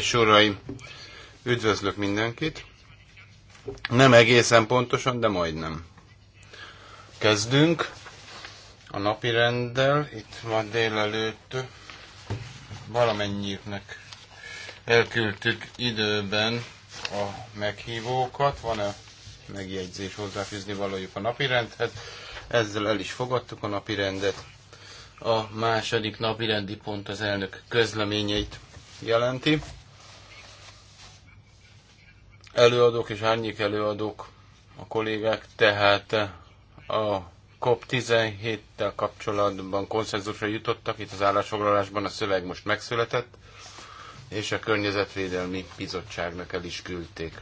és uraim! Üdvözlök mindenkit! Nem egészen pontosan, de majdnem. Kezdünk a napi renddel. Itt ma délelőtt valamennyiüknek elküldtük időben a meghívókat. Van-e megjegyzés hozzáfűzni valójuk a napi rendhez? Ezzel el is fogadtuk a napi rendet a második napirendi pont az elnök közleményeit jelenti előadók és árnyék előadók, a kollégák, tehát a COP17-tel kapcsolatban konszenzusra jutottak, itt az állásfoglalásban a szöveg most megszületett, és a Környezetvédelmi Bizottságnak el is küldték.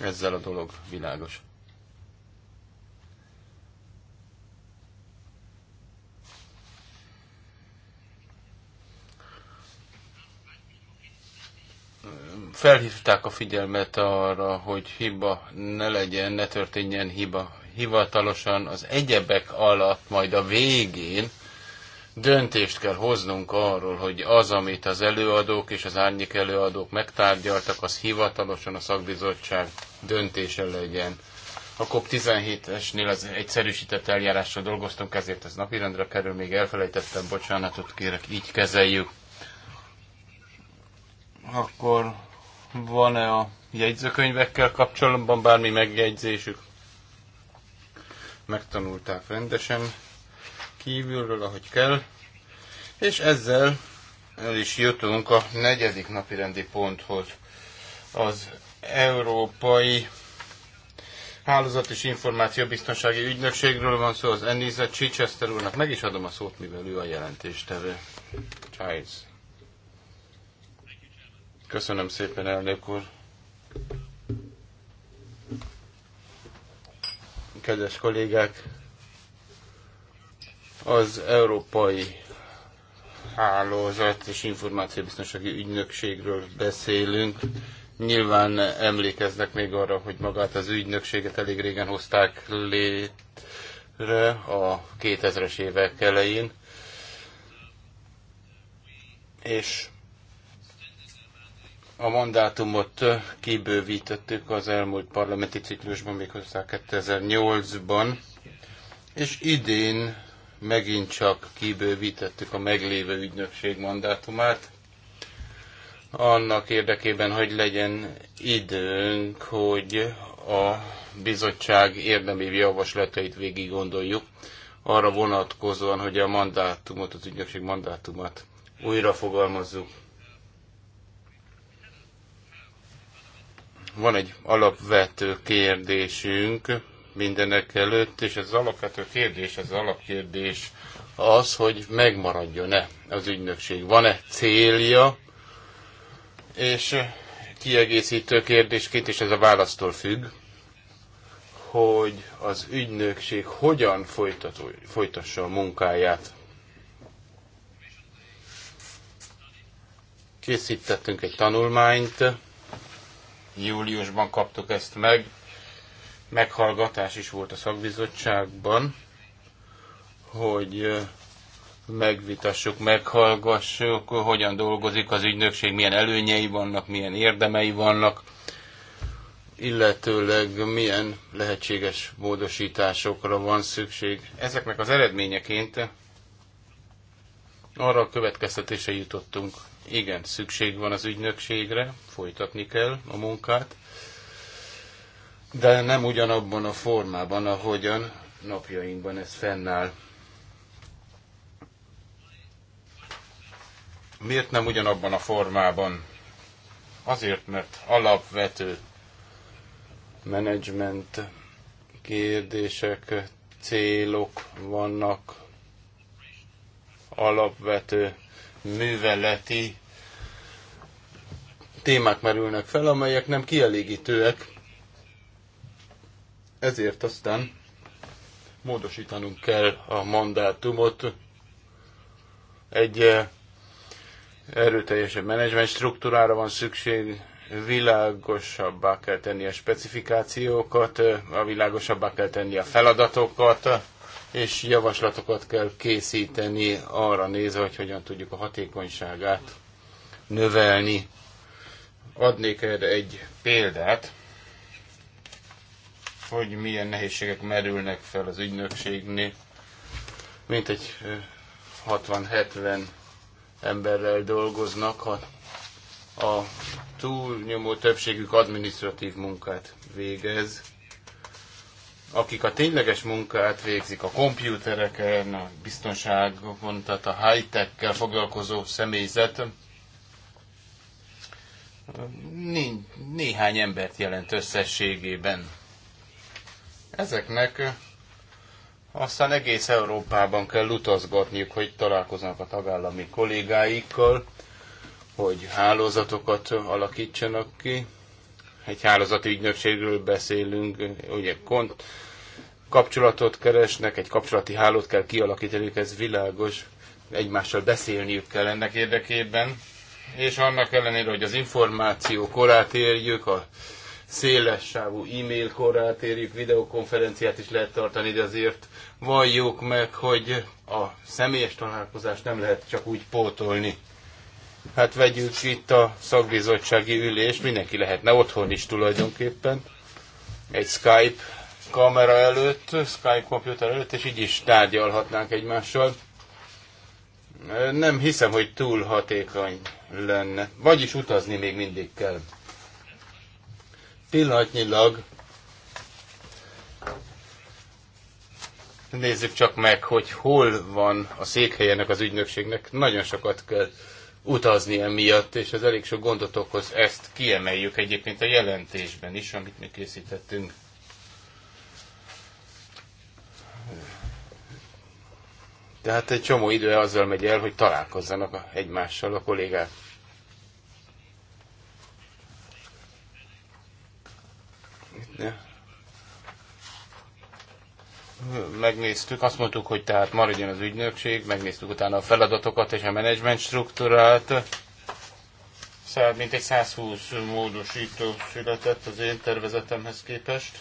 Ezzel a dolog világos. felhívták a figyelmet arra, hogy hiba ne legyen, ne történjen hiba. Hivatalosan az egyebek alatt majd a végén döntést kell hoznunk arról, hogy az, amit az előadók és az árnyék előadók megtárgyaltak, az hivatalosan a szakbizottság döntése legyen. A COP17-esnél az egyszerűsített eljárással dolgoztunk, ezért ez napirendre kerül, még elfelejtettem, bocsánatot kérek, így kezeljük. Akkor van-e a jegyzőkönyvekkel kapcsolatban bármi megjegyzésük? Megtanulták rendesen kívülről, ahogy kell. És ezzel el is jutunk a negyedik napi rendi ponthoz. Az Európai Hálózat és Információbiztonsági Ügynökségről van szó, az Enisa Chichester úrnak. Meg is adom a szót, mivel ő a jelentéstevő. Charles. Köszönöm szépen, elnök úr. Kedves kollégák, az Európai Hálózat és Információbiztonsági Ügynökségről beszélünk. Nyilván emlékeznek még arra, hogy magát az ügynökséget elég régen hozták létre a 2000-es évek elején. És a mandátumot kibővítettük az elmúlt parlamenti ciklusban, méghozzá 2008-ban, és idén megint csak kibővítettük a meglévő ügynökség mandátumát, annak érdekében, hogy legyen időnk, hogy a bizottság érdemi javaslatait végig gondoljuk, arra vonatkozóan, hogy a mandátumot, az ügynökség mandátumát újra fogalmazzuk. Van egy alapvető kérdésünk mindenek előtt, és ez az alapvető kérdés, ez az alapkérdés az, hogy megmaradjon-e az ügynökség. Van-e célja, és kiegészítő kérdésként, és ez a választól függ, hogy az ügynökség hogyan folytató, folytassa a munkáját. Készítettünk egy tanulmányt, Júliusban kaptuk ezt meg. Meghallgatás is volt a szakbizottságban, hogy megvitassuk, meghallgassuk, hogyan dolgozik az ügynökség, milyen előnyei vannak, milyen érdemei vannak, illetőleg milyen lehetséges módosításokra van szükség. Ezeknek az eredményeként arra a következtetése jutottunk, igen, szükség van az ügynökségre, folytatni kell a munkát, de nem ugyanabban a formában, ahogyan napjainkban ez fennáll. Miért nem ugyanabban a formában? Azért, mert alapvető menedzsment kérdések, célok vannak, alapvető műveleti témák merülnek fel, amelyek nem kielégítőek. Ezért aztán módosítanunk kell a mandátumot egy eh, erőteljesebb menedzsment struktúrára van szükség, világosabbá kell tenni a specifikációkat, eh, a világosabbá kell tenni a feladatokat, és javaslatokat kell készíteni arra nézve, hogy hogyan tudjuk a hatékonyságát növelni. Adnék erre egy példát, hogy milyen nehézségek merülnek fel az ügynökségnél. Mint egy 60-70 emberrel dolgoznak, ha a túlnyomó többségük adminisztratív munkát végez akik a tényleges munkát végzik, a kompjútereken, a biztonságokon, tehát a high-tech-kel foglalkozó személyzet, néhány embert jelent összességében. Ezeknek aztán egész Európában kell utazgatniuk, hogy találkoznak a tagállami kollégáikkal, hogy hálózatokat alakítsanak ki, egy hálózati ügynökségről beszélünk, ugye kont, kapcsolatot keresnek, egy kapcsolati hálót kell kialakítaniuk, ez világos, egymással beszélniük kell ennek érdekében, és annak ellenére, hogy az információ korát érjük, a széles sávú e-mail korát érjük, videokonferenciát is lehet tartani, de azért valljuk meg, hogy a személyes találkozást nem lehet csak úgy pótolni. Hát vegyük itt a szakbizottsági ülést, mindenki lehetne otthon is tulajdonképpen. Egy Skype kamera előtt, Skype komputer előtt, és így is tárgyalhatnánk egymással. Nem hiszem, hogy túl hatékony lenne. Vagyis utazni még mindig kell. Pillanatnyilag nézzük csak meg, hogy hol van a székhelyenek az ügynökségnek. Nagyon sokat kell utazni emiatt, és az elég sok gondot okoz. Ezt kiemeljük egyébként a jelentésben is, amit mi készítettünk. Tehát egy csomó idő azzal megy el, hogy találkozzanak egymással a kollégák. Ja megnéztük, azt mondtuk, hogy tehát maradjon az ügynökség, megnéztük utána a feladatokat és a menedzsment struktúrát. Szóval egy 120 módosító született az én tervezetemhez képest.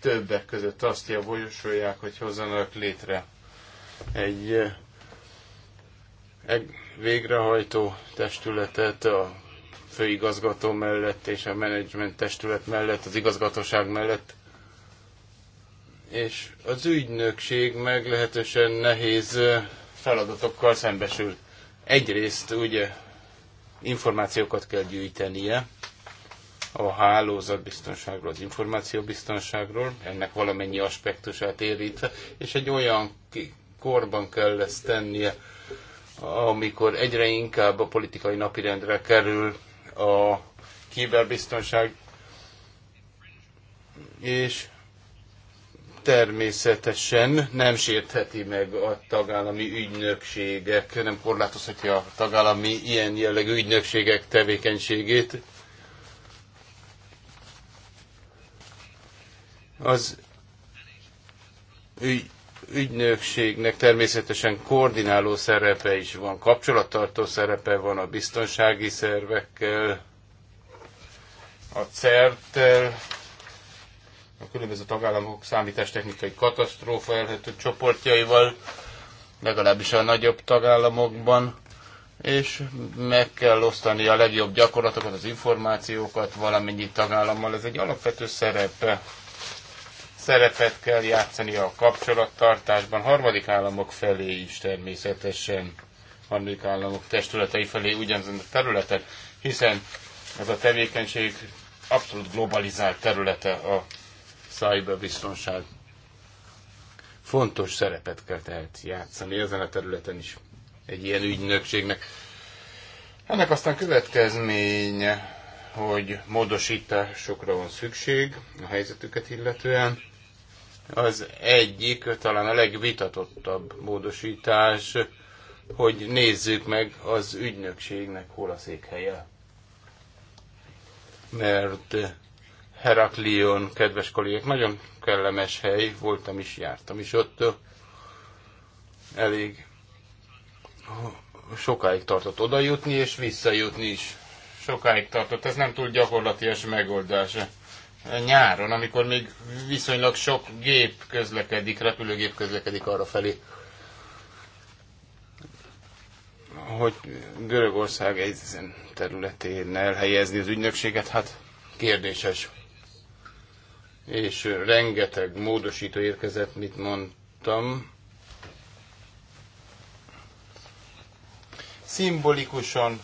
Többek között azt javasolják, hogy hozzanak létre egy, eh, egy végrehajtó testületet, a főigazgató mellett és a menedzsment testület mellett, az igazgatóság mellett. És az ügynökség meglehetősen nehéz feladatokkal szembesül. Egyrészt ugye információkat kell gyűjtenie a hálózatbiztonságról, az információbiztonságról, ennek valamennyi aspektusát érintve, és egy olyan korban kell ezt tennie, amikor egyre inkább a politikai napirendre kerül a kiberbiztonság, és természetesen nem sértheti meg a tagállami ügynökségek, nem korlátozhatja a tagállami ilyen jellegű ügynökségek tevékenységét. Az ügy, ügynökségnek természetesen koordináló szerepe is van, kapcsolattartó szerepe van a biztonsági szervekkel, a CERT-tel, a különböző tagállamok számítástechnikai katasztrófa elhető csoportjaival, legalábbis a nagyobb tagállamokban, és meg kell osztani a legjobb gyakorlatokat, az információkat valamennyi tagállammal. Ez egy alapvető szerepe szerepet kell játszani a kapcsolattartásban harmadik államok felé is természetesen, harmadik államok testületei felé ugyanazon a területen, hiszen ez a tevékenység abszolút globalizált területe a cyberbiztonság. Fontos szerepet kell tehát játszani ezen a területen is egy ilyen ügynökségnek. Ennek aztán következménye, hogy módosításokra van szükség a helyzetüket illetően. Az egyik, talán a legvitatottabb módosítás, hogy nézzük meg az ügynökségnek hol a székhelye. Mert Heraklion, kedves kollégák, nagyon kellemes hely, voltam is, jártam is ott. Elég sokáig tartott oda jutni és visszajutni is. Sokáig tartott, ez nem túl gyakorlatias megoldása nyáron, amikor még viszonylag sok gép közlekedik, repülőgép közlekedik arra felé, hogy Görögország egy területén elhelyezni az ügynökséget, hát kérdéses. És rengeteg módosító érkezett, mit mondtam. Szimbolikusan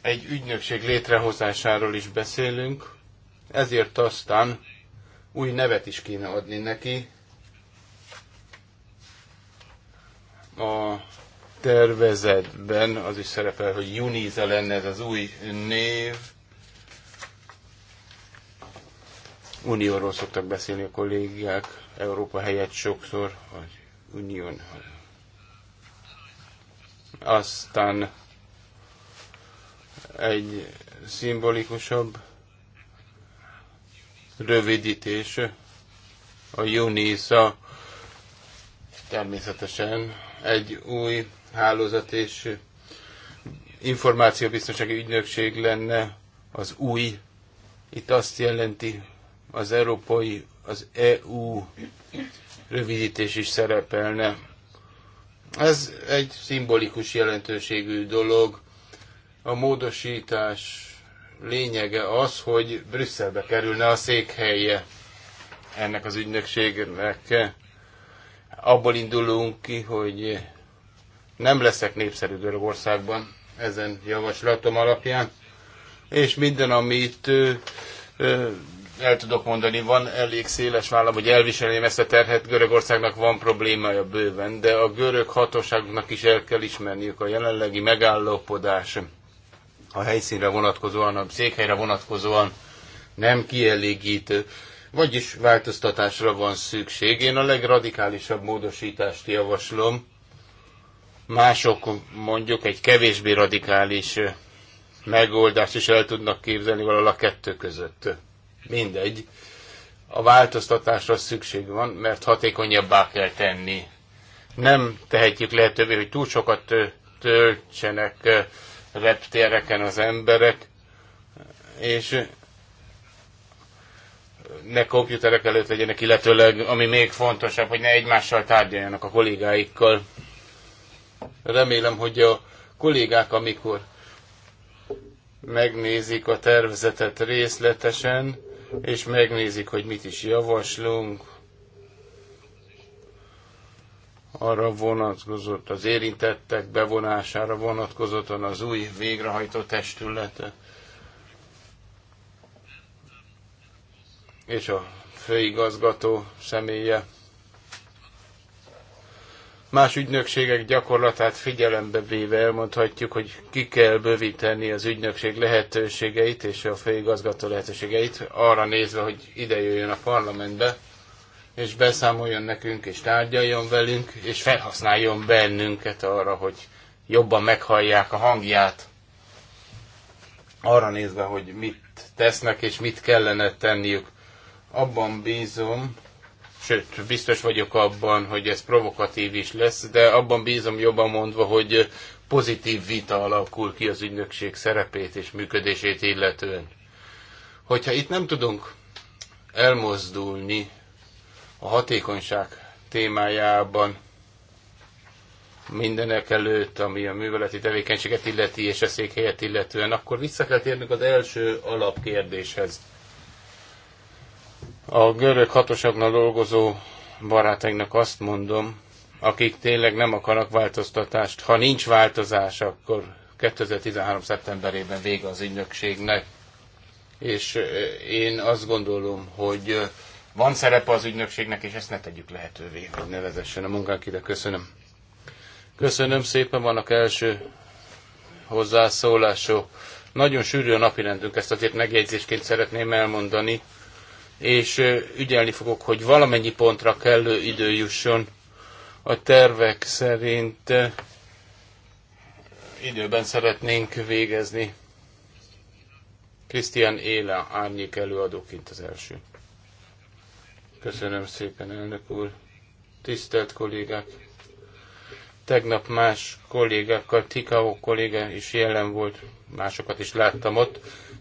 egy ügynökség létrehozásáról is beszélünk, ezért aztán új nevet is kéne adni neki. A tervezetben az is szerepel, hogy Junize lenne ez az új név. Unióról szoktak beszélni a kollégák, Európa helyett sokszor, az Unión. Aztán egy szimbolikusabb rövidítés, a UNISA természetesen egy új hálózat és információbiztonsági ügynökség lenne az új. Itt azt jelenti az európai, az EU rövidítés is szerepelne. Ez egy szimbolikus jelentőségű dolog. A módosítás lényege az, hogy Brüsszelbe kerülne a székhelye ennek az ügynökségnek. Abból indulunk ki, hogy nem leszek népszerű Görögországban ezen javaslatom alapján, és minden, amit ö, ö, el tudok mondani, van elég széles vállam, hogy elviselném ezt a terhet, Görögországnak van problémája bőven, de a görög hatóságnak is el kell ismerniük a jelenlegi megállapodás a helyszínre vonatkozóan, a székhelyre vonatkozóan nem kielégítő, vagyis változtatásra van szükség. Én a legradikálisabb módosítást javaslom. Mások mondjuk egy kevésbé radikális megoldást is el tudnak képzelni valahol a kettő között. Mindegy. A változtatásra szükség van, mert hatékonyabbá kell tenni. Nem tehetjük lehetővé, hogy túl sokat töltsenek reptéreken az emberek, és ne komputerek előtt legyenek, illetőleg, ami még fontosabb, hogy ne egymással tárgyaljanak a kollégáikkal. Remélem, hogy a kollégák, amikor megnézik a tervezetet részletesen, és megnézik, hogy mit is javaslunk, arra vonatkozott, az érintettek bevonására vonatkozottan az új végrehajtó testülete. És a főigazgató személye. Más ügynökségek gyakorlatát figyelembe véve elmondhatjuk, hogy ki kell bővíteni az ügynökség lehetőségeit és a főigazgató lehetőségeit, arra nézve, hogy ide jöjjön a parlamentbe és beszámoljon nekünk, és tárgyaljon velünk, és felhasználjon bennünket arra, hogy jobban meghallják a hangját. Arra nézve, hogy mit tesznek, és mit kellene tenniük. Abban bízom, sőt, biztos vagyok abban, hogy ez provokatív is lesz, de abban bízom jobban mondva, hogy pozitív vita alakul ki az ügynökség szerepét és működését illetően. Hogyha itt nem tudunk elmozdulni a hatékonyság témájában mindenek előtt, ami a műveleti tevékenységet illeti és a székhelyet illetően, akkor vissza kell térnünk az első alapkérdéshez. A görög hatóságnál dolgozó barátainknak azt mondom, akik tényleg nem akarnak változtatást, ha nincs változás, akkor 2013. szeptemberében vége az ügynökségnek. És én azt gondolom, hogy van szerepe az ügynökségnek, és ezt ne tegyük lehetővé, hogy ne vezessen a munkánk ide. Köszönöm. Köszönöm szépen, vannak első hozzászólások. Nagyon sűrű a napirendünk, ezt azért megjegyzésként szeretném elmondani, és ügyelni fogok, hogy valamennyi pontra kellő idő jusson. A tervek szerint időben szeretnénk végezni. Krisztián Éle árnyék előadóként az első. Köszönöm szépen, elnök úr. Tisztelt kollégák! Tegnap más kollégákkal, Tikao kolléga is jelen volt, másokat is láttam ott.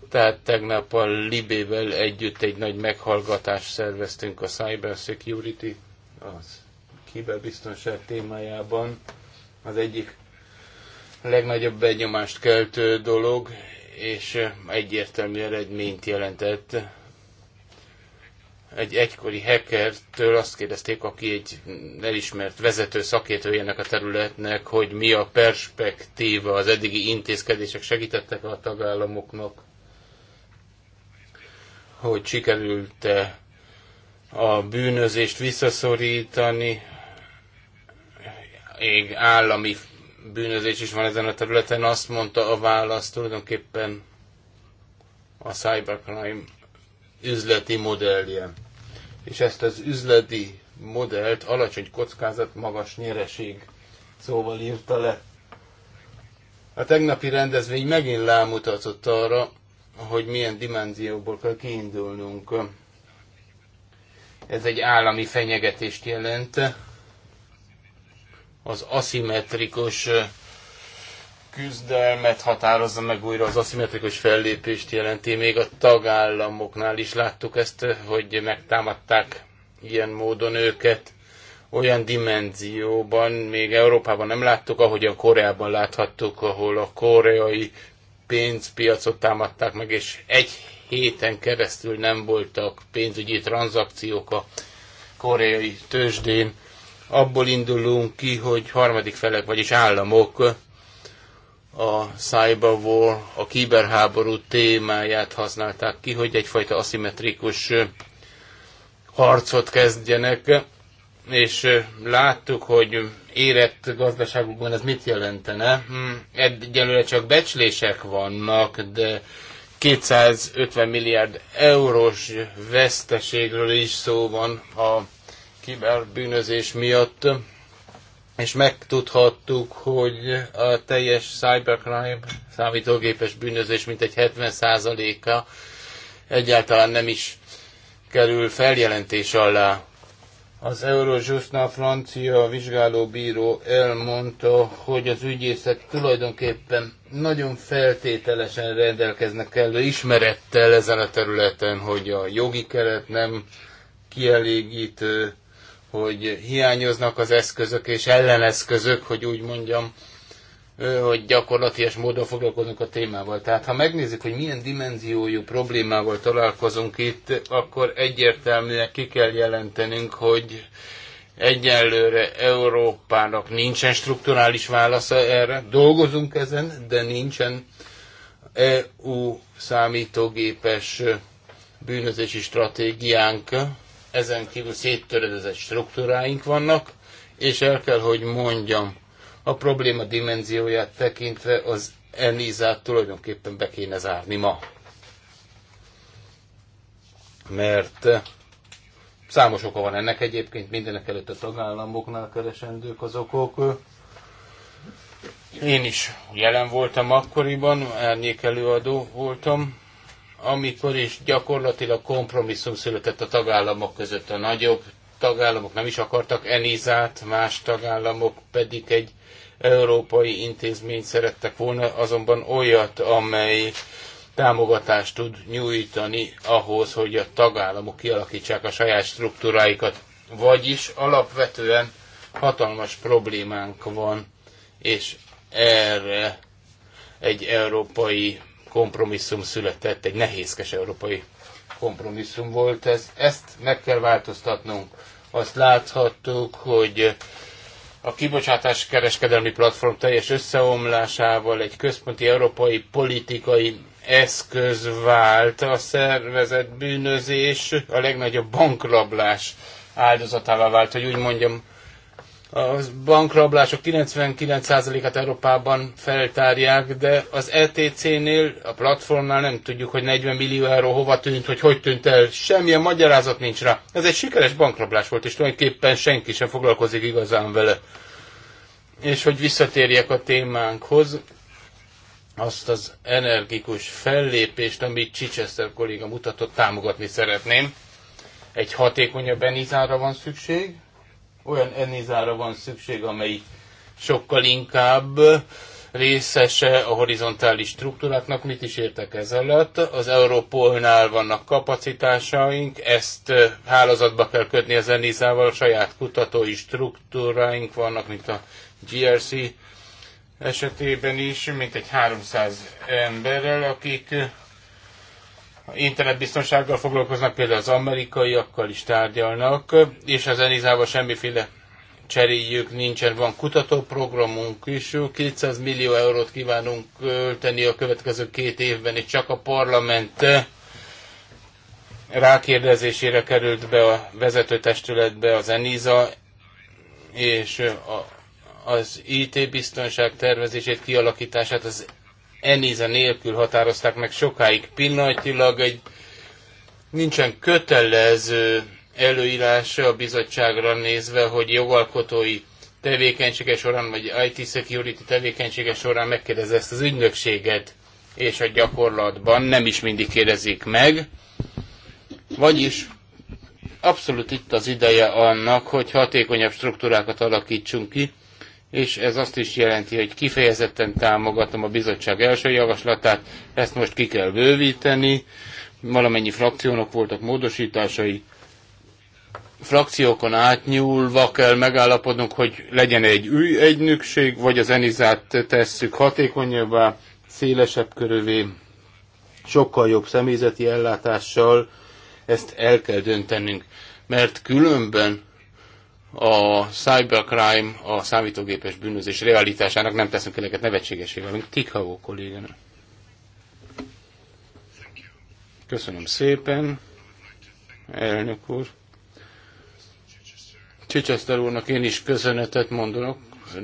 Tehát tegnap a Libével együtt egy nagy meghallgatást szerveztünk a Cyber Security, az kiberbiztonság témájában. Az egyik legnagyobb benyomást keltő dolog, és egyértelmű eredményt jelentett egy egykori hackertől azt kérdezték, aki egy elismert vezető szakértője ennek a területnek, hogy mi a perspektíva, az eddigi intézkedések segítettek a tagállamoknak, hogy sikerült-e a bűnözést visszaszorítani, még állami bűnözés is van ezen a területen, azt mondta a válasz tulajdonképpen a cybercrime üzleti modellje és ezt az üzleti modellt alacsony kockázat, magas nyereség szóval írta le. A tegnapi rendezvény megint lámutatott arra, hogy milyen dimenzióból kell kiindulnunk. Ez egy állami fenyegetést jelent. Az aszimmetrikus küzdelmet határozza meg újra, az aszimmetrikus fellépést jelenti. Még a tagállamoknál is láttuk ezt, hogy megtámadták ilyen módon őket. Olyan dimenzióban, még Európában nem láttuk, ahogyan Koreában láthattuk, ahol a koreai pénzpiacot támadták meg, és egy héten keresztül nem voltak pénzügyi tranzakciók a koreai tőzsdén. Abból indulunk ki, hogy harmadik felek, vagyis államok a cyber war, a kiberháború témáját használták ki, hogy egyfajta aszimmetrikus harcot kezdjenek, és láttuk, hogy érett gazdaságokban ez mit jelentene. Hmm, egyelőre csak becslések vannak, de 250 milliárd eurós veszteségről is szó van a kiberbűnözés miatt és megtudhattuk, hogy a teljes cybercrime számítógépes bűnözés mintegy 70%-a egyáltalán nem is kerül feljelentés alá. Az Eurojustna francia vizsgálóbíró elmondta, hogy az ügyészek tulajdonképpen nagyon feltételesen rendelkeznek elő ismerettel ezen a területen, hogy a jogi keret nem kielégítő, hogy hiányoznak az eszközök és elleneszközök, hogy úgy mondjam, hogy gyakorlatilag módon foglalkozunk a témával. Tehát ha megnézzük, hogy milyen dimenziójú problémával találkozunk itt, akkor egyértelműen ki kell jelentenünk, hogy Egyenlőre Európának nincsen strukturális válasza erre, dolgozunk ezen, de nincsen EU számítógépes bűnözési stratégiánk ezen kívül széttöredezett struktúráink vannak, és el kell, hogy mondjam, a probléma dimenzióját tekintve az Enizát tulajdonképpen be kéne zárni ma. Mert eh, számos oka van ennek egyébként, mindenek előtt a tagállamoknál keresendők az okok. Én is jelen voltam akkoriban, árnyék előadó voltam, amikor is gyakorlatilag kompromisszum született a tagállamok között. A nagyobb tagállamok nem is akartak Enizát, más tagállamok pedig egy európai intézményt szerettek volna, azonban olyat, amely támogatást tud nyújtani ahhoz, hogy a tagállamok kialakítsák a saját struktúráikat. Vagyis alapvetően hatalmas problémánk van, és erre egy európai kompromisszum született, egy nehézkes európai kompromisszum volt ez. Ezt meg kell változtatnunk. Azt láthattuk, hogy a kibocsátás kereskedelmi platform teljes összeomlásával egy központi európai politikai eszköz vált a szervezett bűnözés, a legnagyobb bankrablás áldozatává vált, hogy úgy mondjam, a bankrablások 99%-át Európában feltárják, de az ETC-nél, a platformnál nem tudjuk, hogy 40 millió euró hova tűnt, hogy hogy tűnt el. Semmilyen magyarázat nincs rá. Ez egy sikeres bankrablás volt, és tulajdonképpen senki sem foglalkozik igazán vele. És hogy visszatérjek a témánkhoz, azt az energikus fellépést, amit Chichester kolléga mutatott, támogatni szeretném. Egy hatékonyabb Enizára van szükség, olyan enizára van szükség, amelyik sokkal inkább részese a horizontális struktúráknak. Mit is értek ez alatt? Az Europolnál vannak kapacitásaink, ezt hálózatba kell kötni az Enizával, saját kutatói struktúráink vannak, mint a GRC esetében is, mint egy 300 emberrel, akik internetbiztonsággal foglalkoznak, például az amerikaiakkal is tárgyalnak, és az Enizával semmiféle cseréjük nincsen. Van kutatóprogramunk is, 200 millió eurót kívánunk költeni a következő két évben, és csak a parlament rákérdezésére került be a vezetőtestületbe az ENISA, és a, az IT biztonság tervezését, kialakítását az ENISA nélkül határozták meg sokáig. Pillanatilag egy nincsen kötelező előírása a bizottságra nézve, hogy jogalkotói tevékenysége során, vagy IT security tevékenysége során megkérdezze ezt az ügynökséget, és a gyakorlatban nem is mindig kérdezik meg. Vagyis abszolút itt az ideje annak, hogy hatékonyabb struktúrákat alakítsunk ki, és ez azt is jelenti, hogy kifejezetten támogatom a bizottság első javaslatát, ezt most ki kell bővíteni, valamennyi frakciónak voltak módosításai, frakciókon átnyúlva kell megállapodnunk, hogy legyen egy új egynökség, vagy az enizát tesszük hatékonyabbá, szélesebb körövé, sokkal jobb személyzeti ellátással, ezt el kell döntenünk, mert különben a cybercrime, a számítógépes bűnözés realitásának nem teszünk eleget nevetségesével, mint Tikhavó kolléganő. Köszönöm szépen, elnök úr. Csicseszter úrnak én is köszönetet mondanak,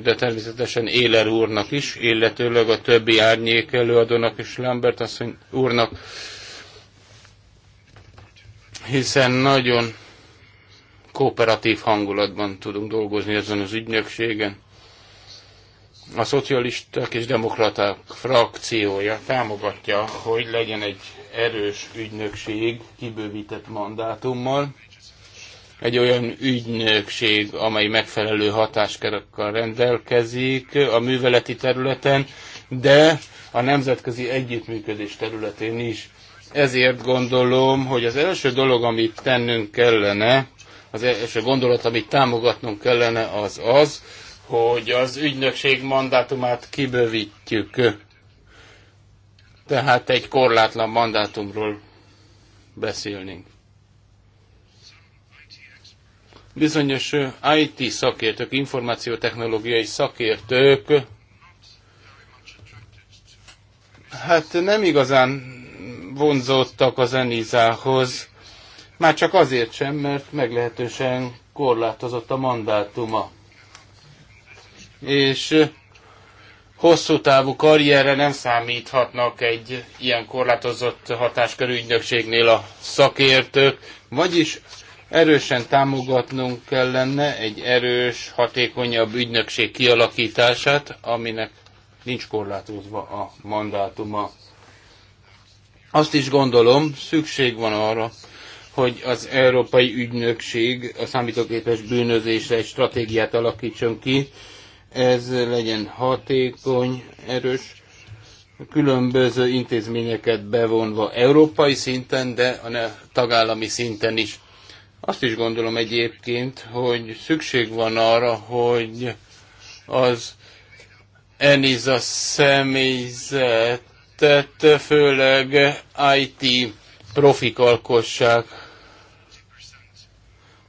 de természetesen Éler úrnak is, illetőleg a többi árnyék előadónak is Lambert asszony úrnak, hiszen nagyon kooperatív hangulatban tudunk dolgozni ezen az ügynökségen. A szocialisták és demokraták frakciója támogatja, hogy legyen egy erős ügynökség kibővített mandátummal, egy olyan ügynökség, amely megfelelő hatáskerekkel rendelkezik a műveleti területen, de a nemzetközi együttműködés területén is. Ezért gondolom, hogy az első dolog, amit tennünk kellene, az első gondolat, amit támogatnunk kellene, az az, hogy az ügynökség mandátumát kibővítjük. Tehát egy korlátlan mandátumról beszélnénk. Bizonyos IT szakértők, információtechnológiai szakértők hát nem igazán vonzottak az Enizához, már csak azért sem, mert meglehetősen korlátozott a mandátuma. És hosszú távú karrierre nem számíthatnak egy ilyen korlátozott hatáskörű ügynökségnél a szakértők, vagyis erősen támogatnunk kellene egy erős, hatékonyabb ügynökség kialakítását, aminek nincs korlátozva a mandátuma. Azt is gondolom, szükség van arra, hogy az Európai Ügynökség a számítógépes bűnözésre egy stratégiát alakítson ki. Ez legyen hatékony, erős, különböző intézményeket bevonva európai szinten, de a tagállami szinten is. Azt is gondolom egyébként, hogy szükség van arra, hogy az ENISA személyzetet, főleg IT profik alkossák.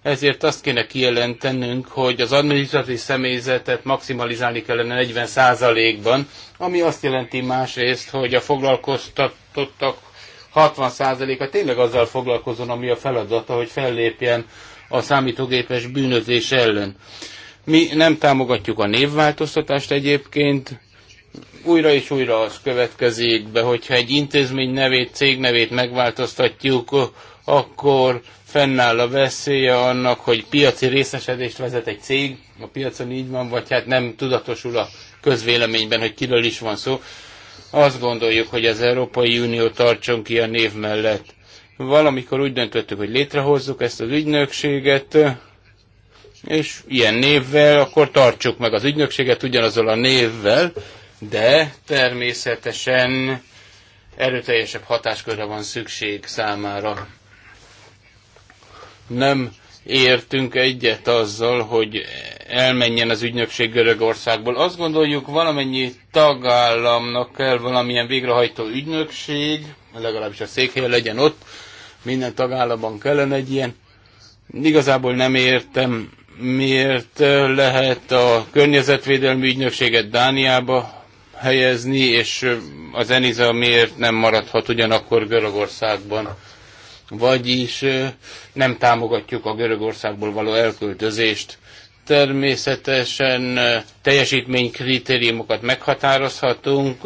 Ezért azt kéne kijelentenünk, hogy az adminisztratív személyzetet maximalizálni kellene 40%-ban, ami azt jelenti másrészt, hogy a foglalkoztatottak 60%-a tényleg azzal foglalkozon, ami a feladata, hogy fellépjen a számítógépes bűnözés ellen. Mi nem támogatjuk a névváltoztatást egyébként, újra és újra az következik be, hogyha egy intézmény nevét, cég nevét megváltoztatjuk, akkor fennáll a veszélye annak, hogy piaci részesedést vezet egy cég, a piacon így van, vagy hát nem tudatosul a közvéleményben, hogy kiről is van szó. Azt gondoljuk, hogy az Európai Unió tartson ki a név mellett. Valamikor úgy döntöttük, hogy létrehozzuk ezt az ügynökséget, és ilyen névvel, akkor tartsuk meg az ügynökséget ugyanazzal a névvel, de természetesen erőteljesebb hatáskörre van szükség számára. Nem értünk egyet azzal, hogy elmenjen az ügynökség Görögországból. Azt gondoljuk, valamennyi tagállamnak kell valamilyen végrehajtó ügynökség, legalábbis a székhelye legyen ott, minden tagállamban kellene egy ilyen. Igazából nem értem, miért lehet a környezetvédelmi ügynökséget Dániába helyezni, és az Eniza miért nem maradhat ugyanakkor Görögországban. Vagyis nem támogatjuk a Görögországból való elköltözést. Természetesen teljesítménykritériumokat meghatározhatunk,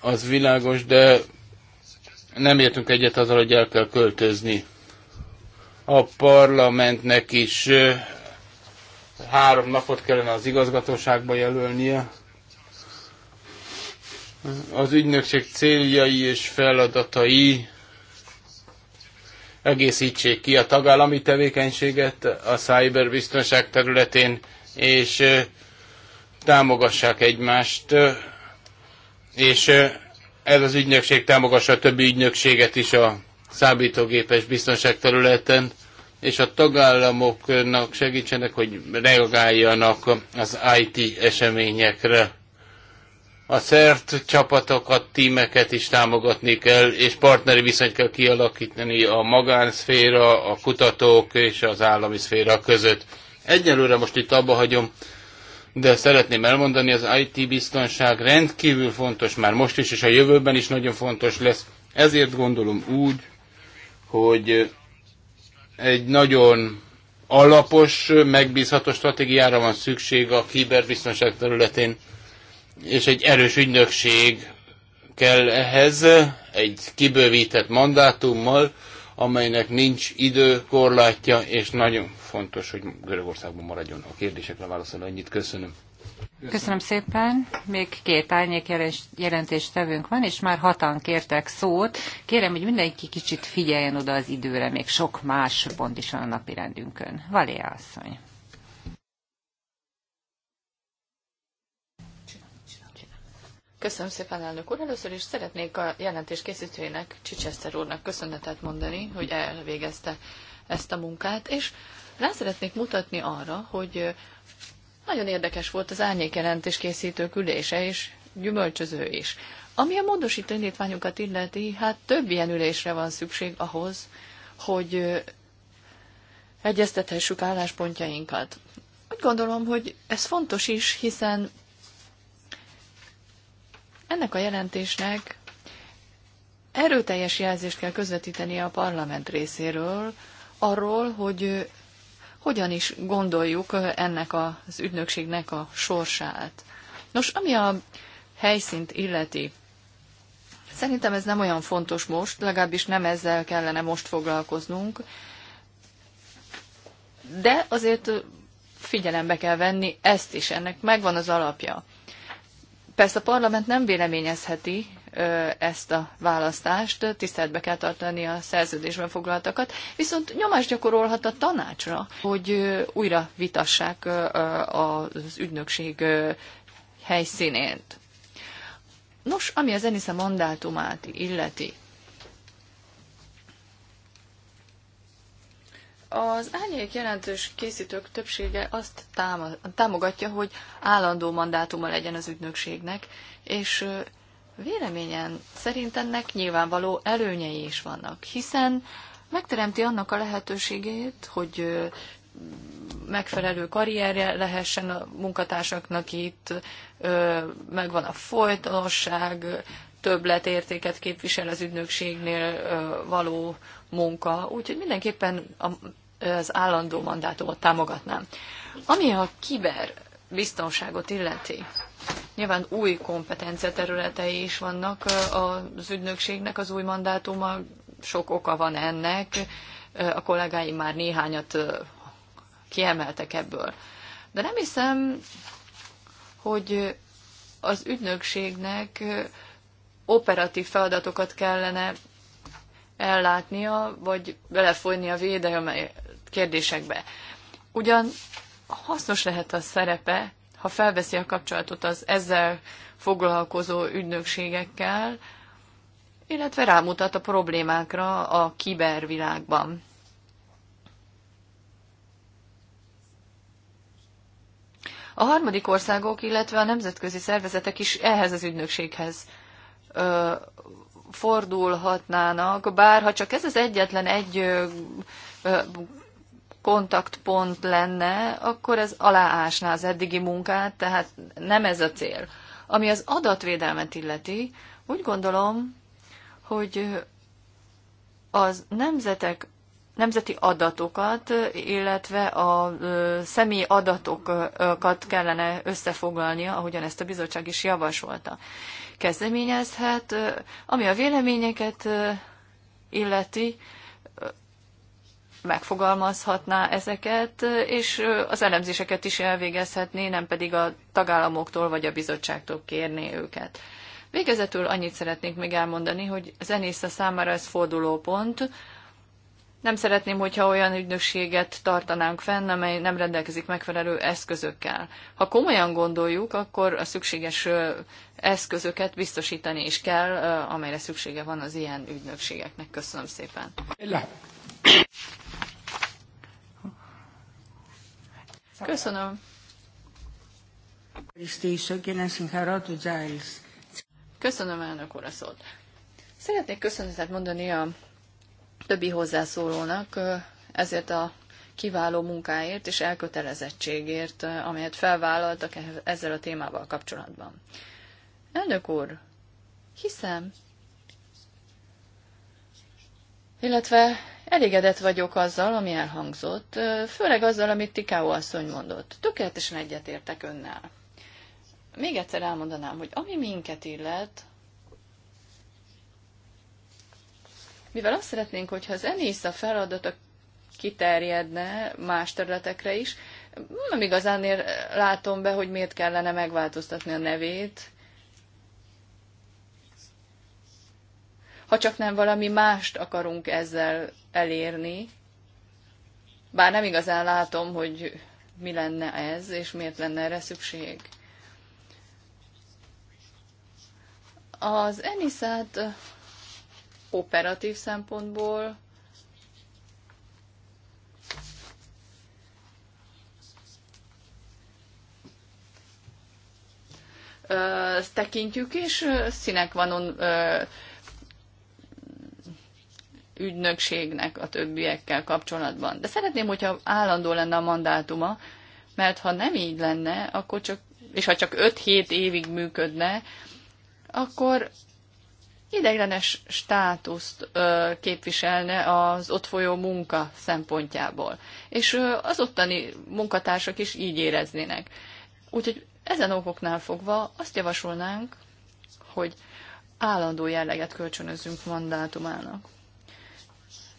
az világos, de nem értünk egyet azzal, hogy el kell költözni. A parlamentnek is három napot kellene az igazgatóságba jelölnie. Az ügynökség céljai és feladatai egészítsék ki a tagállami tevékenységet a cyberbiztonság területén, és támogassák egymást, és ez az ügynökség támogassa a többi ügynökséget is a számítógépes biztonság területen és a tagállamoknak segítsenek, hogy reagáljanak az IT eseményekre. A szert csapatokat, tímeket is támogatni kell, és partneri viszonyt kell kialakítani a magánszféra, a kutatók és az állami szféra között. Egyelőre most itt abba hagyom, de szeretném elmondani, az IT biztonság rendkívül fontos már most is, és a jövőben is nagyon fontos lesz. Ezért gondolom úgy, hogy egy nagyon alapos, megbízható stratégiára van szükség a kiberbiztonság területén, és egy erős ügynökség kell ehhez, egy kibővített mandátummal, amelynek nincs időkorlátja, és nagyon fontos, hogy Görögországban maradjon. A kérdésekre válaszol annyit. Köszönöm. Köszönöm szépen. Még két árnyék jelentéstevőnk van, és már hatan kértek szót. Kérem, hogy mindenki kicsit figyeljen oda az időre, még sok más pont is van a napi rendünkön. Valéa asszony. Köszönöm szépen, elnök úr. Először is szeretnék a jelentés készítőjének, Csicseszter úrnak köszönetet mondani, hogy elvégezte ezt a munkát, és rá szeretnék mutatni arra, hogy nagyon érdekes volt az jelentés készítők ülése, és gyümölcsöző is. Ami a módosító indítványokat illeti, hát több ilyen ülésre van szükség ahhoz, hogy egyeztethessük álláspontjainkat. Úgy gondolom, hogy ez fontos is, hiszen ennek a jelentésnek erőteljes jelzést kell közvetíteni a parlament részéről arról, hogy hogyan is gondoljuk ennek az ügynökségnek a sorsát. Nos, ami a helyszínt illeti, szerintem ez nem olyan fontos most, legalábbis nem ezzel kellene most foglalkoznunk, de azért figyelembe kell venni ezt is, ennek megvan az alapja. Persze a parlament nem véleményezheti ezt a választást, tiszteletbe kell tartani a szerződésben foglaltakat, viszont nyomást gyakorolhat a tanácsra, hogy újra vitassák az ügynökség helyszínét. Nos, ami az Enisza mandátumát illeti, az árnyék jelentős készítők többsége azt támogatja, hogy állandó mandátuma legyen az ügynökségnek, és Véleményen szerint ennek nyilvánvaló előnyei is vannak, hiszen megteremti annak a lehetőségét, hogy megfelelő karrierje lehessen a munkatársaknak itt, megvan a folytonosság, többletértéket képvisel az ügynökségnél való munka, úgyhogy mindenképpen az állandó mandátumot támogatnám. Ami a biztonságot illeti, Nyilván új kompetenciaterületei is vannak az ügynökségnek, az új mandátuma, sok oka van ennek, a kollégáim már néhányat kiemeltek ebből. De nem hiszem, hogy az ügynökségnek operatív feladatokat kellene ellátnia, vagy belefolyni a védelme kérdésekbe. Ugyan hasznos lehet a szerepe, ha felveszi a kapcsolatot az ezzel foglalkozó ügynökségekkel, illetve rámutat a problémákra a kibervilágban. A harmadik országok, illetve a nemzetközi szervezetek is ehhez az ügynökséghez ö, fordulhatnának, bár ha csak ez az egyetlen egy ö, ö, kontaktpont lenne, akkor ez aláásná az eddigi munkát, tehát nem ez a cél. Ami az adatvédelmet illeti, úgy gondolom, hogy az nemzetek, nemzeti adatokat, illetve a személyi adatokat kellene összefoglalnia, ahogyan ezt a bizottság is javasolta. Kezdeményezhet, ami a véleményeket illeti, megfogalmazhatná ezeket, és az elemzéseket is elvégezhetné, nem pedig a tagállamoktól vagy a bizottságtól kérné őket. Végezetül annyit szeretnék még elmondani, hogy zenésze számára ez fordulópont. Nem szeretném, hogyha olyan ügynökséget tartanánk fenn, amely nem rendelkezik megfelelő eszközökkel. Ha komolyan gondoljuk, akkor a szükséges eszközöket biztosítani is kell, amelyre szüksége van az ilyen ügynökségeknek. Köszönöm szépen. Köszönöm. Köszönöm, elnök úr, a szót. Szeretnék köszönetet mondani a többi hozzászólónak ezért a kiváló munkáért és elkötelezettségért, amelyet felvállaltak eh, ezzel a témával kapcsolatban. Elnök úr, hiszem, illetve Elégedett vagyok azzal, ami elhangzott, főleg azzal, amit Tikáó asszony mondott. Tökéletesen egyetértek önnel. Még egyszer elmondanám, hogy ami minket illet, mivel azt szeretnénk, hogyha az ENISZA feladata kiterjedne más területekre is, nem igazán ér, látom be, hogy miért kellene megváltoztatni a nevét, ha csak nem valami mást akarunk ezzel elérni, bár nem igazán látom, hogy mi lenne ez, és miért lenne erre szükség. Az Enisát operatív szempontból tekintjük, és színek vanon ügynökségnek a többiekkel kapcsolatban. De szeretném, hogyha állandó lenne a mandátuma, mert ha nem így lenne, akkor csak, és ha csak 5-7 évig működne, akkor ideiglenes státuszt ö, képviselne az ott folyó munka szempontjából. És ö, az ottani munkatársak is így éreznének. Úgyhogy ezen okoknál fogva azt javasolnánk, hogy állandó jelleget kölcsönözzünk mandátumának.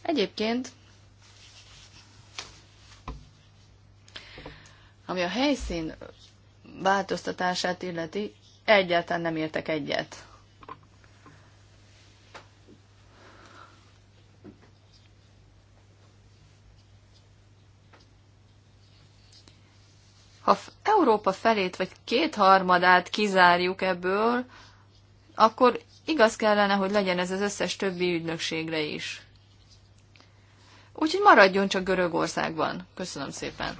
Egyébként, ami a helyszín változtatását illeti, egyáltalán nem értek egyet. ha Európa felét vagy kétharmadát kizárjuk ebből, akkor igaz kellene, hogy legyen ez az összes többi ügynökségre is. Úgyhogy maradjon csak Görögországban. Köszönöm szépen.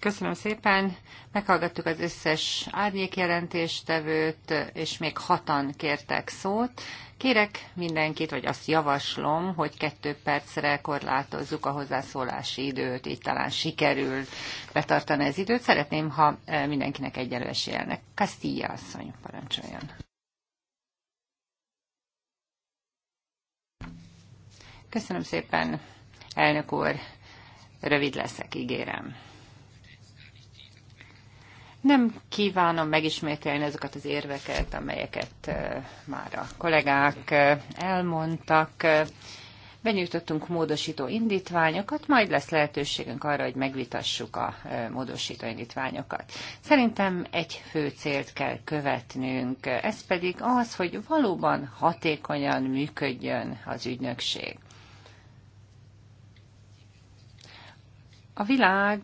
Köszönöm szépen. Meghallgattuk az összes árnyékjelentéstevőt, és még hatan kértek szót. Kérek mindenkit, vagy azt javaslom, hogy kettő percre korlátozzuk a hozzászólási időt, így talán sikerül betartani az időt. Szeretném, ha eh, mindenkinek egyenlő esélyelnek. Castilla asszony parancsoljon. Köszönöm szépen, elnök úr. Rövid leszek, ígérem. Nem kívánom megismételni azokat az érveket, amelyeket már a kollégák elmondtak. Benyújtottunk módosító indítványokat, majd lesz lehetőségünk arra, hogy megvitassuk a módosító indítványokat. Szerintem egy fő célt kell követnünk, ez pedig az, hogy valóban hatékonyan működjön az ügynökség. A világ,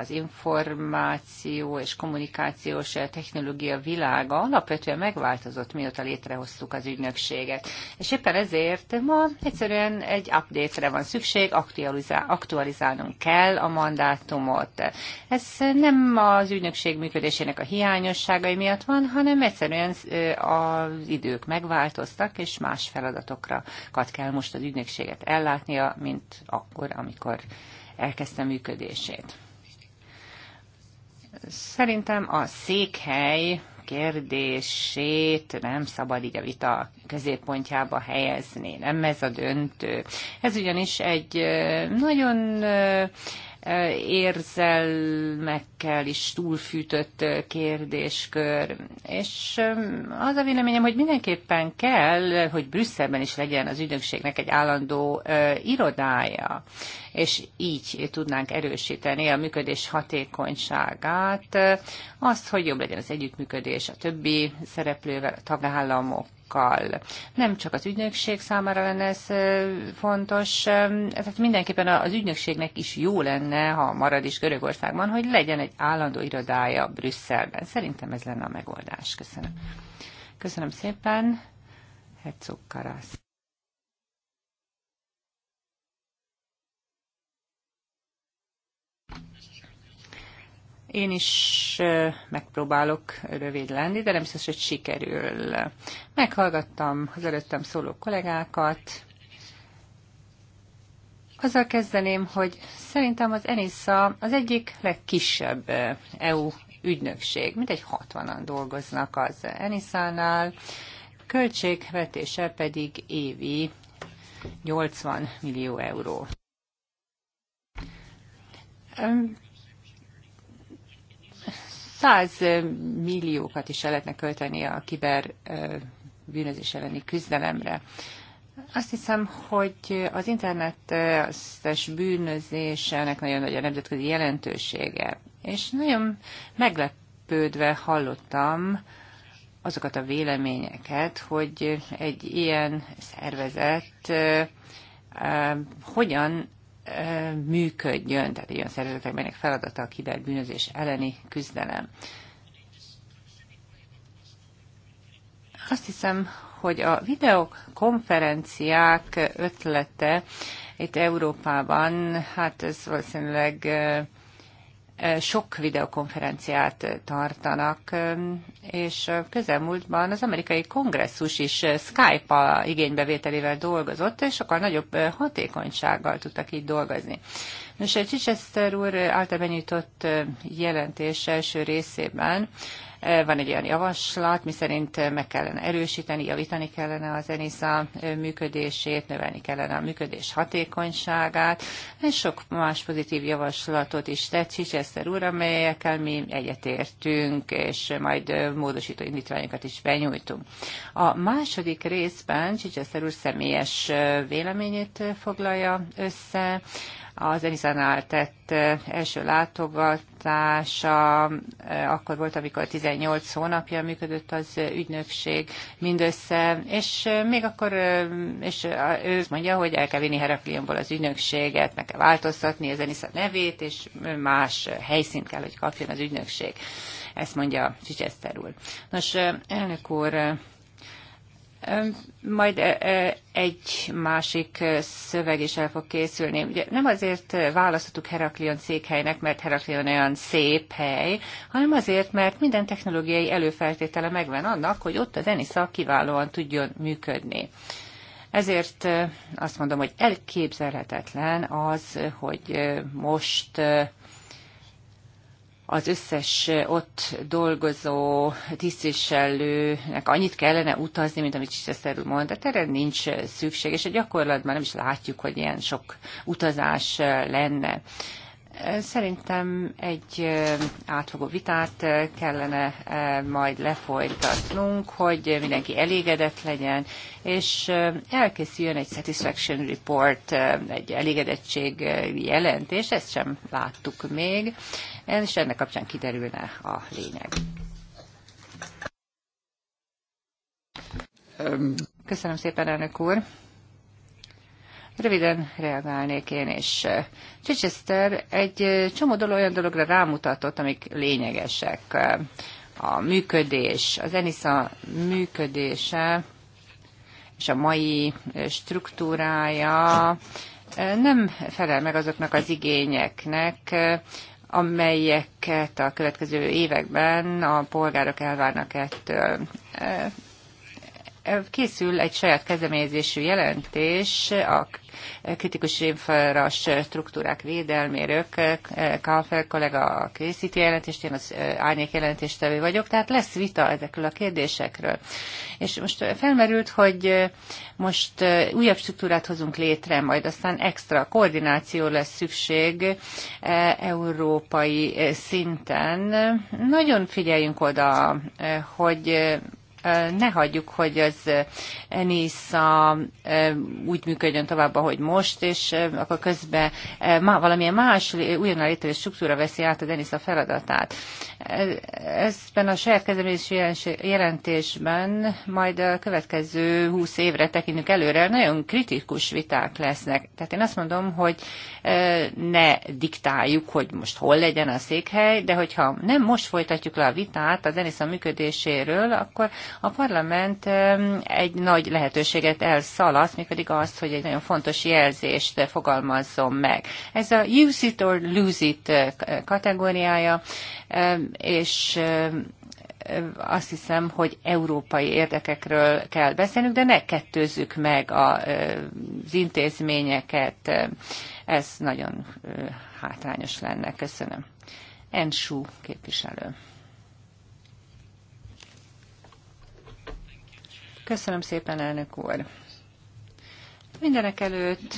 az információ és kommunikációs technológia világa alapvetően megváltozott, mióta létrehoztuk az ügynökséget. És éppen ezért ma egyszerűen egy update-re van szükség, aktualizál, aktualizálnunk kell a mandátumot. Ez nem az ügynökség működésének a hiányosságai miatt van, hanem egyszerűen az idők megváltoztak, és más feladatokra kell most az ügynökséget ellátnia, mint akkor, amikor elkezdte működését. Szerintem a székhely kérdését nem szabad így a vita középpontjába helyezni. Nem ez a döntő. Ez ugyanis egy nagyon érzelmekkel is túlfűtött kérdéskör. És um, az a véleményem, hogy mindenképpen kell, hogy Brüsszelben is legyen az ügynökségnek egy állandó irodája, és így tudnánk erősíteni a működés hatékonyságát, azt, hogy jobb legyen az együttműködés a többi szereplővel, a tagállamok bankokkal. Nem csak az ügynökség számára lenne ez fontos, tehát mindenképpen az ügynökségnek is jó lenne, ha marad is Görögországban, hogy legyen egy állandó irodája Brüsszelben. Szerintem ez lenne a megoldás. Köszönöm. Köszönöm szépen. Hetzog Karász. Én is megpróbálok rövid lenni, de nem biztos, hogy sikerül. Meghallgattam az előttem szóló kollégákat. Azzal kezdeném, hogy szerintem az ENISZA az egyik legkisebb EU ügynökség. Mintegy 60-an dolgoznak az ENISZA-nál, költségvetése pedig évi 80 millió euró száz milliókat is el lehetne költeni a kiber bűnözés elleni küzdelemre. Azt hiszem, hogy az internetes bűnözésének nagyon nagy a nemzetközi jelentősége, és nagyon meglepődve hallottam azokat a véleményeket, hogy egy ilyen szervezet hogyan működjön, tehát ilyen szervezetek, melynek feladata a kiberbűnözés elleni küzdelem. Azt hiszem, hogy a videokonferenciák ötlete itt Európában, hát ez valószínűleg sok videokonferenciát tartanak, és közelmúltban az amerikai kongresszus is Skype-a igénybevételével dolgozott, és sokkal nagyobb hatékonysággal tudtak így dolgozni. Nos, a Chichester úr által benyújtott jelentés első részében van egy olyan javaslat, miszerint meg kellene erősíteni, javítani kellene az ENISA működését, növelni kellene a működés hatékonyságát, és sok más pozitív javaslatot is tett Csicseszter úr, amelyekkel mi egyetértünk, és majd módosító indítványokat is benyújtunk. A második részben Csicseszter úr személyes véleményét foglalja össze, az Enizánál tett első látogatása akkor volt, amikor 18 hónapja működött az ügynökség mindössze, és még akkor és ő mondja, hogy el kell vinni Heraklionból az ügynökséget, meg kell változtatni az Enisza nevét, és más helyszínt kell, hogy kapjon az ügynökség. Ezt mondja Csicseszter úr. Nos, elnök úr, majd e, e, egy másik e, szöveg is el fog készülni. Ugye nem azért választottuk Heraklion székhelynek, mert Heraklion olyan szép hely, hanem azért, mert minden technológiai előfeltétele megvan annak, hogy ott a Denisa kiválóan tudjon működni. Ezért azt mondom, hogy elképzelhetetlen az, hogy most az összes ott dolgozó tisztviselőnek annyit kellene utazni, mint amit Csiszeszter mond, de erre nincs szükség, és a gyakorlatban nem is látjuk, hogy ilyen sok utazás lenne. Szerintem egy átfogó vitát kellene majd lefolytatnunk, hogy mindenki elégedett legyen, és elkészüljön egy satisfaction report, egy elégedettség jelentés, ezt sem láttuk még, és ennek kapcsán kiderülne a lényeg. Köszönöm szépen, elnök úr! Röviden reagálnék én is. Chichester egy csomó dolog, olyan dologra rámutatott, amik lényegesek. A működés, az ENISA működése és a mai struktúrája nem felel meg azoknak az igényeknek, amelyeket a következő években a polgárok elvárnak ettől készül egy saját kezdeményezésű jelentés a kritikus infrastruktúrák védelméről. Eh, Kalfel kollega készíti jelentést, én az eh, árnyék jelentéstevő vagyok, tehát lesz vita ezekről a kérdésekről. És most eh, felmerült, hogy most újabb struktúrát hozunk létre, majd aztán extra koordináció lesz szükség európai szinten. Nagyon figyeljünk oda, hogy ne hagyjuk, hogy az Enisza úgy működjön tovább, ahogy most, és akkor közben valamilyen más újonnan létező struktúra veszi át az Enisza feladatát. Ezben a saját kezelési jelentésben majd a következő húsz évre tekintünk előre, nagyon kritikus viták lesznek. Tehát én azt mondom, hogy e, ne diktáljuk, hogy most hol legyen a székhely, de hogyha nem most folytatjuk le a vitát az Denisza működéséről, akkor a parlament e, egy nagy lehetőséget elszalasz, mégpedig azt, hogy egy nagyon fontos jelzést fogalmazzon meg. Ez a use it or lose it e, kategóriája és azt hiszem, hogy európai érdekekről kell beszélnünk, de ne kettőzzük meg az intézményeket. Ez nagyon hátrányos lenne. Köszönöm. Ensú képviselő. Köszönöm szépen, elnök úr. Mindenek előtt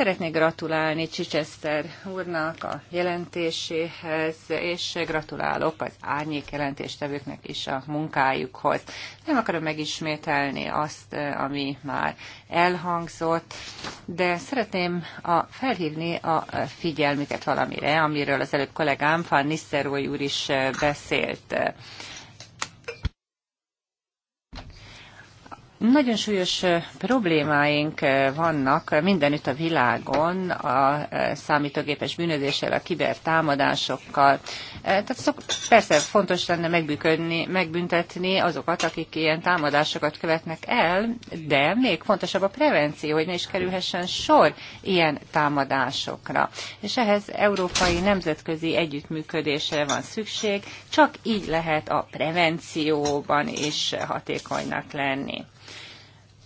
Szeretnék gratulálni Csicseszter úrnak a jelentéséhez, és gratulálok az árnyék jelentéstevőknek is a munkájukhoz. Nem akarom megismételni azt, ami már elhangzott, de szeretném a, felhívni a figyelmüket valamire, amiről az előbb kollégám Van Nisztelrooy úr is beszélt. Nagyon súlyos problémáink vannak mindenütt a világon a számítógépes bűnözéssel, a kibertámadásokkal. Tehát szok, persze fontos lenne megbüködni, megbüntetni azokat, akik ilyen támadásokat követnek el, de még fontosabb a prevenció, hogy ne is kerülhessen sor ilyen támadásokra. És ehhez európai nemzetközi együttműködésre van szükség, csak így lehet a prevencióban is hatékonynak lenni.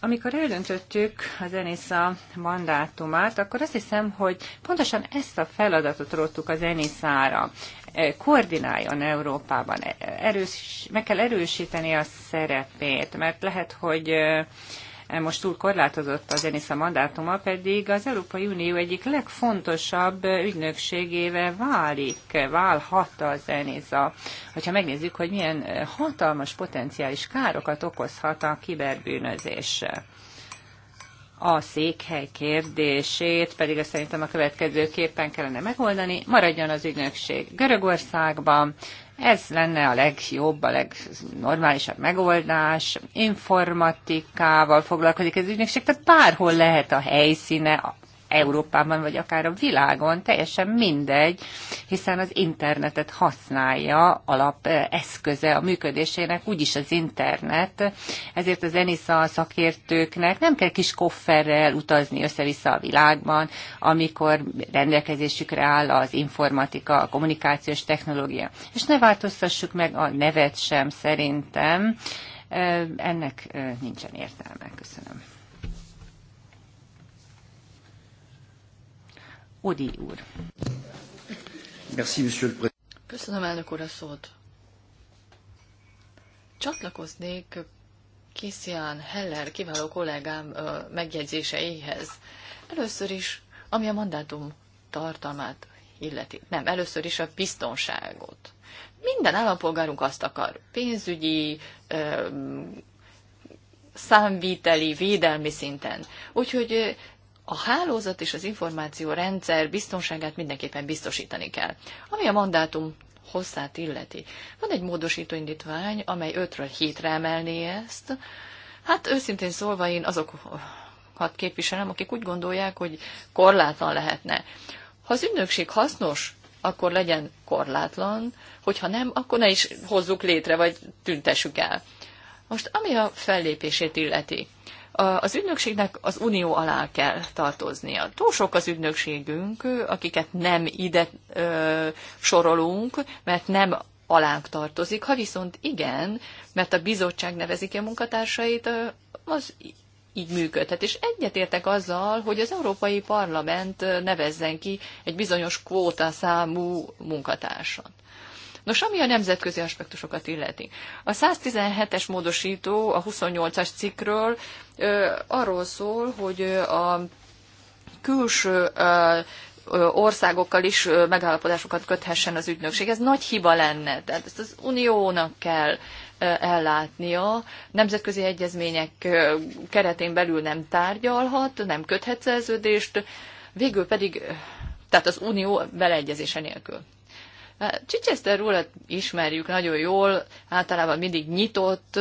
Amikor eldöntöttük az Zenisza mandátumát, akkor azt hiszem, hogy pontosan ezt a feladatot róttuk az ENISZA-ra. Eh, koordináljon Európában, erős, meg kell erősíteni a szerepét, mert lehet, hogy eh, most túl korlátozott az ENISZA mandátuma, pedig az Európai Unió egyik legfontosabb ügynökségével válik, válhat az ENISZA. Hogyha megnézzük, hogy milyen hatalmas potenciális károkat okozhat a kiberbűnözés a székhely kérdését, pedig szerintem a következőképpen kellene megoldani. Maradjon az ügynökség Görögországban, ez lenne a legjobb, a legnormálisabb megoldás. Informatikával foglalkozik ez ügynökség, tehát bárhol lehet a helyszíne, Európában, vagy akár a világon, teljesen mindegy, hiszen az internetet használja alap eszköze a működésének, úgyis az internet, ezért az ENISZA szakértőknek nem kell kis kofferrel utazni össze-vissza a világban, amikor rendelkezésükre áll az informatika, a kommunikációs technológia. És ne változtassuk meg a nevet sem szerintem, ennek nincsen értelme. Köszönöm. Odi úr. Köszönöm, elnök úr, a szót. Csatlakoznék Kisztián Heller kiváló kollégám megjegyzéseihez. Először is, ami a mandátum tartalmát illeti. Nem, először is a biztonságot. Minden állampolgárunk azt akar. Pénzügyi, számviteli, védelmi szinten. Úgyhogy a hálózat és az információrendszer biztonságát mindenképpen biztosítani kell. Ami a mandátum hosszát illeti. Van egy módosító indítvány, amely 5-ről 7-re emelné ezt. Hát őszintén szólva én azokat képviselem, akik úgy gondolják, hogy korlátlan lehetne. Ha az ügynökség hasznos, akkor legyen korlátlan, hogyha nem, akkor ne is hozzuk létre, vagy tüntessük el. Most ami a fellépését illeti. Az ügynökségnek az unió alá kell tartoznia. Túl sok az ügynökségünk, akiket nem ide ö, sorolunk, mert nem alánk tartozik. Ha viszont igen, mert a bizottság nevezik a munkatársait, az így működhet. És egyetértek azzal, hogy az Európai Parlament nevezzen ki egy bizonyos kvóta számú munkatársat. Nos, ami a nemzetközi aspektusokat illeti. A 117-es módosító a 28-as cikkről arról szól, hogy a külső országokkal is megállapodásokat köthessen az ügynökség. Ez nagy hiba lenne. Tehát ezt az uniónak kell ellátnia. Nemzetközi egyezmények keretén belül nem tárgyalhat, nem köthet szerződést, végül pedig, tehát az unió beleegyezése nélkül. Hát Csicseszter urat ismerjük nagyon jól, általában mindig nyitott,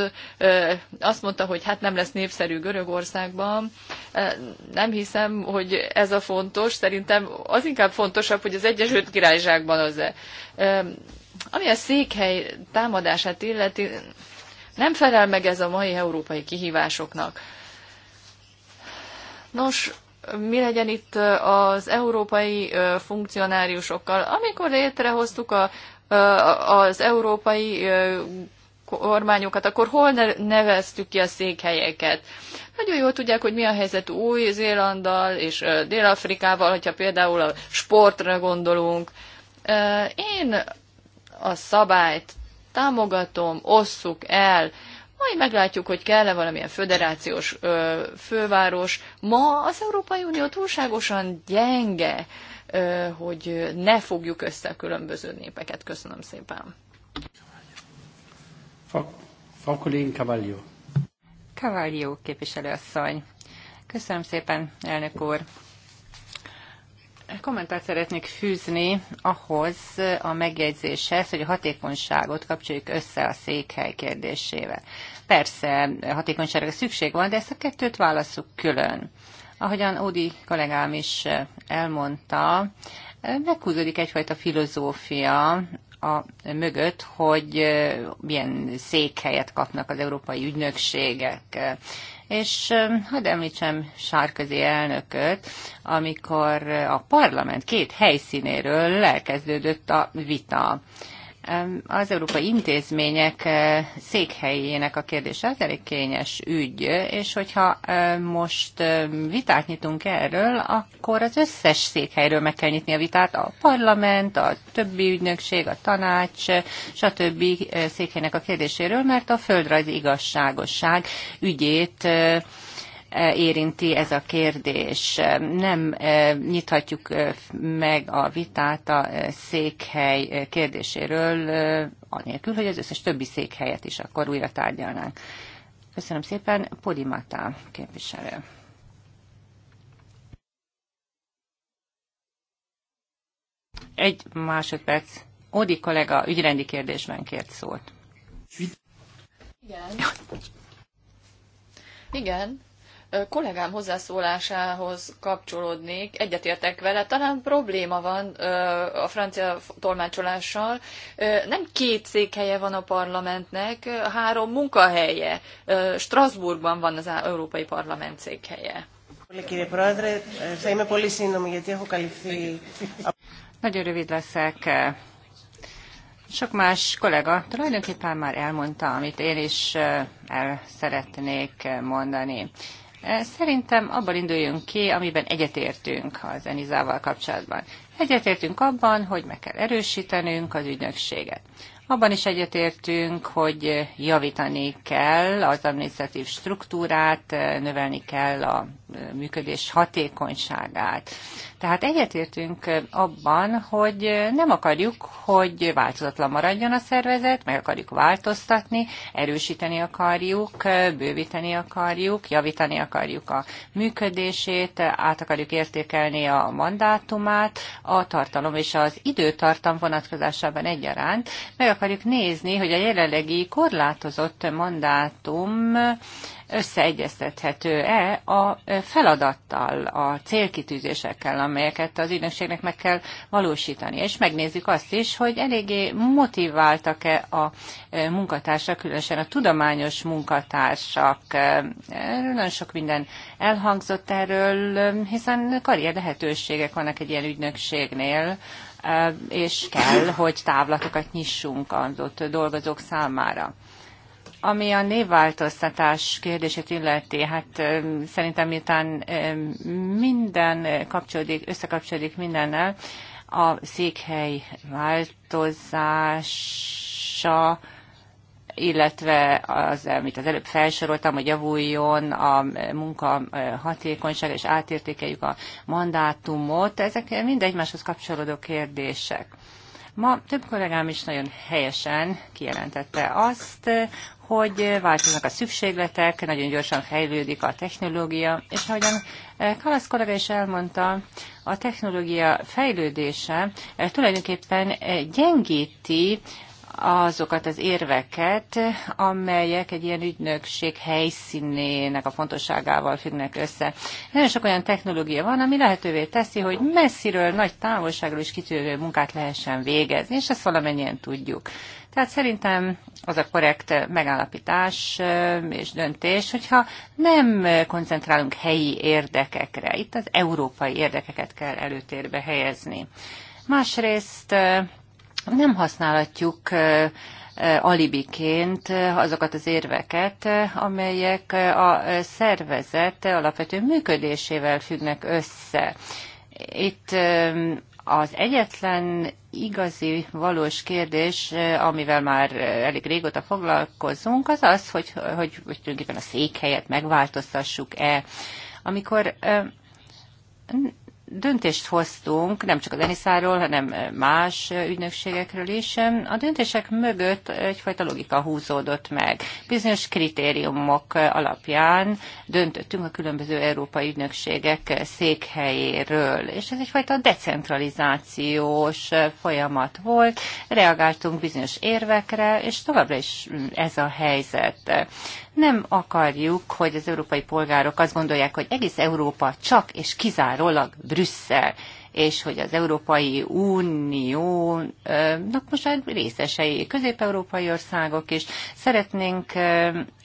azt mondta, hogy hát nem lesz népszerű Görögországban. Nem hiszem, hogy ez a fontos, szerintem az inkább fontosabb, hogy az Egyesült Királyságban az -e. Ami a székhely támadását illeti, nem felel meg ez a mai európai kihívásoknak. Nos, mi legyen itt az európai funkcionáriusokkal. Amikor létrehoztuk a, az európai kormányokat, akkor hol neveztük ki a székhelyeket? Nagyon jól tudják, hogy mi a helyzet Új-Zélanddal és Dél-Afrikával, hogyha például a sportra gondolunk. Én a szabályt támogatom, osszuk el, majd meglátjuk, hogy kell-e valamilyen föderációs ö, főváros. Ma az Európai Unió túlságosan gyenge, ö, hogy ne fogjuk össze a különböző népeket. Köszönöm szépen. Frau Kollégin Cavallio. Cavallio képviselőasszony. Köszönöm szépen, elnök úr. Kommentát szeretnék fűzni ahhoz a megjegyzéshez, hogy a hatékonyságot kapcsoljuk össze a székhely kérdésével. Persze, hatékonyságra szükség van, de ezt a kettőt válaszuk külön. Ahogyan Ódi kollégám is elmondta, meghúzódik egyfajta filozófia a mögött, hogy milyen székhelyet kapnak az európai ügynökségek. És hadd említsem Sárközi elnököt, amikor a parlament két helyszínéről lelkeződött a vita. Az európai intézmények e, székhelyének a kérdése az elég kényes ügy, és hogyha e, most e, vitát nyitunk erről, akkor az összes székhelyről meg kell nyitni a vitát, a parlament, a többi ügynökség, a tanács, stb. székhelynek a kérdéséről, mert a földrajzi igazságosság ügyét érinti ez a kérdés. Nem eh, nyithatjuk eh, meg a vitát a eh, székhely kérdéséről, anélkül, hogy az összes többi székhelyet is akkor újra tárgyalnánk. Köszönöm szépen, Podimata képviselő. Egy másodperc. Odi kollega ügyrendi kérdésben kért szót. Igen. Igen, kollégám hozzászólásához kapcsolódnék, egyetértek vele, talán probléma van a francia tolmácsolással. Nem két székhelye van a parlamentnek, három munkahelye. Strasbourgban van az Európai Parlament székhelye. Nagyon rövid leszek. Sok más kollega tulajdonképpen már elmondta, amit én is el szeretnék mondani. Szerintem abban induljunk ki, amiben egyetértünk az Enizával kapcsolatban. Egyetértünk abban, hogy meg kell erősítenünk az ügynökséget. Abban is egyetértünk, hogy javítani kell az administratív struktúrát, növelni kell a működés hatékonyságát. Tehát egyetértünk abban, hogy nem akarjuk, hogy változatlan maradjon a szervezet, meg akarjuk változtatni, erősíteni akarjuk, bővíteni akarjuk, javítani akarjuk a működését, át akarjuk értékelni a mandátumát, a tartalom és az időtartam vonatkozásában egyaránt, meg akarjuk nézni, hogy a jelenlegi korlátozott mandátum összeegyeztethető-e a feladattal, a célkitűzésekkel, amelyeket az ügynökségnek meg kell valósítani. És megnézzük azt is, hogy eléggé motiváltak-e a munkatársak, különösen a tudományos munkatársak. Nagyon sok minden elhangzott erről, hiszen karrier lehetőségek vannak egy ilyen ügynökségnél, és kell, hogy távlatokat nyissunk az ott dolgozók számára. Ami a névváltoztatás kérdését illeti, hát szerintem miután minden kapcsolódik, összekapcsolódik mindennel, a székhely változása, illetve az, amit az előbb felsoroltam, hogy javuljon a munka hatékonyság, és átértékeljük a mandátumot, ezek mind egymáshoz kapcsolódó kérdések. Ma több kollégám is nagyon helyesen kijelentette azt, hogy változnak a szükségletek, nagyon gyorsan fejlődik a technológia, és ahogyan eh, Kalasz kollega is elmondta, a technológia fejlődése eh, tulajdonképpen eh, gyengíti azokat az érveket, amelyek egy ilyen ügynökség helyszínének a fontosságával függnek össze. Nagyon sok olyan technológia van, ami lehetővé teszi, hogy messziről, nagy távolságról is kitűnő munkát lehessen végezni, és ezt valamennyien tudjuk. Tehát szerintem az a korrekt megállapítás és döntés, hogyha nem koncentrálunk helyi érdekekre, itt az európai érdekeket kell előtérbe helyezni. Másrészt nem használhatjuk alibiként azokat az érveket, amelyek a szervezet alapvető működésével függnek össze. Itt az egyetlen igazi, valós kérdés, amivel már elég régóta foglalkozunk, az az, hogy, hogy, hogy tulajdonképpen a székhelyet megváltoztassuk-e. Amikor döntést hoztunk, nem csak az Eniszáról, hanem más ügynökségekről is. A döntések mögött egyfajta logika húzódott meg. Bizonyos kritériumok alapján döntöttünk a különböző európai ügynökségek székhelyéről, és ez egyfajta decentralizációs folyamat volt. Reagáltunk bizonyos érvekre, és továbbra is ez a helyzet. Nem akarjuk, hogy az európai polgárok azt gondolják, hogy egész Európa csak és kizárólag Brüsszel és hogy az Európai Uniónak most már részesei közép-európai országok is. Szeretnénk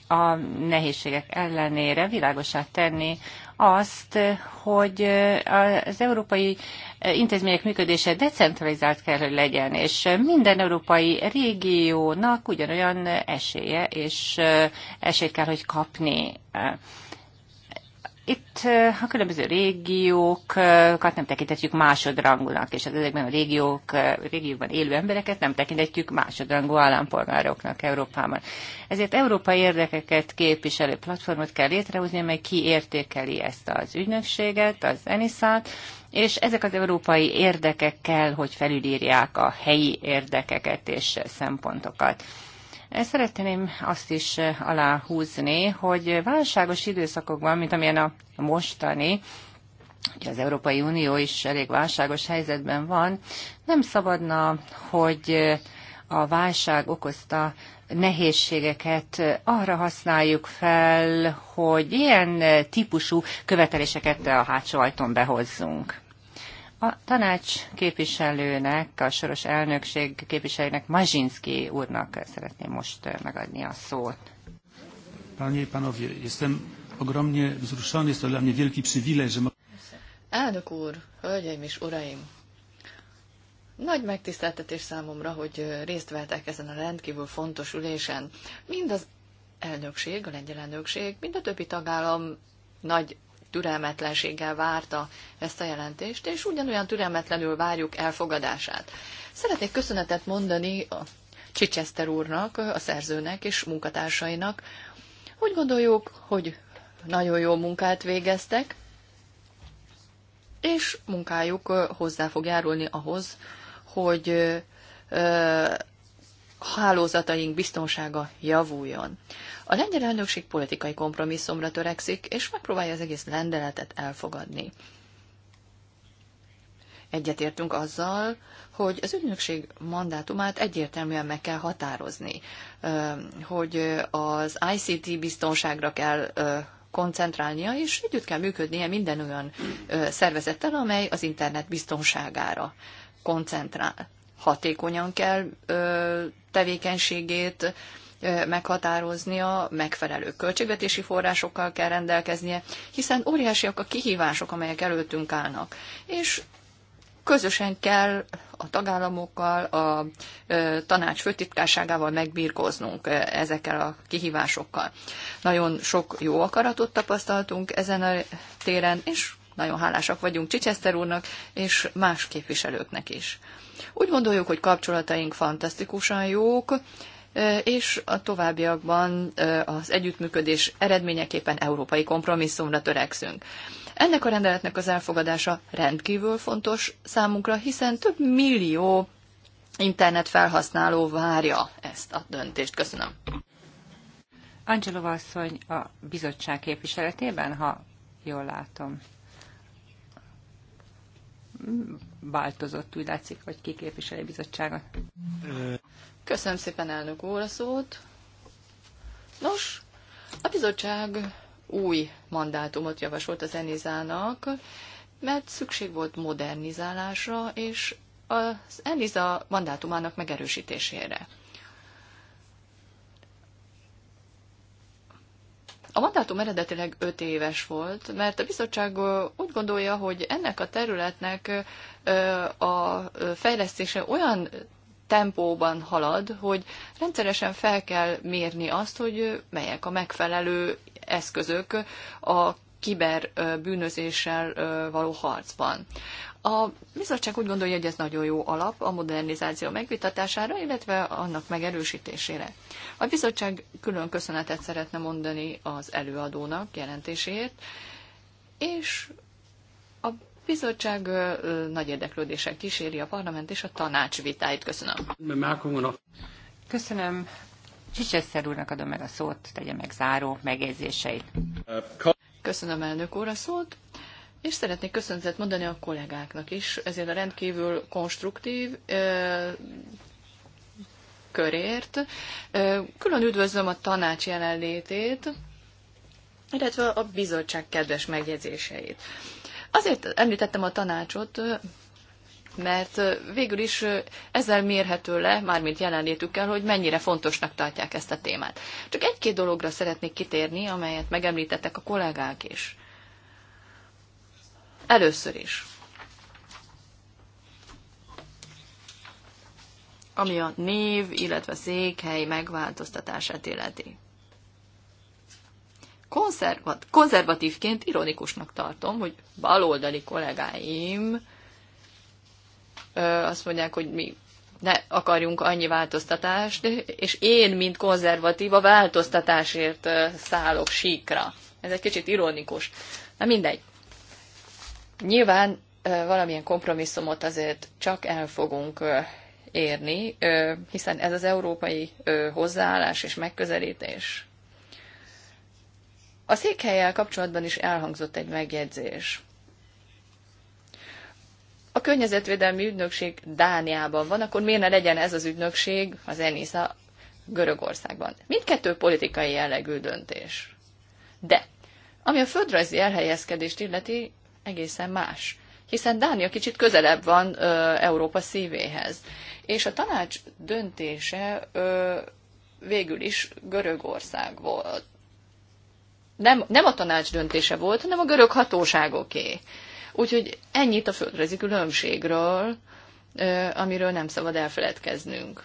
a nehézségek ellenére világosát tenni azt, hogy az európai intézmények működése decentralizált kell, hogy legyen, és minden európai régiónak ugyanolyan esélye és esélyt kell, hogy kapni itt a különböző régiókat nem tekintetjük másodrangúnak, és az ezekben a régiók, régiókban élő embereket nem tekintetjük másodrangú állampolgároknak Európában. Ezért európai érdekeket képviselő platformot kell létrehozni, amely kiértékeli ezt az ügynökséget, az Enisát, és ezek az európai érdekekkel, hogy felülírják a helyi érdekeket és szempontokat. Szeretném azt is eh, aláhúzni, hogy válságos időszakokban, mint amilyen a mostani, ugye az Európai Unió is elég válságos helyzetben van, nem szabadna, hogy eh, a válság okozta nehézségeket eh, arra használjuk fel, hogy ilyen típusú követeléseket a hátsó ajtón behozzunk. A tanács képviselőnek, a soros elnökség képviselőnek, Mazsinszki úrnak szeretném most megadni a szót. Panie i panowie, jestem ogromnie wzruszony, jest to dla mnie wielki przywilej, że... Elnök úr, hölgyeim és uraim! Nagy megtiszteltetés számomra, hogy részt vettek ezen a rendkívül fontos ülésen. Mind az elnökség, a lengyel elnökség, mind a többi tagállam nagy türelmetlenséggel várta ezt a jelentést, és ugyanolyan türelmetlenül várjuk elfogadását. Szeretnék köszönetet mondani a Csicseszter úrnak, a szerzőnek és munkatársainak. Úgy gondoljuk, hogy nagyon jó munkát végeztek, és munkájuk hozzá fog járulni ahhoz, hogy hálózataink biztonsága javuljon. A lengyel elnökség politikai kompromisszumra törekszik, és megpróbálja az egész lendeletet elfogadni. Egyetértünk azzal, hogy az ügynökség mandátumát egyértelműen meg kell határozni, hogy az ICT biztonságra kell koncentrálnia, és együtt kell működnie minden olyan szervezettel, amely az internet biztonságára koncentrál. Hatékonyan kell tevékenységét meghatároznia, megfelelő költségvetési forrásokkal kell rendelkeznie, hiszen óriásiak a kihívások, amelyek előttünk állnak. És közösen kell a tagállamokkal, a tanács főtitkárságával megbírkoznunk ezekkel a kihívásokkal. Nagyon sok jó akaratot tapasztaltunk ezen a téren, és nagyon hálásak vagyunk Csicseszter úrnak és más képviselőknek is. Úgy gondoljuk, hogy kapcsolataink fantasztikusan jók, és a továbbiakban az együttműködés eredményeképpen európai kompromisszumra törekszünk. Ennek a rendeletnek az elfogadása rendkívül fontos számunkra, hiszen több millió internet felhasználó várja ezt a döntést. Köszönöm. Angelo asszony a bizottság képviseletében, ha jól látom, változott, úgy látszik, hogy ki képviseli bizottságot. Köszönöm szépen, elnök úr, a szót. Nos, a bizottság új mandátumot javasolt az Enizának, mert szükség volt modernizálásra és az Eniza mandátumának megerősítésére. A mandátum eredetileg öt éves volt, mert a bizottság úgy gondolja, hogy ennek a területnek a fejlesztése olyan tempóban halad, hogy rendszeresen fel kell mérni azt, hogy melyek a megfelelő eszközök a bűnözéssel való harcban. A bizottság úgy gondolja, hogy ez nagyon jó alap a modernizáció megvitatására, illetve annak megerősítésére. A bizottság külön köszönetet szeretne mondani az előadónak jelentéséért, és bizottság nagy érdeklődéssel kíséri a parlament és a tanács vitáit. Köszönöm. Köszönöm. Csicseszter úrnak adom meg a szót, tegye meg záró megjegyzéseit. Köszönöm elnök úr a szót, és szeretnék köszönetet mondani a kollégáknak is, ezért a rendkívül konstruktív ö, körért. Ö, külön üdvözlöm a tanács jelenlétét, illetve a bizottság kedves megjegyzéseit. Azért említettem a tanácsot, mert végül is ezzel mérhető le, mármint jelenlétükkel, hogy mennyire fontosnak tartják ezt a témát. Csak egy-két dologra szeretnék kitérni, amelyet megemlítettek a kollégák is. Először is. Ami a név, illetve székhely megváltoztatását illeti konzervat, konzervatívként ironikusnak tartom, hogy baloldali kollégáim azt mondják, hogy mi ne akarjunk annyi változtatást, és én, mint konzervatív, a változtatásért szállok síkra. Ez egy kicsit ironikus. Na mindegy. Nyilván valamilyen kompromisszumot azért csak el fogunk érni, hiszen ez az európai hozzáállás és megközelítés a székhelyel kapcsolatban is elhangzott egy megjegyzés. A környezetvédelmi ügynökség Dániában van, akkor miért ne legyen ez az ügynökség, az ENISA Görögországban? Mindkettő politikai jellegű döntés. De, ami a földrajzi elhelyezkedést illeti, egészen más. Hiszen Dánia kicsit közelebb van ö, Európa szívéhez. És a tanács döntése ö, végül is Görögország volt nem, nem a tanács döntése volt, hanem a görög hatóságoké. Úgyhogy ennyit a földrajzi különbségről, amiről nem szabad elfeledkeznünk.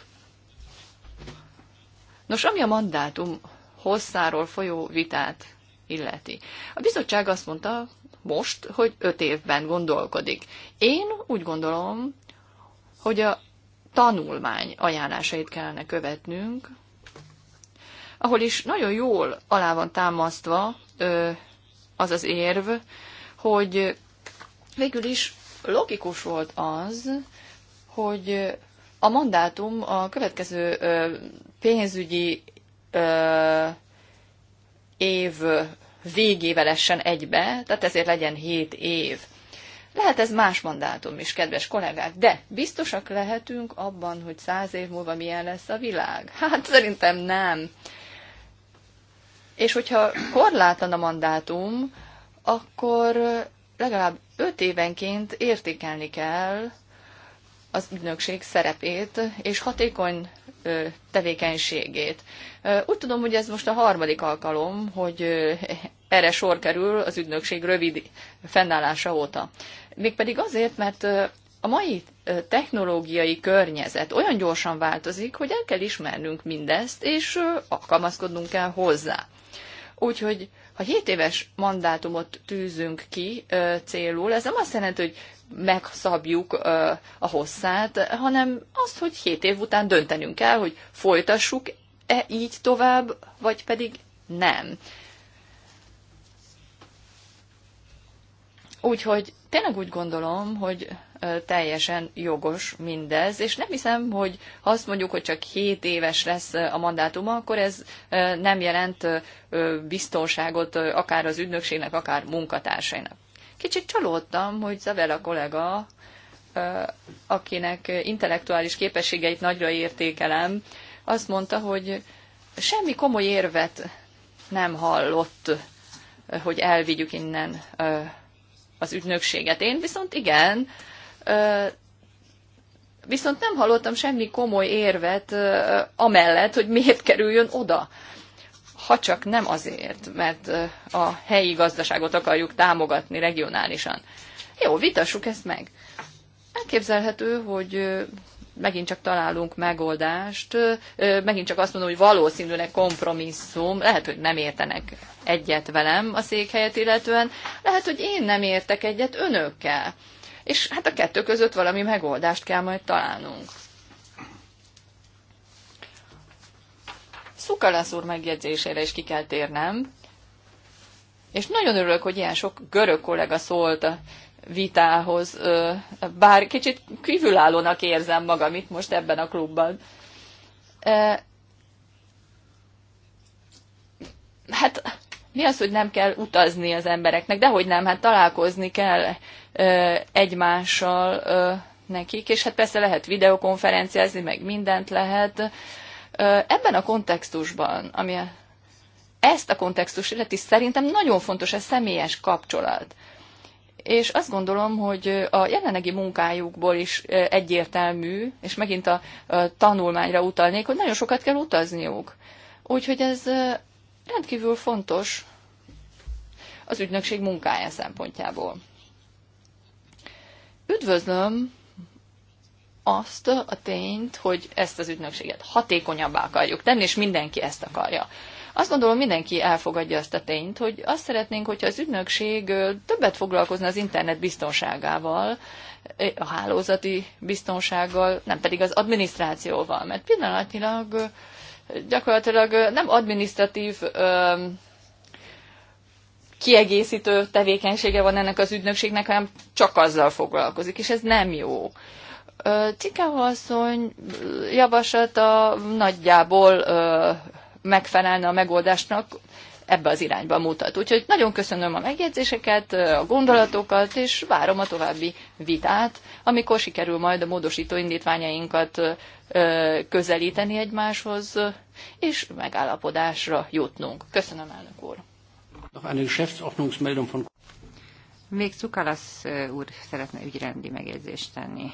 Nos, ami a mandátum hosszáról folyó vitát illeti. A bizottság azt mondta most, hogy öt évben gondolkodik. Én úgy gondolom, hogy a tanulmány ajánlásait kellene követnünk, ahol is nagyon jól alá van támasztva az az érv, hogy végül is logikus volt az, hogy a mandátum a következő pénzügyi év végével essen egybe, tehát ezért legyen 7 év. Lehet ez más mandátum is, kedves kollégák, de biztosak lehetünk abban, hogy száz év múlva milyen lesz a világ? Hát szerintem nem. És hogyha korlátlan a mandátum, akkor legalább öt évenként értékelni kell az ügynökség szerepét és hatékony tevékenységét. Úgy tudom, hogy ez most a harmadik alkalom, hogy erre sor kerül az ügynökség rövid fennállása óta. Mégpedig azért, mert a mai technológiai környezet olyan gyorsan változik, hogy el kell ismernünk mindezt, és alkalmazkodnunk kell hozzá. Úgyhogy ha 7 éves mandátumot tűzünk ki ö, célul, ez nem azt jelenti, hogy megszabjuk ö, a hosszát, hanem azt, hogy 7 év után döntenünk kell, hogy folytassuk-e így tovább, vagy pedig nem. Úgyhogy tényleg úgy gondolom, hogy teljesen jogos mindez, és nem hiszem, hogy ha azt mondjuk, hogy csak 7 éves lesz a mandátuma, akkor ez nem jelent biztonságot akár az ügynökségnek, akár munkatársainak. Kicsit csalódtam, hogy Zavella kollega, akinek intellektuális képességeit nagyra értékelem, azt mondta, hogy semmi komoly érvet nem hallott, hogy elvigyük innen az ügynökséget. Én viszont igen, Viszont nem hallottam semmi komoly érvet amellett, hogy miért kerüljön oda. Ha csak nem azért, mert a helyi gazdaságot akarjuk támogatni regionálisan. Jó, vitassuk ezt meg. Elképzelhető, hogy megint csak találunk megoldást, megint csak azt mondom, hogy valószínűleg kompromisszum, lehet, hogy nem értenek egyet velem a székhelyet illetően, lehet, hogy én nem értek egyet önökkel és hát a kettő között valami megoldást kell majd találnunk. Szukalász úr megjegyzésére is ki kell térnem, és nagyon örülök, hogy ilyen sok görög kollega szólt a vitához, bár kicsit kívülállónak érzem magam itt most ebben a klubban. Hát mi az, hogy nem kell utazni az embereknek? Dehogy nem, hát találkozni kell egymással nekik, és hát persze lehet videokonferenciázni, meg mindent lehet. Ebben a kontextusban, ami ezt a kontextus illeti, szerintem nagyon fontos a személyes kapcsolat. És azt gondolom, hogy a jelenlegi munkájukból is egyértelmű, és megint a tanulmányra utalnék, hogy nagyon sokat kell utazniuk. Úgyhogy ez rendkívül fontos az ügynökség munkája szempontjából. Üdvözlöm azt a tényt, hogy ezt az ügynökséget hatékonyabbá akarjuk tenni, és mindenki ezt akarja. Azt gondolom, mindenki elfogadja azt a tényt, hogy azt szeretnénk, hogyha az ügynökség többet foglalkozna az internet biztonságával, a hálózati biztonsággal, nem pedig az adminisztrációval, mert pillanatnyilag gyakorlatilag nem adminisztratív kiegészítő tevékenysége van ennek az ügynökségnek, hanem csak azzal foglalkozik, és ez nem jó. Cikáva asszony javaslata nagyjából megfelelne a megoldásnak, ebbe az irányba mutat. Úgyhogy nagyon köszönöm a megjegyzéseket, a gondolatokat, és várom a további vitát, amikor sikerül majd a módosító indítványainkat közelíteni egymáshoz, és megállapodásra jutnunk. Köszönöm, elnök úr! Még Cukalasz úr szeretne ügyrendi megjegyzést tenni.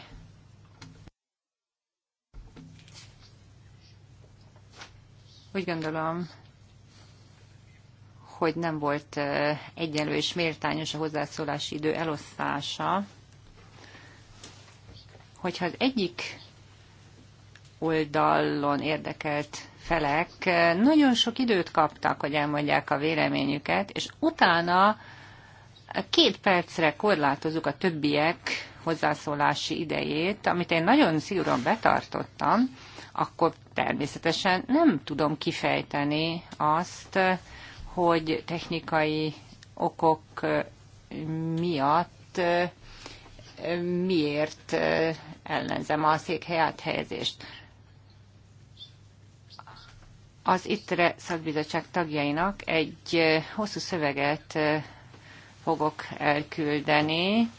Úgy gondolom, hogy nem volt egyenlő és méltányos a hozzászólási idő elosztása. Hogyha az egyik oldalon érdekelt felek nagyon sok időt kaptak, hogy elmondják a véleményüket, és utána két percre korlátozunk a többiek hozzászólási idejét, amit én nagyon szigorúan betartottam, akkor természetesen nem tudom kifejteni azt, hogy technikai okok miatt miért ellenzem a székhely áthelyezést az ITRE szakbizottság tagjainak egy hosszú szöveget fogok elküldeni,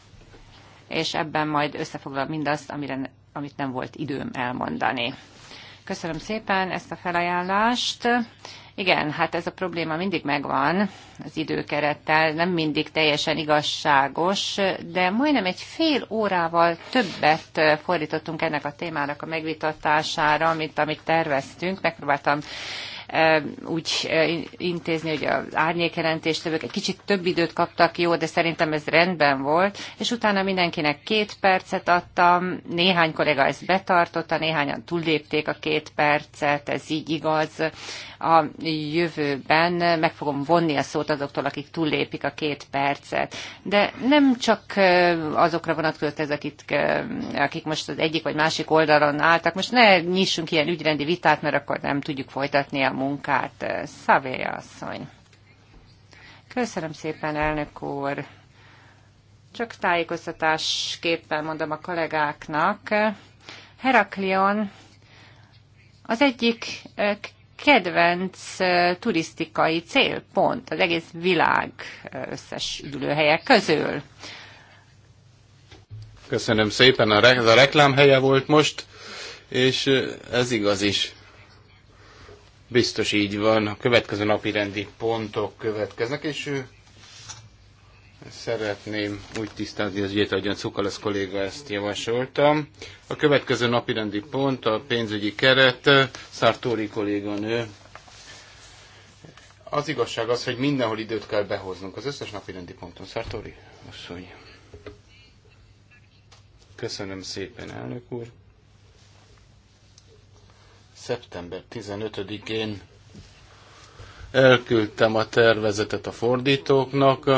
és ebben majd összefoglalom mindazt, amire, amit nem volt időm elmondani. Köszönöm szépen ezt a felajánlást. Igen, hát ez a probléma mindig megvan az időkerettel, nem mindig teljesen igazságos, de majdnem egy fél órával többet fordítottunk ennek a témának a megvitatására, mint amit terveztünk. Megpróbáltam e, úgy e, intézni, hogy az többek egy kicsit több időt kaptak, jó, de szerintem ez rendben volt, és utána mindenkinek két percet adtam, néhány kollega ezt betartotta, néhányan túllépték a két percet, ez így igaz, a jövőben meg fogom vonni a szót azoktól, akik túllépik a két percet. De nem csak azokra vonatkozott ez, akik, akik most az egyik vagy másik oldalon álltak. Most ne nyissunk ilyen ügyrendi vitát, mert akkor nem tudjuk folytatni a munkát. Szavéja asszony. Köszönöm szépen, elnök úr. Csak tájékoztatásképpen mondom a kollégáknak. Heraklion az egyik kedvenc turisztikai célpont az egész világ összes üdülőhelyek közül. Köszönöm szépen, a, re- a reklámhelye volt most, és ez igaz is. Biztos így van. A következő napi rendi pontok következnek, és Szeretném úgy tisztázni az ügyet, ahogyan Cukalasz kolléga ezt javasoltam. A következő napirendi pont a pénzügyi keret, Szartóri kolléganő. Az igazság az, hogy mindenhol időt kell behoznunk. Az összes napirendi ponton. Szartóri, asszony. Köszönöm szépen, elnök úr. Szeptember 15-én elküldtem a tervezetet a fordítóknak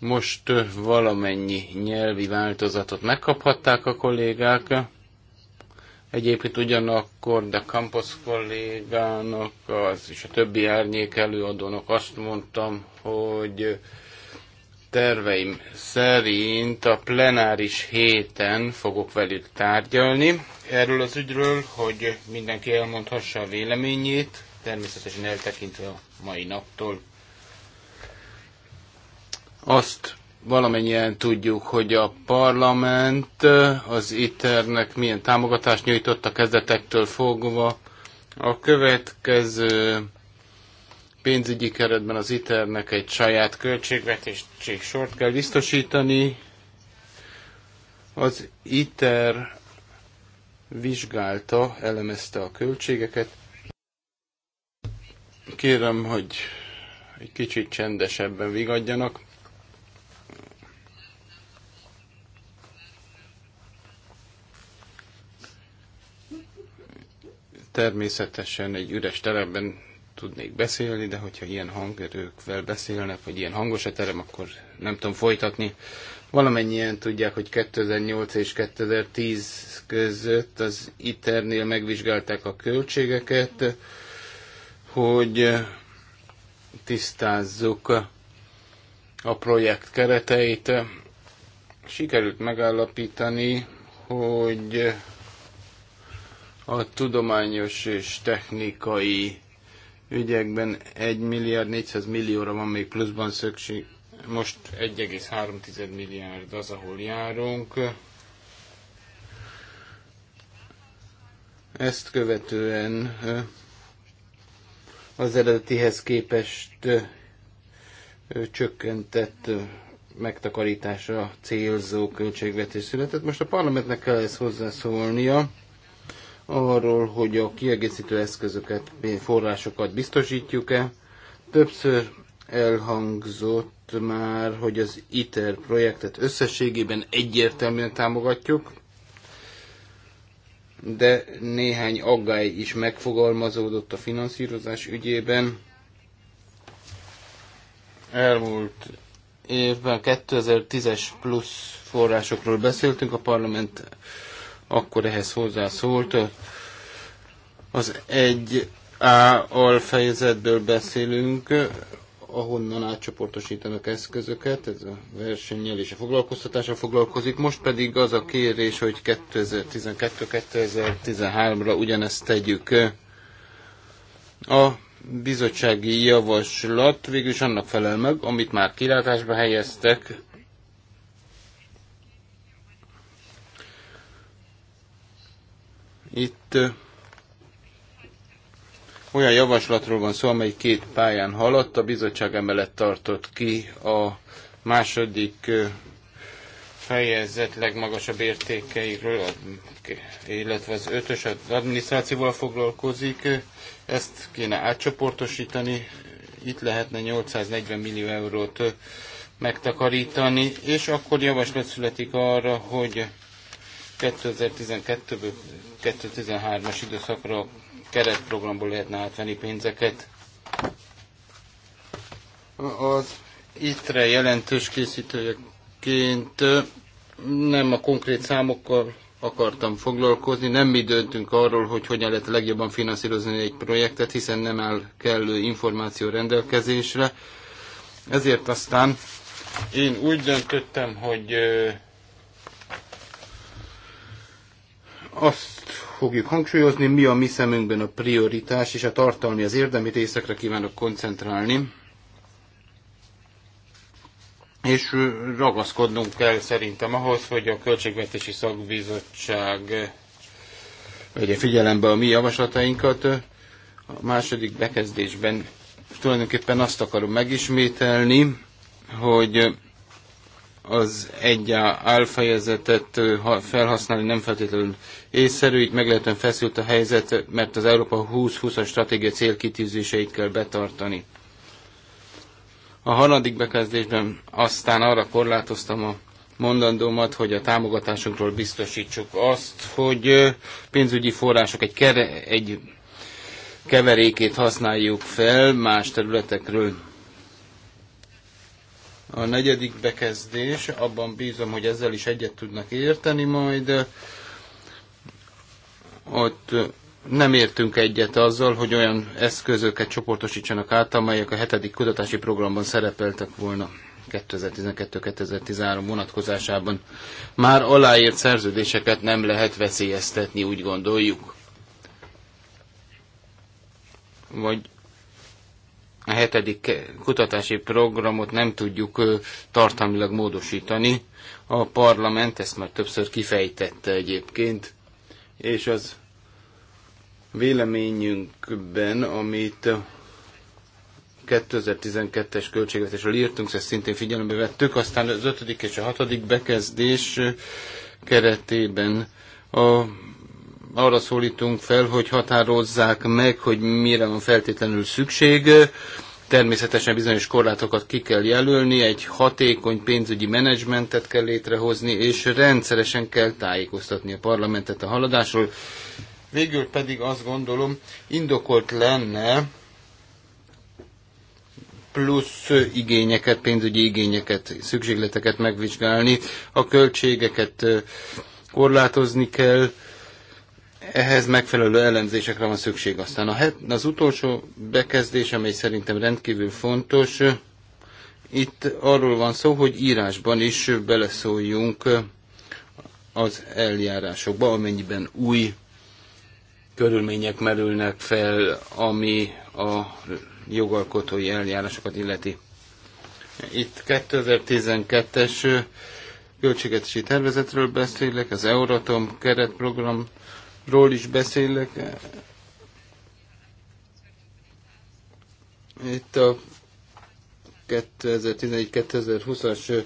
most valamennyi nyelvi változatot megkaphatták a kollégák. Egyébként ugyanakkor de Campos kollégának az, és a többi árnyék előadónak azt mondtam, hogy terveim szerint a plenáris héten fogok velük tárgyalni erről az ügyről, hogy mindenki elmondhassa a véleményét, természetesen eltekintve a mai naptól. Azt valamennyien tudjuk, hogy a parlament az ITER-nek milyen támogatást nyújtott a kezdetektől fogva. A következő pénzügyi keretben az ITER-nek egy saját költségvetési sort kell biztosítani. Az ITER vizsgálta, elemezte a költségeket. Kérem, hogy egy kicsit csendesebben vigadjanak. Természetesen egy üres teremben tudnék beszélni, de hogyha ilyen hangerőkvel beszélnek, vagy ilyen hangos a terem, akkor nem tudom folytatni. Valamennyien tudják, hogy 2008 és 2010 között az ITER-nél megvizsgálták a költségeket, hogy tisztázzuk a projekt kereteit. Sikerült megállapítani, hogy a tudományos és technikai ügyekben 1 milliárd 400 millióra van még pluszban szükség. Most 1,3 milliárd az, ahol járunk. Ezt követően az eredetihez képest csökkentett megtakarításra célzó költségvetés született. Most a parlamentnek kell ezt hozzászólnia arról, hogy a kiegészítő eszközöket, forrásokat biztosítjuk-e. Többször elhangzott már, hogy az ITER projektet összességében egyértelműen támogatjuk, de néhány aggály is megfogalmazódott a finanszírozás ügyében. Elmúlt évben 2010-es plusz forrásokról beszéltünk, a parlament akkor ehhez hozzászólt. Az egy A alfejezetből beszélünk, ahonnan átcsoportosítanak eszközöket, ez a versennyel és a foglalkoztatással foglalkozik. Most pedig az a kérés, hogy 2012-2013-ra ugyanezt tegyük. A bizottsági javaslat végül is annak felel meg, amit már kilátásba helyeztek, Itt olyan javaslatról van szó, amely két pályán haladt. A bizottság emellett tartott ki a második fejezet legmagasabb értékeiről, illetve az ötös az adminisztrációval foglalkozik. Ezt kéne átcsoportosítani, itt lehetne 840 millió eurót megtakarítani, és akkor javaslat születik arra, hogy 2012-ből 2013-as időszakra keretprogramból lehetne átvenni pénzeket. Az ITRE jelentős készítőjeként nem a konkrét számokkal akartam foglalkozni. Nem mi döntünk arról, hogy hogyan lehet legjobban finanszírozni egy projektet, hiszen nem áll kellő információ rendelkezésre. Ezért aztán én úgy döntöttem, hogy azt fogjuk hangsúlyozni, mi a mi szemünkben a prioritás, és a tartalmi, az érdemi részekre kívánok koncentrálni. És ragaszkodnunk kell szerintem ahhoz, hogy a Költségvetési Szakbizottság vegye figyelembe a mi javaslatainkat. A második bekezdésben tulajdonképpen azt akarom megismételni, hogy az egy álfejezetet felhasználni nem feltétlenül észszerű, így meglehetően feszült a helyzet, mert az Európa 2020-as stratégia célkitűzéseit kell betartani. A harmadik bekezdésben aztán arra korlátoztam a mondandómat, hogy a támogatásunkról biztosítsuk azt, hogy pénzügyi források egy, kere, egy keverékét használjuk fel más területekről a negyedik bekezdés, abban bízom, hogy ezzel is egyet tudnak érteni majd. Ott nem értünk egyet azzal, hogy olyan eszközöket csoportosítsanak át, amelyek a hetedik kutatási programban szerepeltek volna 2012-2013 vonatkozásában. Már aláírt szerződéseket nem lehet veszélyeztetni, úgy gondoljuk. Vagy a hetedik kutatási programot nem tudjuk tartalmilag módosítani. A parlament ezt már többször kifejtette egyébként, és az véleményünkben, amit 2012-es költségvetésről írtunk, ezt szintén figyelembe vettük, aztán az ötödik és a hatodik bekezdés keretében a arra szólítunk fel, hogy határozzák meg, hogy mire van feltétlenül szükség. Természetesen bizonyos korlátokat ki kell jelölni, egy hatékony pénzügyi menedzsmentet kell létrehozni, és rendszeresen kell tájékoztatni a parlamentet a haladásról. Végül pedig azt gondolom, indokolt lenne plusz igényeket, pénzügyi igényeket, szükségleteket megvizsgálni, a költségeket korlátozni kell, ehhez megfelelő elemzésekre van szükség. Aztán a het, az utolsó bekezdés, amely szerintem rendkívül fontos, itt arról van szó, hogy írásban is beleszóljunk az eljárásokba, amennyiben új körülmények merülnek fel, ami a jogalkotói eljárásokat illeti. Itt 2012-es költségetési tervezetről beszélek, az Euratom keretprogram ról is beszélek. Itt a 2011-2020-as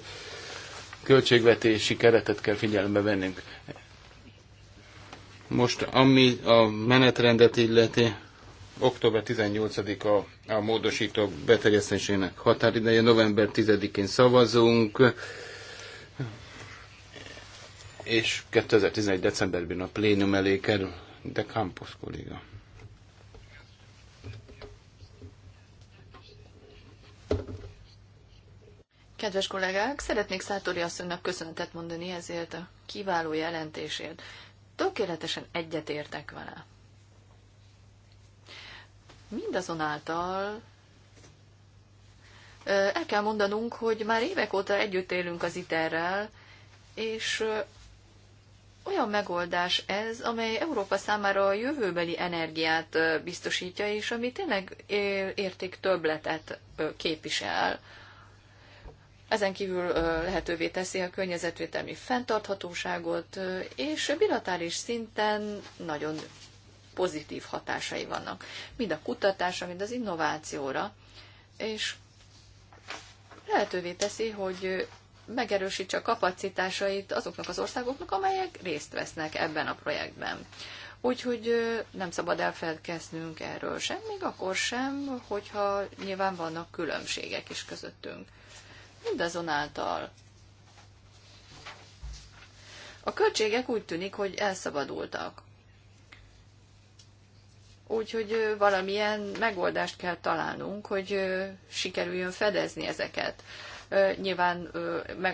költségvetési keretet kell figyelembe vennünk. Most ami a menetrendet illeti, október 18-a a, a módosítók beterjesztésének határideje, november 10-én szavazunk, és 2011. decemberben a plénum elé kerül, de Campos kolléga. Kedves kollégák, szeretnék Szátori asszonynak köszönetet mondani ezért a kiváló jelentésért. Tökéletesen egyetértek vele. Mindazonáltal el kell mondanunk, hogy már évek óta együtt élünk az iterrel, és olyan megoldás ez, amely Európa számára a jövőbeli energiát biztosítja, és ami tényleg érték többletet képvisel. Ezen kívül lehetővé teszi a környezetvédelmi fenntarthatóságot, és bilatáris szinten nagyon pozitív hatásai vannak, mind a kutatásra, mind az innovációra, és lehetővé teszi, hogy megerősítse a kapacitásait azoknak az országoknak, amelyek részt vesznek ebben a projektben. Úgyhogy nem szabad elfelkeznünk erről sem, még akkor sem, hogyha nyilván vannak különbségek is közöttünk. Mindazonáltal a költségek úgy tűnik, hogy elszabadultak. Úgyhogy valamilyen megoldást kell találnunk, hogy sikerüljön fedezni ezeket. Nyilván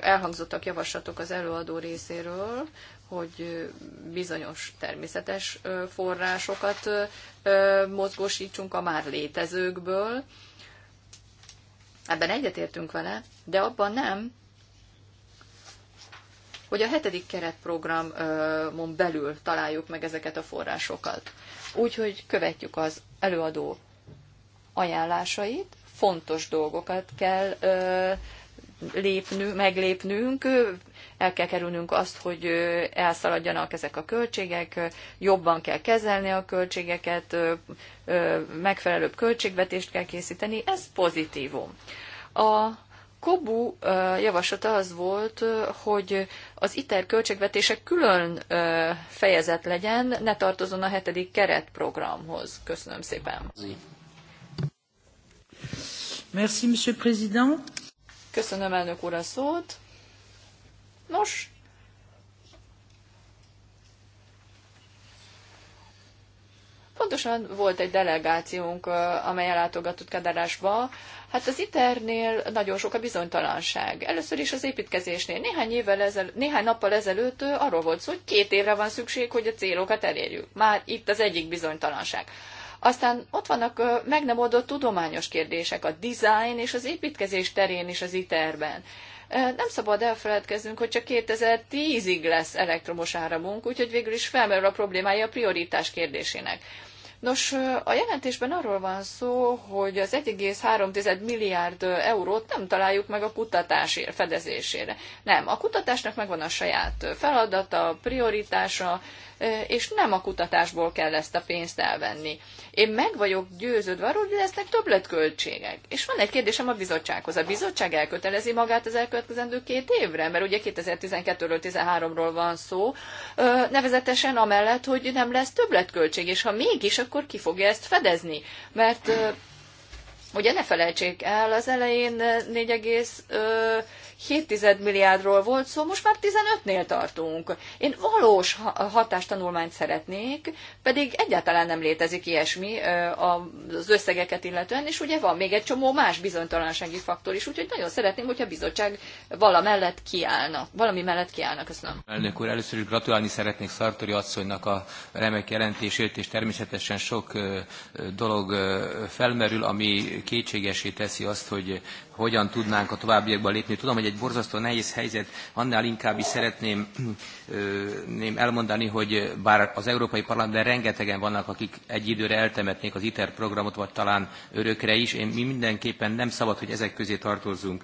elhangzottak javaslatok az előadó részéről, hogy bizonyos természetes forrásokat mozgósítsunk a már létezőkből. Ebben egyetértünk vele, de abban nem, hogy a hetedik keretprogramon belül találjuk meg ezeket a forrásokat. Úgyhogy követjük az előadó ajánlásait, fontos dolgokat kell lépnünk, meglépnünk, el kell kerülnünk azt, hogy elszaladjanak ezek a költségek, jobban kell kezelni a költségeket, megfelelőbb költségvetést kell készíteni, ez pozitívum. A Kobu javaslata az volt, hogy az ITER költségvetése külön fejezet legyen, ne tartozon a hetedik keretprogramhoz. Köszönöm szépen. Merci, Monsieur Président. Köszönöm elnök úr a szót. Nos, Pontosan volt egy delegációnk, amely ellátogatott Kadarásba. Hát az iternél nagyon sok a bizonytalanság. Először is az építkezésnél. Néhány, évvel ezel, néhány nappal ezelőtt arról volt szó, hogy két évre van szükség, hogy a célokat elérjük. Már itt az egyik bizonytalanság. Aztán ott vannak meg nem oldott tudományos kérdések, a design és az építkezés terén is az iterben. Nem szabad elfeledkeznünk, hogy csak 2010-ig lesz elektromos áramunk, úgyhogy végül is felmerül a problémája a prioritás kérdésének. Nos, a jelentésben arról van szó, hogy az 1,3 milliárd eurót nem találjuk meg a kutatás fedezésére. Nem, a kutatásnak megvan a saját feladata, prioritása, és nem a kutatásból kell ezt a pénzt elvenni. Én meg vagyok győződve arról, hogy lesznek többletköltségek. És van egy kérdésem a bizottsághoz. A bizottság elkötelezi magát az elkövetkezendő két évre, mert ugye 2012-ről 13-ról van szó, nevezetesen amellett, hogy nem lesz többletköltség, és ha mégis, akkor ki fogja ezt fedezni? Mert Ugye ne felejtsék el, az elején 4, 7 milliárdról volt szó, most már 15-nél tartunk. Én valós hatástanulmányt szeretnék, pedig egyáltalán nem létezik ilyesmi az összegeket illetően, és ugye van még egy csomó más bizonytalansági faktor is, úgyhogy nagyon szeretném, hogyha a bizottság valamellett kiállna, valami mellett kiállna. Köszönöm. Elnök úr, először is gratulálni szeretnék Szartori asszonynak a remek jelentésért, és természetesen sok dolog felmerül, ami kétségesé teszi azt, hogy hogyan tudnánk a továbbiakban lépni. Tudom, hogy egy borzasztó nehéz helyzet, annál inkább is szeretném ném elmondani, hogy bár az Európai Parlamentben rengetegen vannak, akik egy időre eltemetnék az ITER programot, vagy talán örökre is, én, mi mindenképpen nem szabad, hogy ezek közé tartozzunk.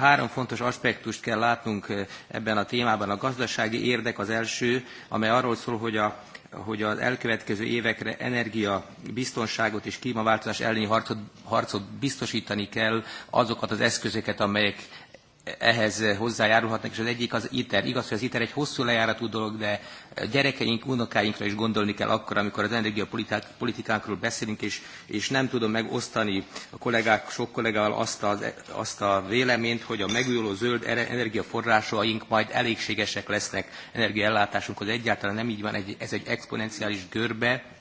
Három fontos aspektust kell látnunk ebben a témában. A gazdasági érdek az első, amely arról szól, hogy a hogy az elkövetkező évekre energia biztonságot és klímaváltozás elleni harcot, harcot biztosítani kell azokat az eszközöket, amelyek ehhez hozzájárulhatnak, és az egyik az ITER. Igaz, hogy az ITER egy hosszú lejáratú dolog, de gyerekeink, unokáinkra is gondolni kell akkor, amikor az energiapolitikánkról beszélünk, és, és nem tudom megosztani a kollégák, sok kollégával azt, az, azt a véleményt, hogy a megújuló zöld energiaforrásaink majd elégségesek lesznek energiaellátásunkhoz. Egyáltalán nem így van, ez egy exponenciális görbe,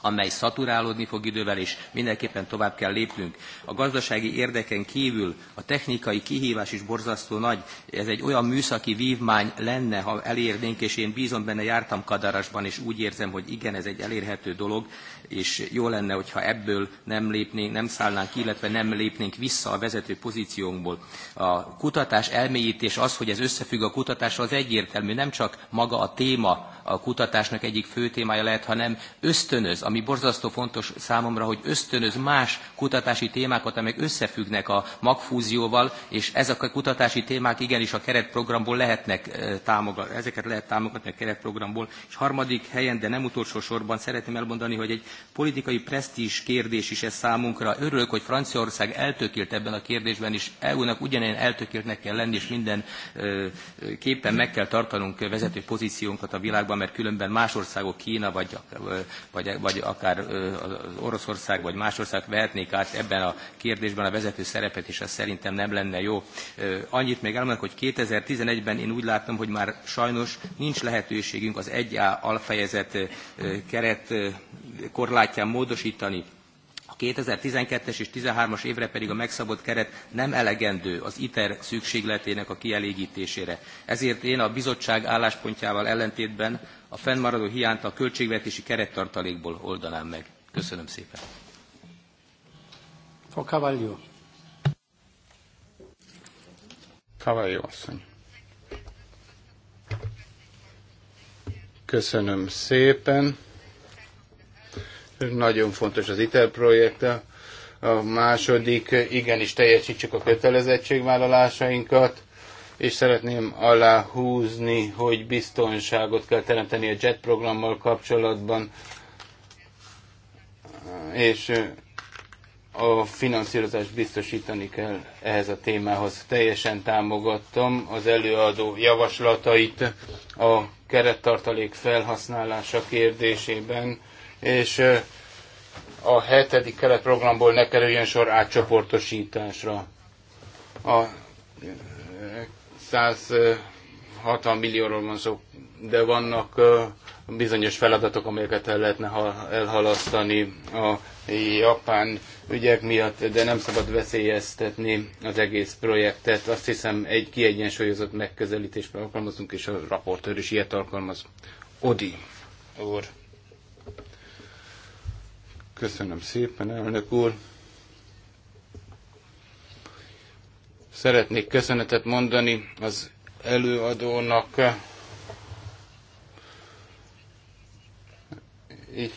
amely szaturálódni fog idővel, és mindenképpen tovább kell lépnünk. A gazdasági érdeken kívül a technikai kihívás is borzasztó nagy. Ez egy olyan műszaki vívmány lenne, ha elérnénk, és én bízom benne, jártam Kadarasban, és úgy érzem, hogy igen, ez egy elérhető dolog, és jó lenne, hogyha ebből nem lépnénk, nem szállnánk, illetve nem lépnénk vissza a vezető pozíciónkból. A kutatás elmélyítés az, hogy ez összefügg a kutatás az egyértelmű, nem csak maga a téma, a kutatásnak egyik fő témája lehet, hanem ösztönöz, ami borzasztó fontos számomra, hogy ösztönöz más kutatási témákat, amelyek összefüggnek a magfúzióval, és ezek a kutatási témák igenis a keretprogramból lehetnek eh, támogatni, ezeket lehet támogatni a keretprogramból. És harmadik helyen, de nem utolsó sorban szeretném elmondani, hogy egy politikai presztízs kérdés is ez számunkra. Örülök, hogy Franciaország eltökélt ebben a kérdésben, és EU-nak ugyanilyen eltökéltnek kell lenni, és minden eh, eh, képpen meg kell tartanunk vezető pozíciónkat a világban, mert különben más országok, Kína vagy, vagy, vagy akár az Oroszország vagy más ország vehetnék át ebben a kérdésben a vezető szerepet, és ez szerintem nem lenne jó. Annyit még elmondok, hogy 2011-ben én úgy látom, hogy már sajnos nincs lehetőségünk az 1A alfejezet keret korlátján módosítani 2012-es és 2013-as évre pedig a megszabott keret nem elegendő az ITER szükségletének a kielégítésére. Ezért én a bizottság álláspontjával ellentétben a fennmaradó hiányt a költségvetési kerettartalékból oldanám meg. Köszönöm szépen. A Cavallio. Cavallio asszony. Köszönöm szépen. Nagyon fontos az ITER projekt. A második, igenis teljesítsük a kötelezettségvállalásainkat, és szeretném aláhúzni, hogy biztonságot kell teremteni a JET programmal kapcsolatban, és a finanszírozást biztosítani kell ehhez a témához. Teljesen támogattam az előadó javaslatait a kerettartalék felhasználása kérdésében, és a hetedik keletprogramból ne kerüljön sor átcsoportosításra. A 160 millióról van szó, de vannak bizonyos feladatok, amelyeket el lehetne elhalasztani a japán ügyek miatt, de nem szabad veszélyeztetni az egész projektet. Azt hiszem egy kiegyensúlyozott megközelítésben alkalmazunk, és a raportőr is ilyet alkalmaz. Odi úr. Köszönöm szépen, elnök úr. Szeretnék köszönetet mondani az előadónak. És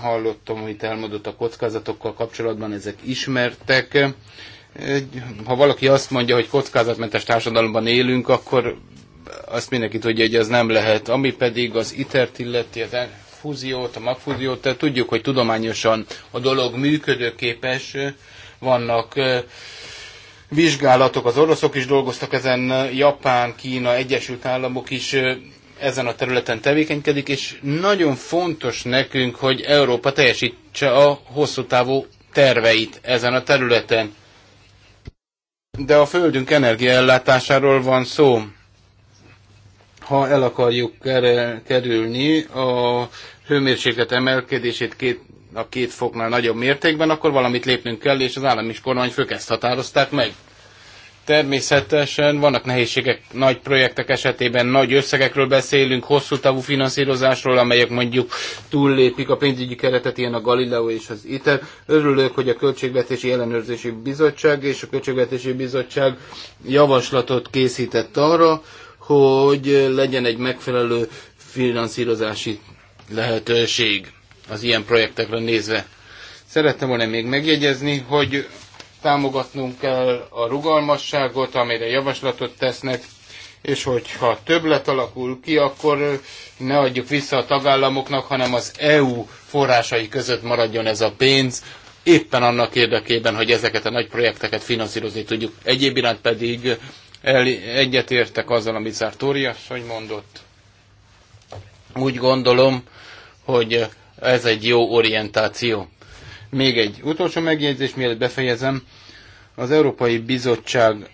hallottam, itt elmondott a kockázatokkal kapcsolatban, ezek ismertek. Ha valaki azt mondja, hogy kockázatmentes társadalomban élünk, akkor azt mindenki tudja, hogy ez nem lehet. Ami pedig az ITER-t illeti, az fúziót, a magfúziót, tehát tudjuk, hogy tudományosan a dolog működőképes, vannak vizsgálatok, az oroszok is dolgoztak ezen, Japán, Kína, Egyesült Államok is ezen a területen tevékenykedik, és nagyon fontos nekünk, hogy Európa teljesítse a hosszú távú terveit ezen a területen. De a Földünk energiaellátásáról van szó ha el akarjuk kerülni a hőmérséklet emelkedését két, a két foknál nagyobb mértékben, akkor valamit lépnünk kell, és az állami és kormányfők ezt határozták meg. Természetesen vannak nehézségek nagy projektek esetében, nagy összegekről beszélünk, hosszú távú finanszírozásról, amelyek mondjuk túllépik a pénzügyi keretet, ilyen a Galileo és az ITER. Örülök, hogy a Költségvetési Ellenőrzési Bizottság és a Költségvetési Bizottság javaslatot készített arra, hogy legyen egy megfelelő finanszírozási lehetőség az ilyen projektekre nézve. Szerettem volna még megjegyezni, hogy támogatnunk kell a rugalmasságot, amire javaslatot tesznek, és hogyha többlet alakul ki, akkor ne adjuk vissza a tagállamoknak, hanem az EU forrásai között maradjon ez a pénz, éppen annak érdekében, hogy ezeket a nagy projekteket finanszírozni tudjuk. Egyéb iránt pedig el, egyetértek azzal, amit Szártóri asszony mondott. Úgy gondolom, hogy ez egy jó orientáció. Még egy utolsó megjegyzés, mielőtt befejezem. Az Európai Bizottság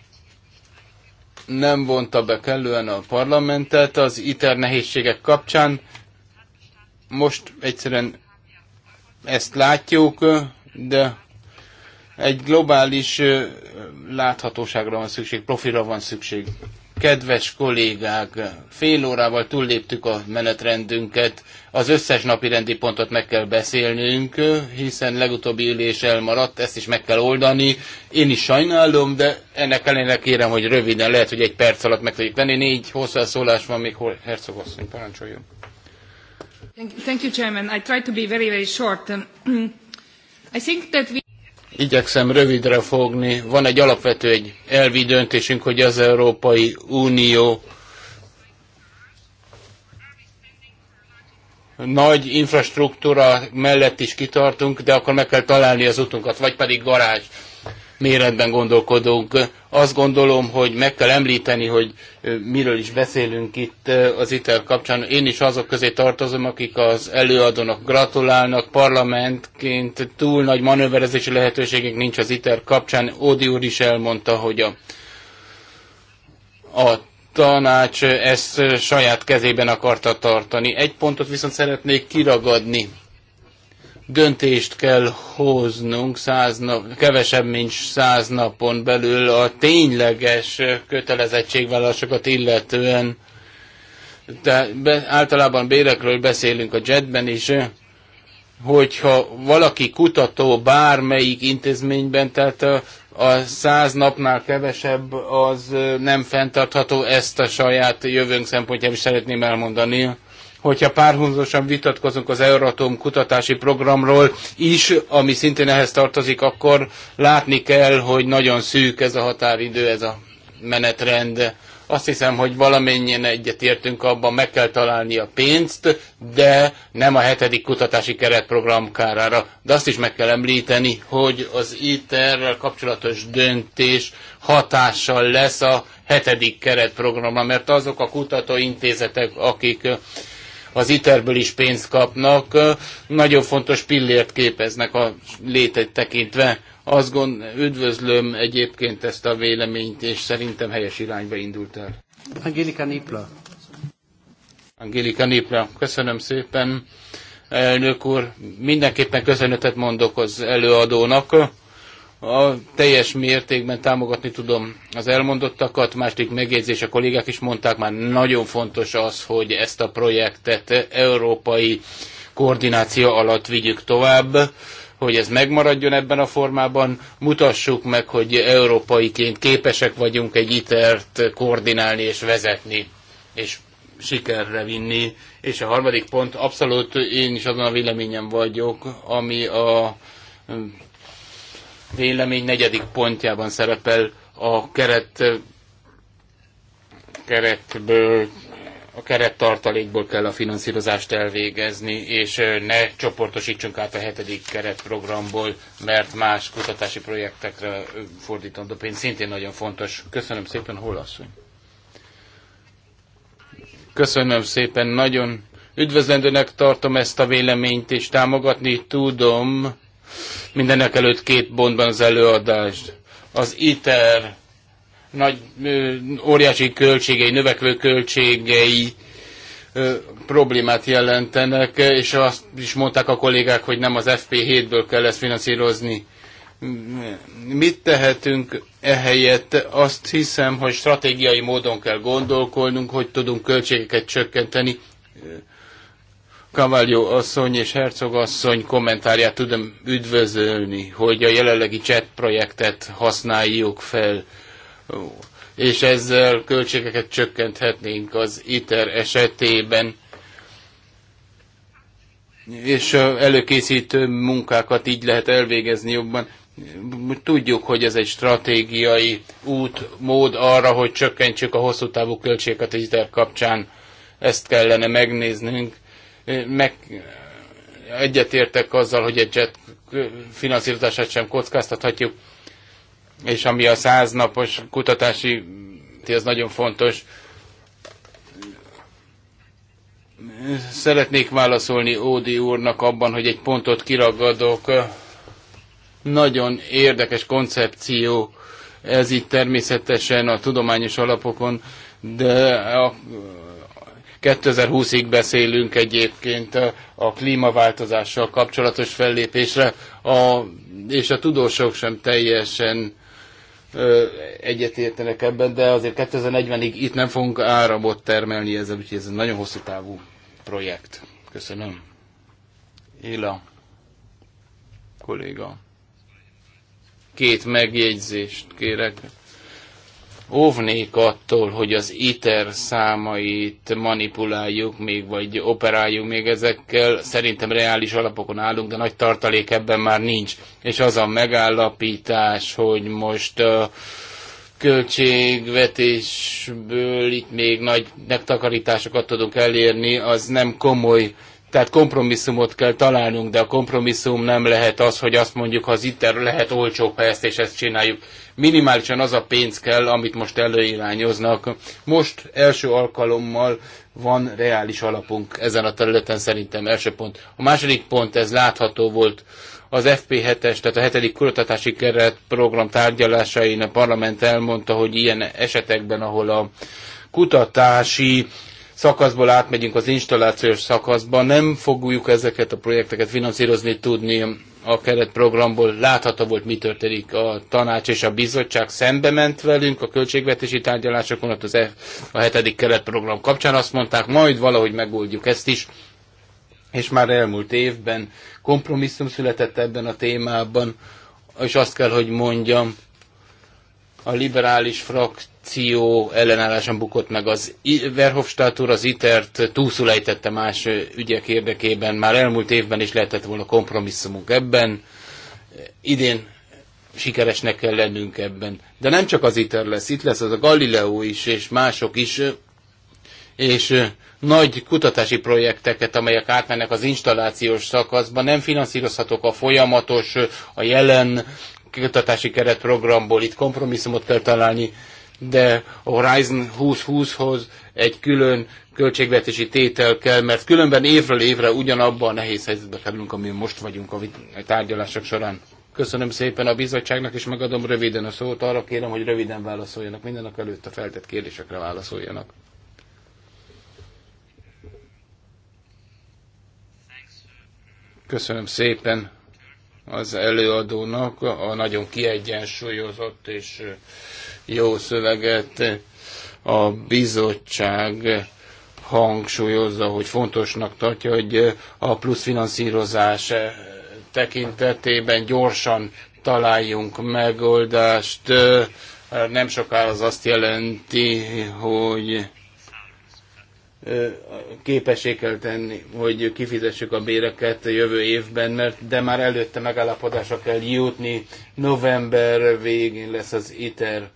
nem vonta be kellően a parlamentet az ITER nehézségek kapcsán. Most egyszerűen ezt látjuk, de egy globális láthatóságra van szükség, profilra van szükség. Kedves kollégák, fél órával túlléptük a menetrendünket, az összes napi rendi pontot meg kell beszélnünk, hiszen legutóbbi ülés elmaradt, ezt is meg kell oldani. Én is sajnálom, de ennek ellenére kérem, hogy röviden, lehet, hogy egy perc alatt meg tudjuk venni. Négy hozzászólás van még, hol Herzog asszony, parancsoljon. Thank you, Chairman. I try to be very, very short. Um, I think that we... Igyekszem rövidre fogni. Van egy alapvető, egy elvi döntésünk, hogy az Európai Unió nagy infrastruktúra mellett is kitartunk, de akkor meg kell találni az utunkat, vagy pedig garázs méretben gondolkodunk. Azt gondolom, hogy meg kell említeni, hogy miről is beszélünk itt az ITER kapcsán. Én is azok közé tartozom, akik az előadónak gratulálnak. Parlamentként túl nagy manőverezési lehetőségek nincs az ITER kapcsán. Ódi úr is elmondta, hogy a, a tanács ezt saját kezében akarta tartani. Egy pontot viszont szeretnék kiragadni döntést kell hoznunk száz nap, kevesebb, mint száz napon belül a tényleges kötelezettségvállalásokat illetően. De be, általában bérekről beszélünk a jetben is, hogyha valaki kutató bármelyik intézményben, tehát a, a száz napnál kevesebb, az nem fenntartható, ezt a saját jövőnk szempontjából is szeretném elmondani hogyha párhuzamosan vitatkozunk az Euratom kutatási programról is, ami szintén ehhez tartozik, akkor látni kell, hogy nagyon szűk ez a határidő, ez a menetrend. Azt hiszem, hogy valamennyien egyetértünk abban, meg kell találni a pénzt, de nem a hetedik kutatási keretprogram kárára. De azt is meg kell említeni, hogy az ITER-rel kapcsolatos döntés hatással lesz a hetedik keretprogramra, mert azok a kutatóintézetek, akik az iterből is pénzt kapnak, nagyon fontos pillért képeznek a létet tekintve. Azt gond, üdvözlöm egyébként ezt a véleményt, és szerintem helyes irányba indult el. Angelika Nipla. Angelika Nipla, köszönöm szépen. Elnök úr, mindenképpen köszönetet mondok az előadónak a teljes mértékben támogatni tudom az elmondottakat. Másik megjegyzés, a kollégák is mondták, már nagyon fontos az, hogy ezt a projektet európai koordináció alatt vigyük tovább, hogy ez megmaradjon ebben a formában, mutassuk meg, hogy európaiként képesek vagyunk egy itert e koordinálni és vezetni, és sikerre vinni. És a harmadik pont, abszolút én is azon a véleményem vagyok, ami a vélemény negyedik pontjában szerepel a keret keretből a kerettartalékból kell a finanszírozást elvégezni, és ne csoportosítsunk át a hetedik keretprogramból, mert más kutatási projektekre fordítandó pénz szintén nagyon fontos. Köszönöm szépen, hol asszony? Köszönöm szépen, nagyon üdvözlendőnek tartom ezt a véleményt, és támogatni tudom Mindenek előtt két bontban az előadást. Az ITER nagy, ö, óriási költségei, növekvő költségei ö, problémát jelentenek, és azt is mondták a kollégák, hogy nem az FP7-ből kell ezt finanszírozni. Mit tehetünk ehelyett? Azt hiszem, hogy stratégiai módon kell gondolkodnunk, hogy tudunk költségeket csökkenteni. Kavaljo asszony és Herzog asszony kommentárját tudom üdvözölni, hogy a jelenlegi chat projektet használjuk fel, és ezzel költségeket csökkenthetnénk az ITER esetében és előkészítő munkákat így lehet elvégezni jobban. Tudjuk, hogy ez egy stratégiai út, mód arra, hogy csökkentsük a hosszú távú költségeket az kapcsán. Ezt kellene megnéznünk meg egyetértek azzal, hogy egy jet finanszírozását sem kockáztathatjuk, és ami a száznapos kutatási, ez nagyon fontos. Szeretnék válaszolni Ódi úrnak abban, hogy egy pontot kiragadok. Nagyon érdekes koncepció, ez itt természetesen a tudományos alapokon, de a 2020-ig beszélünk egyébként a klímaváltozással kapcsolatos fellépésre, a, és a tudósok sem teljesen egyetértenek ebben, de azért 2040-ig itt nem fogunk áramot termelni ez, úgyhogy ez egy nagyon hosszú távú projekt. Köszönöm. Éla, kolléga. Két megjegyzést kérek óvnék attól, hogy az ITER számait manipuláljuk még, vagy operáljuk még ezekkel. Szerintem reális alapokon állunk, de nagy tartalék ebben már nincs. És az a megállapítás, hogy most a költségvetésből itt még nagy megtakarításokat tudunk elérni, az nem komoly tehát kompromisszumot kell találnunk, de a kompromisszum nem lehet az, hogy azt mondjuk, ha az itt lehet olcsóbb, ha ezt és ezt csináljuk. Minimálisan az a pénz kell, amit most előirányoznak. Most első alkalommal van reális alapunk ezen a területen szerintem első pont. A második pont, ez látható volt az FP7-es, tehát a hetedik kutatási keret program tárgyalásain a parlament elmondta, hogy ilyen esetekben, ahol a kutatási szakaszból átmegyünk az installációs szakaszba, nem fogjuk ezeket a projekteket finanszírozni tudni a keretprogramból. Látható volt, mi történik a tanács és a bizottság szembe ment velünk a költségvetési tárgyalásokon, ott az F, e- a hetedik keretprogram kapcsán azt mondták, majd valahogy megoldjuk ezt is. És már elmúlt évben kompromisszum született ebben a témában, és azt kell, hogy mondjam, a liberális frakció frakció ellenállásán bukott meg az Verhofstadt úr, az ITER-t e túlszulejtette más ügyek érdekében, már elmúlt évben is lehetett volna kompromisszumunk ebben. Idén sikeresnek kell lennünk ebben. De nem csak az ITER lesz, itt lesz az a Galileo is, és mások is, és nagy kutatási projekteket, amelyek átmennek az installációs szakaszba, nem finanszírozhatok a folyamatos, a jelen kutatási keretprogramból, itt kompromisszumot kell találni de a Horizon 2020-hoz egy külön költségvetési tétel kell, mert különben évről évre ugyanabban a nehéz helyzetbe kerülünk, ami most vagyunk a tárgyalások során. Köszönöm szépen a bizottságnak, és megadom röviden a szót. Arra kérem, hogy röviden válaszoljanak, mindenek előtt a feltett kérdésekre válaszoljanak. Köszönöm szépen az előadónak a nagyon kiegyensúlyozott és jó szöveget. A bizottság hangsúlyozza, hogy fontosnak tartja, hogy a plusz finanszírozás tekintetében gyorsan találjunk megoldást. Nem sokára az azt jelenti, hogy képesé kell tenni, hogy kifizessük a béreket a jövő évben, mert de már előtte megállapodásra kell jutni. November végén lesz az ITER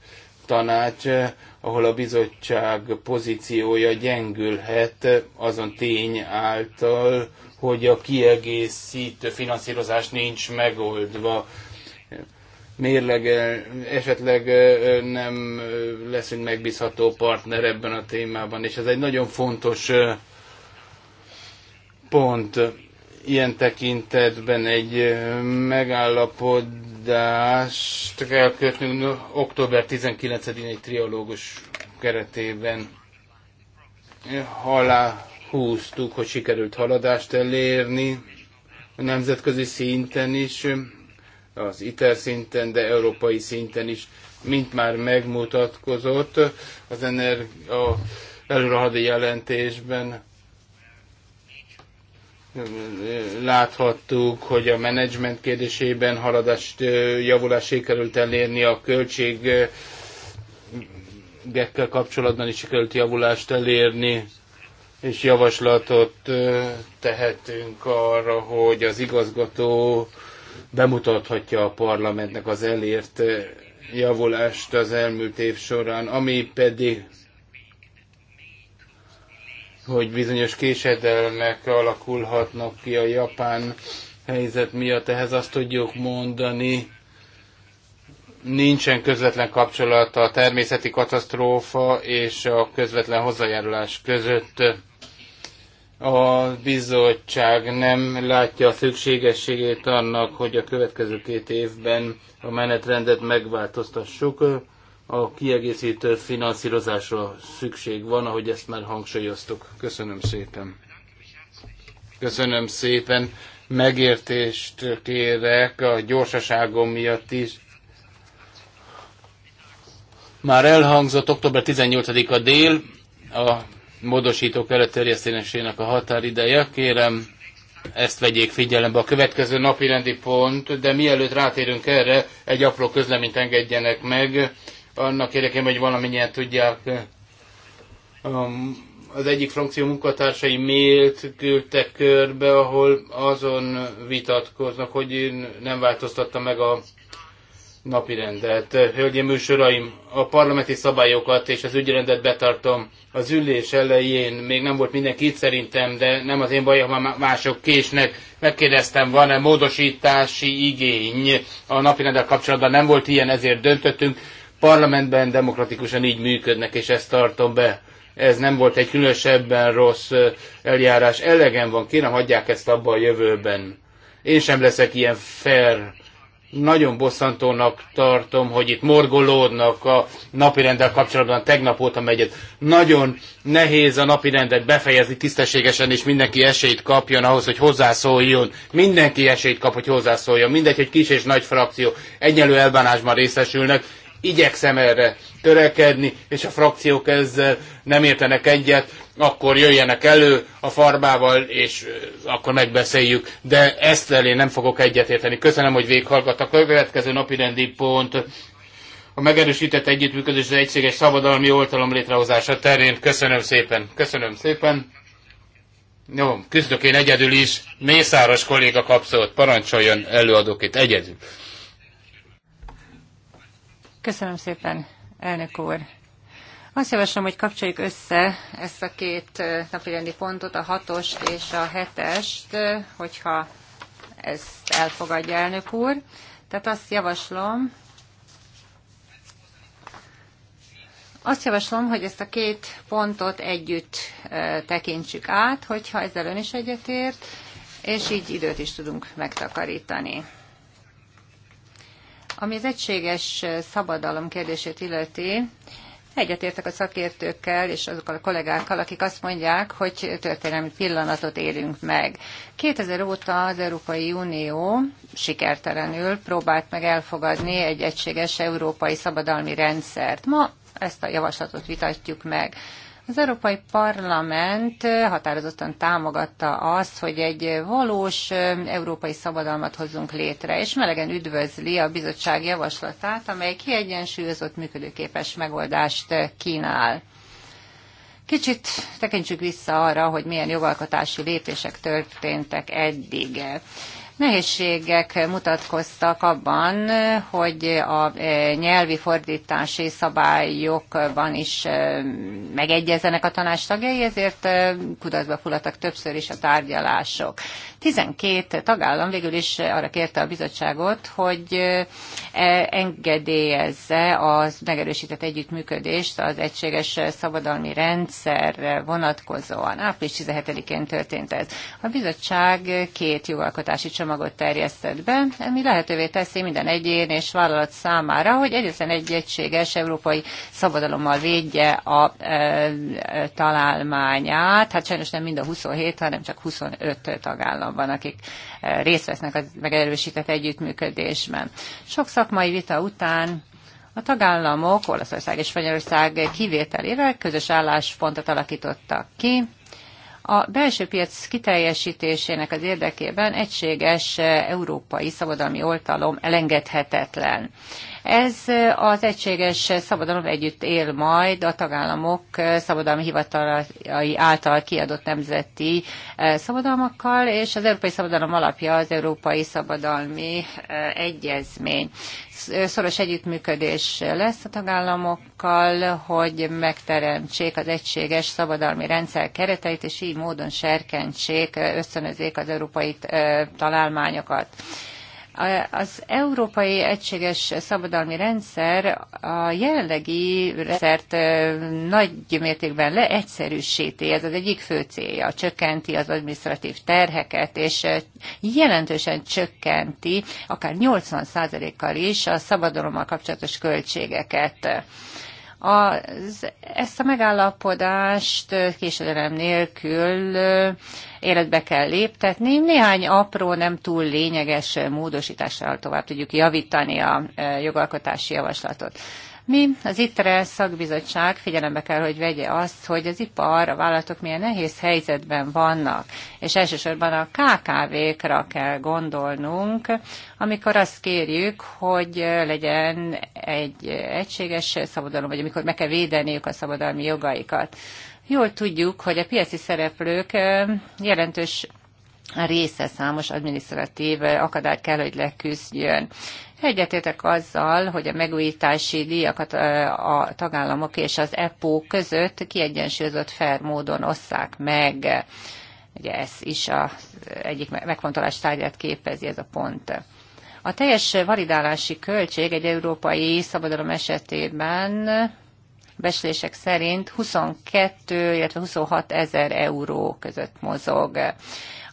tanács, eh, ahol a bizottság pozíciója gyengülhet azon tény által, hogy a kiegészítő finanszírozás nincs megoldva. Mérlegel esetleg eh, nem eh, leszünk megbízható partner ebben a témában, és ez egy nagyon fontos pont ilyen tekintetben egy megállapod megállapodást kell kötnünk október 19-én egy triológus keretében. Halá húztuk, hogy sikerült haladást elérni a nemzetközi szinten is, az ITER szinten, de európai szinten is, mint már megmutatkozott az energia előrehadi jelentésben láthattuk, hogy a menedzsment kérdésében haladást, javulást sikerült elérni, a költségekkel kapcsolatban is sikerült javulást elérni, és javaslatot tehetünk arra, hogy az igazgató bemutathatja a parlamentnek az elért javulást az elmúlt év során, ami pedig hogy bizonyos késedelmek alakulhatnak ki a japán helyzet miatt. Ehhez azt tudjuk mondani, nincsen közvetlen kapcsolat a természeti katasztrófa és a közvetlen hozzájárulás között. A bizottság nem látja a szükségességét annak, hogy a következő két évben a menetrendet megváltoztassuk a kiegészítő finanszírozásra szükség van, ahogy ezt már hangsúlyoztuk. Köszönöm szépen. Köszönöm szépen. Megértést kérek a gyorsaságom miatt is. Már elhangzott október 18-a dél, a módosítók előterjesztésének a határideje. Kérem, ezt vegyék figyelembe a következő napi rendi pont, de mielőtt rátérünk erre, egy apró közleményt engedjenek meg annak érdekében, hogy valamennyien tudják, az egyik frankció munkatársai mélt küldtek körbe, ahol azon vitatkoznak, hogy én nem változtatta meg a napirendet. Hölgyeim, műsoraim, a parlamenti szabályokat és az ügyrendet betartom. Az ülés elején még nem volt mindenki itt szerintem, de nem az én bajom, hanem mások késnek. Megkérdeztem, van-e módosítási igény a napirenddel kapcsolatban. Nem volt ilyen, ezért döntöttünk parlamentben demokratikusan így működnek, és ezt tartom be. Ez nem volt egy különösebben rossz eljárás. Elegem van, kéne hagyják ezt abba a jövőben. Én sem leszek ilyen fair. Nagyon bosszantónak tartom, hogy itt morgolódnak a napirenddel kapcsolatban, tegnap óta megyet. Nagyon nehéz a napirendet befejezni tisztességesen, és mindenki esélyt kapjon ahhoz, hogy hozzászóljon. Mindenki esélyt kap, hogy hozzászóljon. Mindegy, hogy kis és nagy frakció egyenlő elbánásban részesülnek igyekszem erre törekedni, és a frakciók ezzel nem értenek egyet, akkor jöjjenek elő a farbával, és akkor megbeszéljük. De ezt elé nem fogok egyetérteni. Köszönöm, hogy véghallgattak. A következő napi rendi pont a megerősített együttműködés az egységes szabadalmi oltalom létrehozása terén. Köszönöm szépen. Köszönöm szépen. Jó, küzdök én egyedül is. Mészáros kolléga kapszott. Parancsoljon itt egyedül. Köszönöm szépen, elnök úr. Azt javaslom, hogy kapcsoljuk össze ezt a két napirendi pontot, a hatost és a hetest, hogyha ezt elfogadja elnök úr. Tehát azt javaslom, Azt javaslom, hogy ezt a két pontot együtt tekintsük át, hogyha ezzel ön is egyetért, és így időt is tudunk megtakarítani. Ami az egységes szabadalom kérdését illeti, Egyetértek a szakértőkkel és azokkal a kollégákkal, akik azt mondják, hogy történelmi pillanatot élünk meg. 2000 óta az Európai Unió sikertelenül próbált meg elfogadni egy egységes európai szabadalmi rendszert. Ma ezt a javaslatot vitatjuk meg. Az Európai Parlament határozottan támogatta azt, hogy egy valós európai szabadalmat hozzunk létre, és melegen üdvözli a bizottság javaslatát, amely kiegyensúlyozott működőképes megoldást kínál. Kicsit tekintsük vissza arra, hogy milyen jogalkotási lépések történtek eddig. Nehézségek mutatkoztak abban, hogy a e, nyelvi fordítási szabályokban is e, megegyezzenek a tanács tagjai, ezért e, kudarcba fulladtak többször is a tárgyalások. 12 tagállam végül is arra kérte a bizottságot, hogy e, engedélyezze az megerősített együttműködést az egységes szabadalmi rendszer vonatkozóan. Április 17-én történt ez. A bizottság két jogalkotási csomagot terjesztett be, ami lehetővé teszi minden egyén és vállalat számára, hogy egyetlen egy egységes európai szabadalommal védje a e, e, találmányát. Hát sajnos nem mind a 27, hanem csak 25 tagállam abban, akik eh, részt vesznek a megerősített együttműködésben. Sok szakmai vita után a tagállamok, Olaszország és Spanyolország kivételével közös álláspontot alakítottak ki, a belső piac kiteljesítésének az érdekében egységes eh, európai szabadalmi oltalom elengedhetetlen. Ez az egységes szabadalom együtt él majd a tagállamok szabadalmi hivatalai által kiadott nemzeti eh, szabadalmakkal, és az Európai Szabadalom alapja az Európai Szabadalmi eh, Egyezmény. Eh, szoros együttműködés lesz a tagállamokkal, hogy megteremtsék az egységes szabadalmi rendszer kereteit, és így módon serkentsék, ösztönözzék az európai találmányokat. Az Európai Egységes Szabadalmi Rendszer a jelenlegi rendszert nagy mértékben leegyszerűsíti, ez az egyik fő célja, csökkenti az administratív terheket, és jelentősen csökkenti akár 80%-kal is a szabadalommal kapcsolatos költségeket. Az, ezt a megállapodást késedelem nélkül életbe kell léptetni. Néhány apró, nem túl lényeges módosítással tovább tudjuk javítani a jogalkotási javaslatot. Mi, az ITRE szakbizottság figyelembe kell, hogy vegye azt, hogy az ipar, a vállalatok milyen nehéz helyzetben vannak, és elsősorban a KKV-kra kell gondolnunk, amikor azt kérjük, hogy legyen egy egységes szabadalom, vagy amikor meg kell védeniük a szabadalmi jogaikat. Jól tudjuk, hogy a piaci szereplők jelentős része számos administratív akadályt kell, hogy leküzdjön. Egyetértek azzal, hogy a megújítási díjakat a tagállamok és az EPO között kiegyensúlyozott fair módon osszák meg. Ugye ez is a egyik megfontolás tárgyát képezi ez a pont. A teljes validálási költség egy európai szabadalom esetében beslések szerint 22, illetve 26 ezer euró között mozog.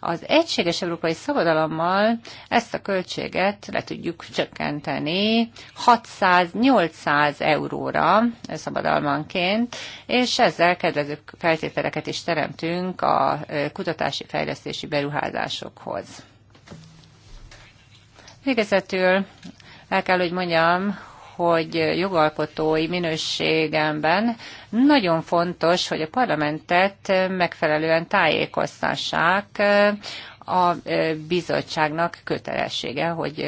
Az egységes európai szabadalommal ezt a költséget le tudjuk csökkenteni 600-800 euróra szabadalmanként, és ezzel kedvező feltételeket is teremtünk a kutatási fejlesztési beruházásokhoz. Végezetül el kell, hogy mondjam, hogy jogalkotói minőségemben nagyon fontos, hogy a parlamentet megfelelően tájékoztassák a bizottságnak kötelessége, hogy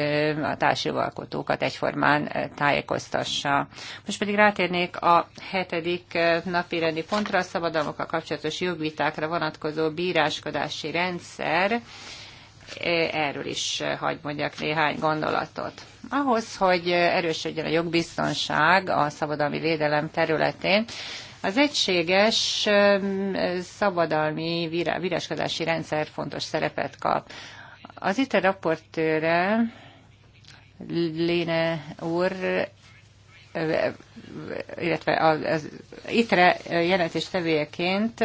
a társjogalkotókat egyformán tájékoztassa. Most pedig rátérnék a hetedik napi rendi pontra, a szabadalmakkal kapcsolatos jogvitákra vonatkozó bíráskodási rendszer. Erről is hagy mondjak néhány gondolatot. Ahhoz, hogy erősödjön a jogbiztonság a szabadalmi védelem területén, az egységes szabadalmi viráskodási rendszer fontos szerepet kap. Az itt a raportőre, Léne úr, illetve az, az ITRE jelentés tevőjeként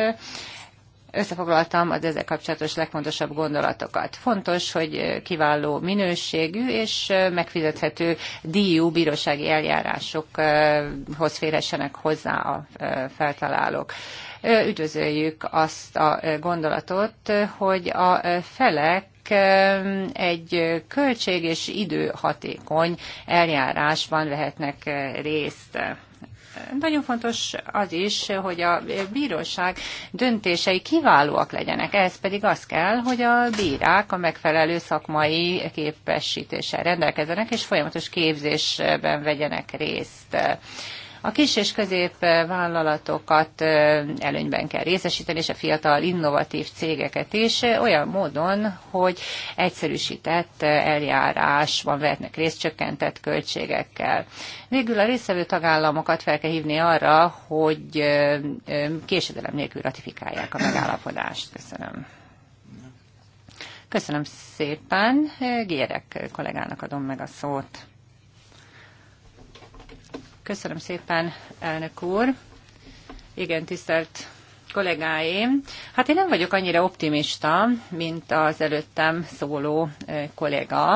összefoglaltam az ezzel kapcsolatos legfontosabb gondolatokat. Fontos, hogy kiváló minőségű és megfizethető díjú bírósági eljárásokhoz férhessenek hozzá a feltalálók. Üdvözöljük azt a gondolatot, hogy a felek egy költség és időhatékony eljárásban vehetnek részt nagyon fontos az is, hogy a bíróság döntései kiválóak legyenek. Ehhez pedig az kell, hogy a bírák a megfelelő szakmai képesítéssel rendelkezzenek, és folyamatos képzésben vegyenek részt. A kis és közép eh, vállalatokat eh, előnyben kell részesíteni, és a fiatal innovatív cégeket is eh, olyan módon, hogy egyszerűsített van, vehetnek részt csökkentett költségekkel. Végül a részvevő tagállamokat fel kell hívni arra, hogy késedelem nélkül ratifikálják a megállapodást. Köszönöm. Köszönöm szépen. Gérek kollégának adom meg a szót. Köszönöm szépen, elnök úr. Igen, tisztelt kollégáim. Hát én nem vagyok annyira optimista, mint az előttem szóló kollega,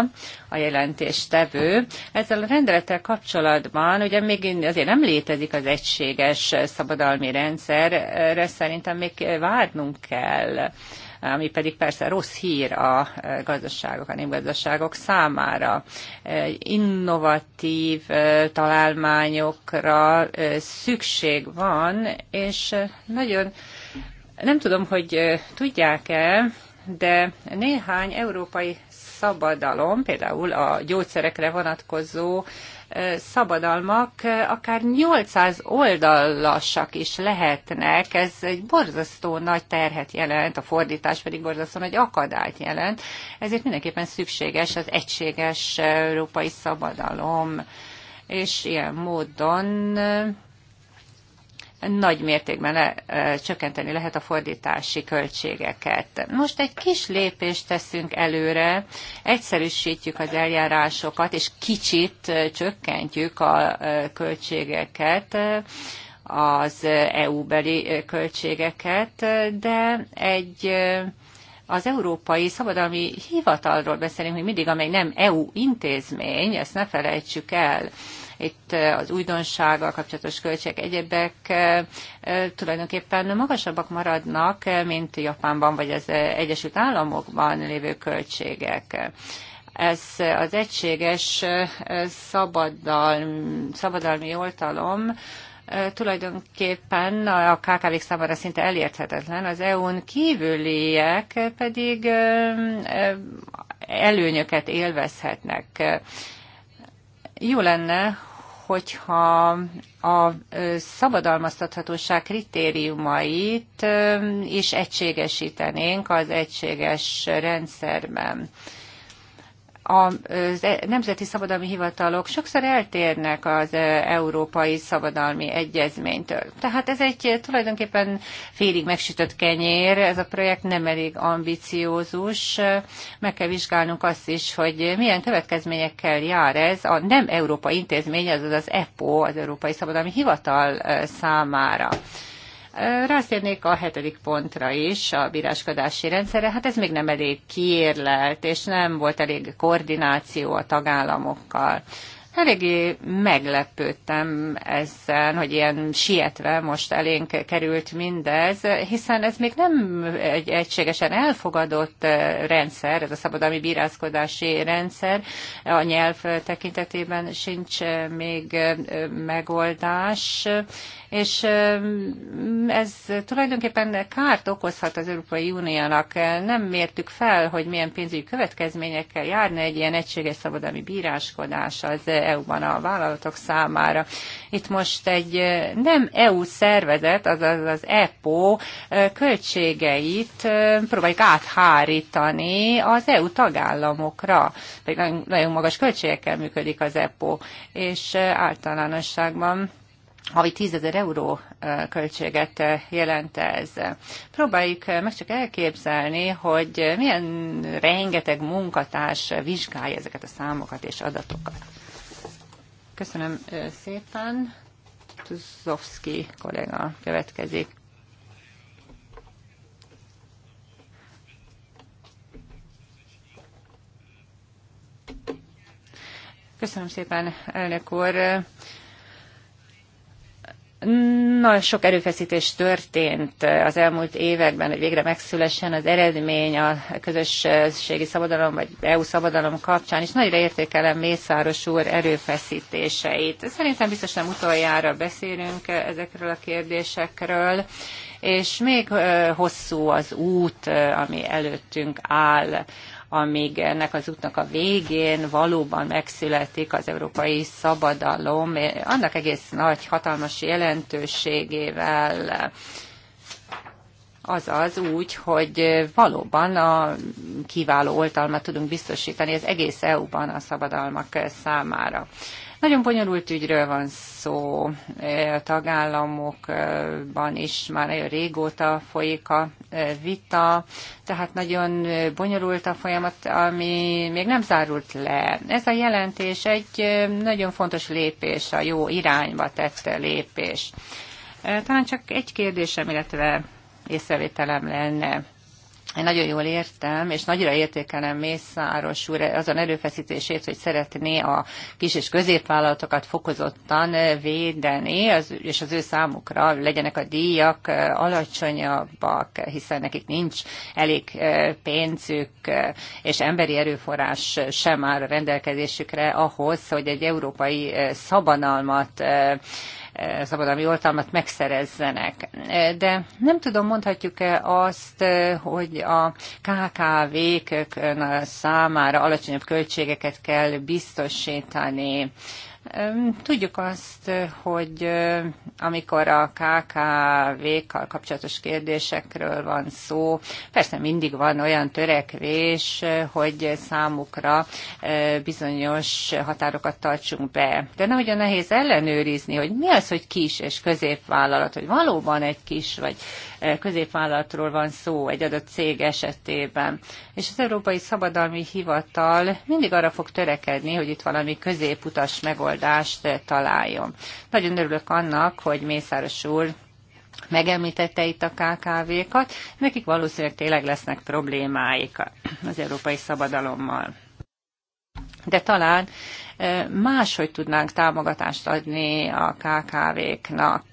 a jelentéstevő. Ezzel a rendelettel kapcsolatban, ugye még azért nem létezik az egységes szabadalmi rendszer, erre szerintem még várnunk kell ami pedig persze rossz hír a gazdaságok, a népgazdaságok számára. Innovatív találmányokra szükség van, és nagyon nem tudom, hogy tudják-e, de néhány európai szabadalom, például a gyógyszerekre vonatkozó szabadalmak akár 800 oldalassak is lehetnek. Ez egy borzasztó nagy terhet jelent, a fordítás pedig borzasztó nagy akadályt jelent. Ezért mindenképpen szükséges az egységes európai szabadalom és ilyen módon nagy mértékben le, csökkenteni lehet a fordítási költségeket. Most egy kis lépést teszünk előre, egyszerűsítjük az eljárásokat, és kicsit csökkentjük a költségeket, az EU-beli költségeket, de egy az Európai Szabadalmi Hivatalról beszélünk, hogy mindig, amely nem EU intézmény, ezt ne felejtsük el itt az újdonsággal kapcsolatos költségek, egyebek tulajdonképpen magasabbak maradnak, mint Japánban vagy az Egyesült Államokban lévő költségek ez az egységes szabadalmi, szabadalmi oltalom tulajdonképpen a kkv számára szinte elérthetetlen, az EU-n kívüliek pedig előnyöket élvezhetnek jó lenne, hogyha a szabadalmaztathatóság kritériumait is egységesítenénk az egységes rendszerben a e- nemzeti szabadalmi hivatalok sokszor eltérnek az e, európai szabadalmi egyezménytől. Tehát ez egy tulajdonképpen félig megsütött kenyér, ez a projekt nem elég ambiciózus. Meg kell vizsgálnunk azt is, hogy milyen következményekkel jár ez a nem európai intézmény, azaz az EPO, az Európai Szabadalmi Hivatal e, számára. Rátérnék a hetedik pontra is, a bíráskodási rendszerre. Hát ez még nem elég kiérlelt, és nem volt elég koordináció a tagállamokkal. Eléggé meglepődtem ezzel, hogy ilyen sietve most elénk került mindez, hiszen ez még nem egy egységesen elfogadott eh, rendszer, ez a szabadalmi bírázkodási rendszer, a nyelv tekintetében sincs eh, még eh, megoldás, és ez tulajdonképpen kárt okozhat az Európai Uniónak. Nem mértük fel, hogy milyen pénzügyi következményekkel járna egy ilyen egységes szabadalmi bíráskodás az EU-ban a vállalatok számára. Itt most egy nem EU szervezet, azaz az EPO költségeit próbáljuk áthárítani az EU tagállamokra. Pedig nagyon, magas költségekkel működik az EPO, és általánosságban havi 10 ezer euró költséget jelent ez. Próbáljuk meg csak elképzelni, hogy milyen rengeteg munkatárs vizsgálja ezeket a számokat és adatokat. Köszönöm szépen. Tuzovski kollega következik. Köszönöm szépen, elnök úr nagyon sok erőfeszítés történt eh, az elmúlt években, hogy végre megszülessen az eredmény a közösségi szabadalom vagy EU szabadalom kapcsán, és nagyra értékelem Mészáros úr erőfeszítéseit. Szerintem biztos nem utoljára beszélünk eh, ezekről a kérdésekről, és még eh, hosszú az út, ami előttünk áll amíg ennek az útnak a végén valóban megszületik az európai szabadalom, eh, annak egész nagy, hatalmas jelentőségével azaz úgy, hogy valóban a kiváló oltalmat tudunk biztosítani az egész EU-ban a szabadalmak számára. Nagyon bonyolult ügyről van szó, e, a tagállamokban is már nagyon régóta folyik a e, vita, tehát nagyon bonyolult a folyamat, ami még nem zárult le. Ez a jelentés egy e, nagyon fontos lépés, a jó irányba tett lépés. Talán csak egy kérdésem, illetve észrevételem lenne. Én nagyon jól értem, és nagyra értékelem Mészáros úr azon erőfeszítését, hogy szeretné a kis és középvállalatokat fokozottan védeni, az, és az ő számukra legyenek a díjak alacsonyabbak, hiszen nekik nincs elég e, pénzük, e, és emberi erőforrás sem áll a rendelkezésükre ahhoz, hogy egy európai e, szabadalmat szabadalmi oltalmat megszerezzenek. De nem tudom, mondhatjuk-e azt, hogy a KKV-k számára alacsonyabb költségeket kell biztosítani, Tudjuk azt, hogy amikor a KKV-kkal kapcsolatos kérdésekről van szó, persze mindig van olyan törekvés, hogy számukra bizonyos határokat tartsunk be. De nagyon nehéz ellenőrizni, hogy mi az, hogy kis és középvállalat, hogy valóban egy kis vagy középvállalatról van szó egy adott cég esetében. És az Európai Szabadalmi Hivatal mindig arra fog törekedni, hogy itt valami középutas megoldást találjon. Nagyon örülök annak, hogy Mészáros úr megemlítette itt a KKV-kat, nekik valószínűleg tényleg lesznek problémáik az európai szabadalommal. De talán eh, máshogy tudnánk támogatást adni a KKV-knak.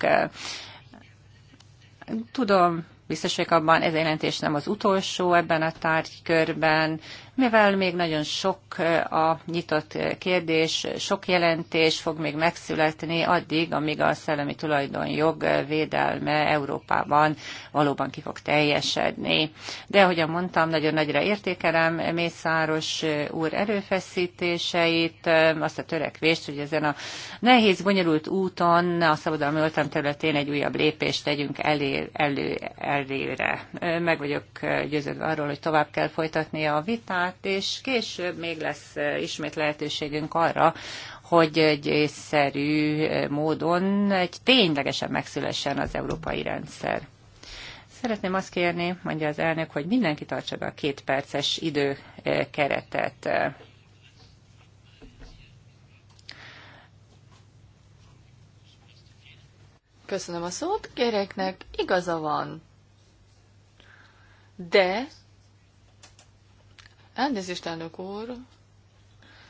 Tudom, biztos vagyok abban, ez a jelentés nem az utolsó ebben a tárgykörben, mivel még nagyon sok eh, a nyitott eh, kérdés, sok jelentés fog még megszületni addig, amíg a szellemi tulajdonjog eh, védelme Európában valóban ki fog teljesedni. De ahogyan mondtam, nagyon nagyra értékelem Mészáros úr erőfeszítéseit, azt a törekvést, hogy ezen a nehéz, bonyolult úton a szabadalmi oltán területén egy újabb lépést tegyünk elér, elő, előre. Meg vagyok győződve arról, hogy tovább kell folytatni a vitát, vitát, és később még lesz ismét lehetőségünk arra, hogy egy észszerű módon egy ténylegesen megszülessen az európai rendszer. Szeretném azt kérni, mondja az elnök, hogy mindenki tartsa be a két perces időkeretet. Köszönöm a szót, gyereknek igaza van. De Elnézést, elnök úr,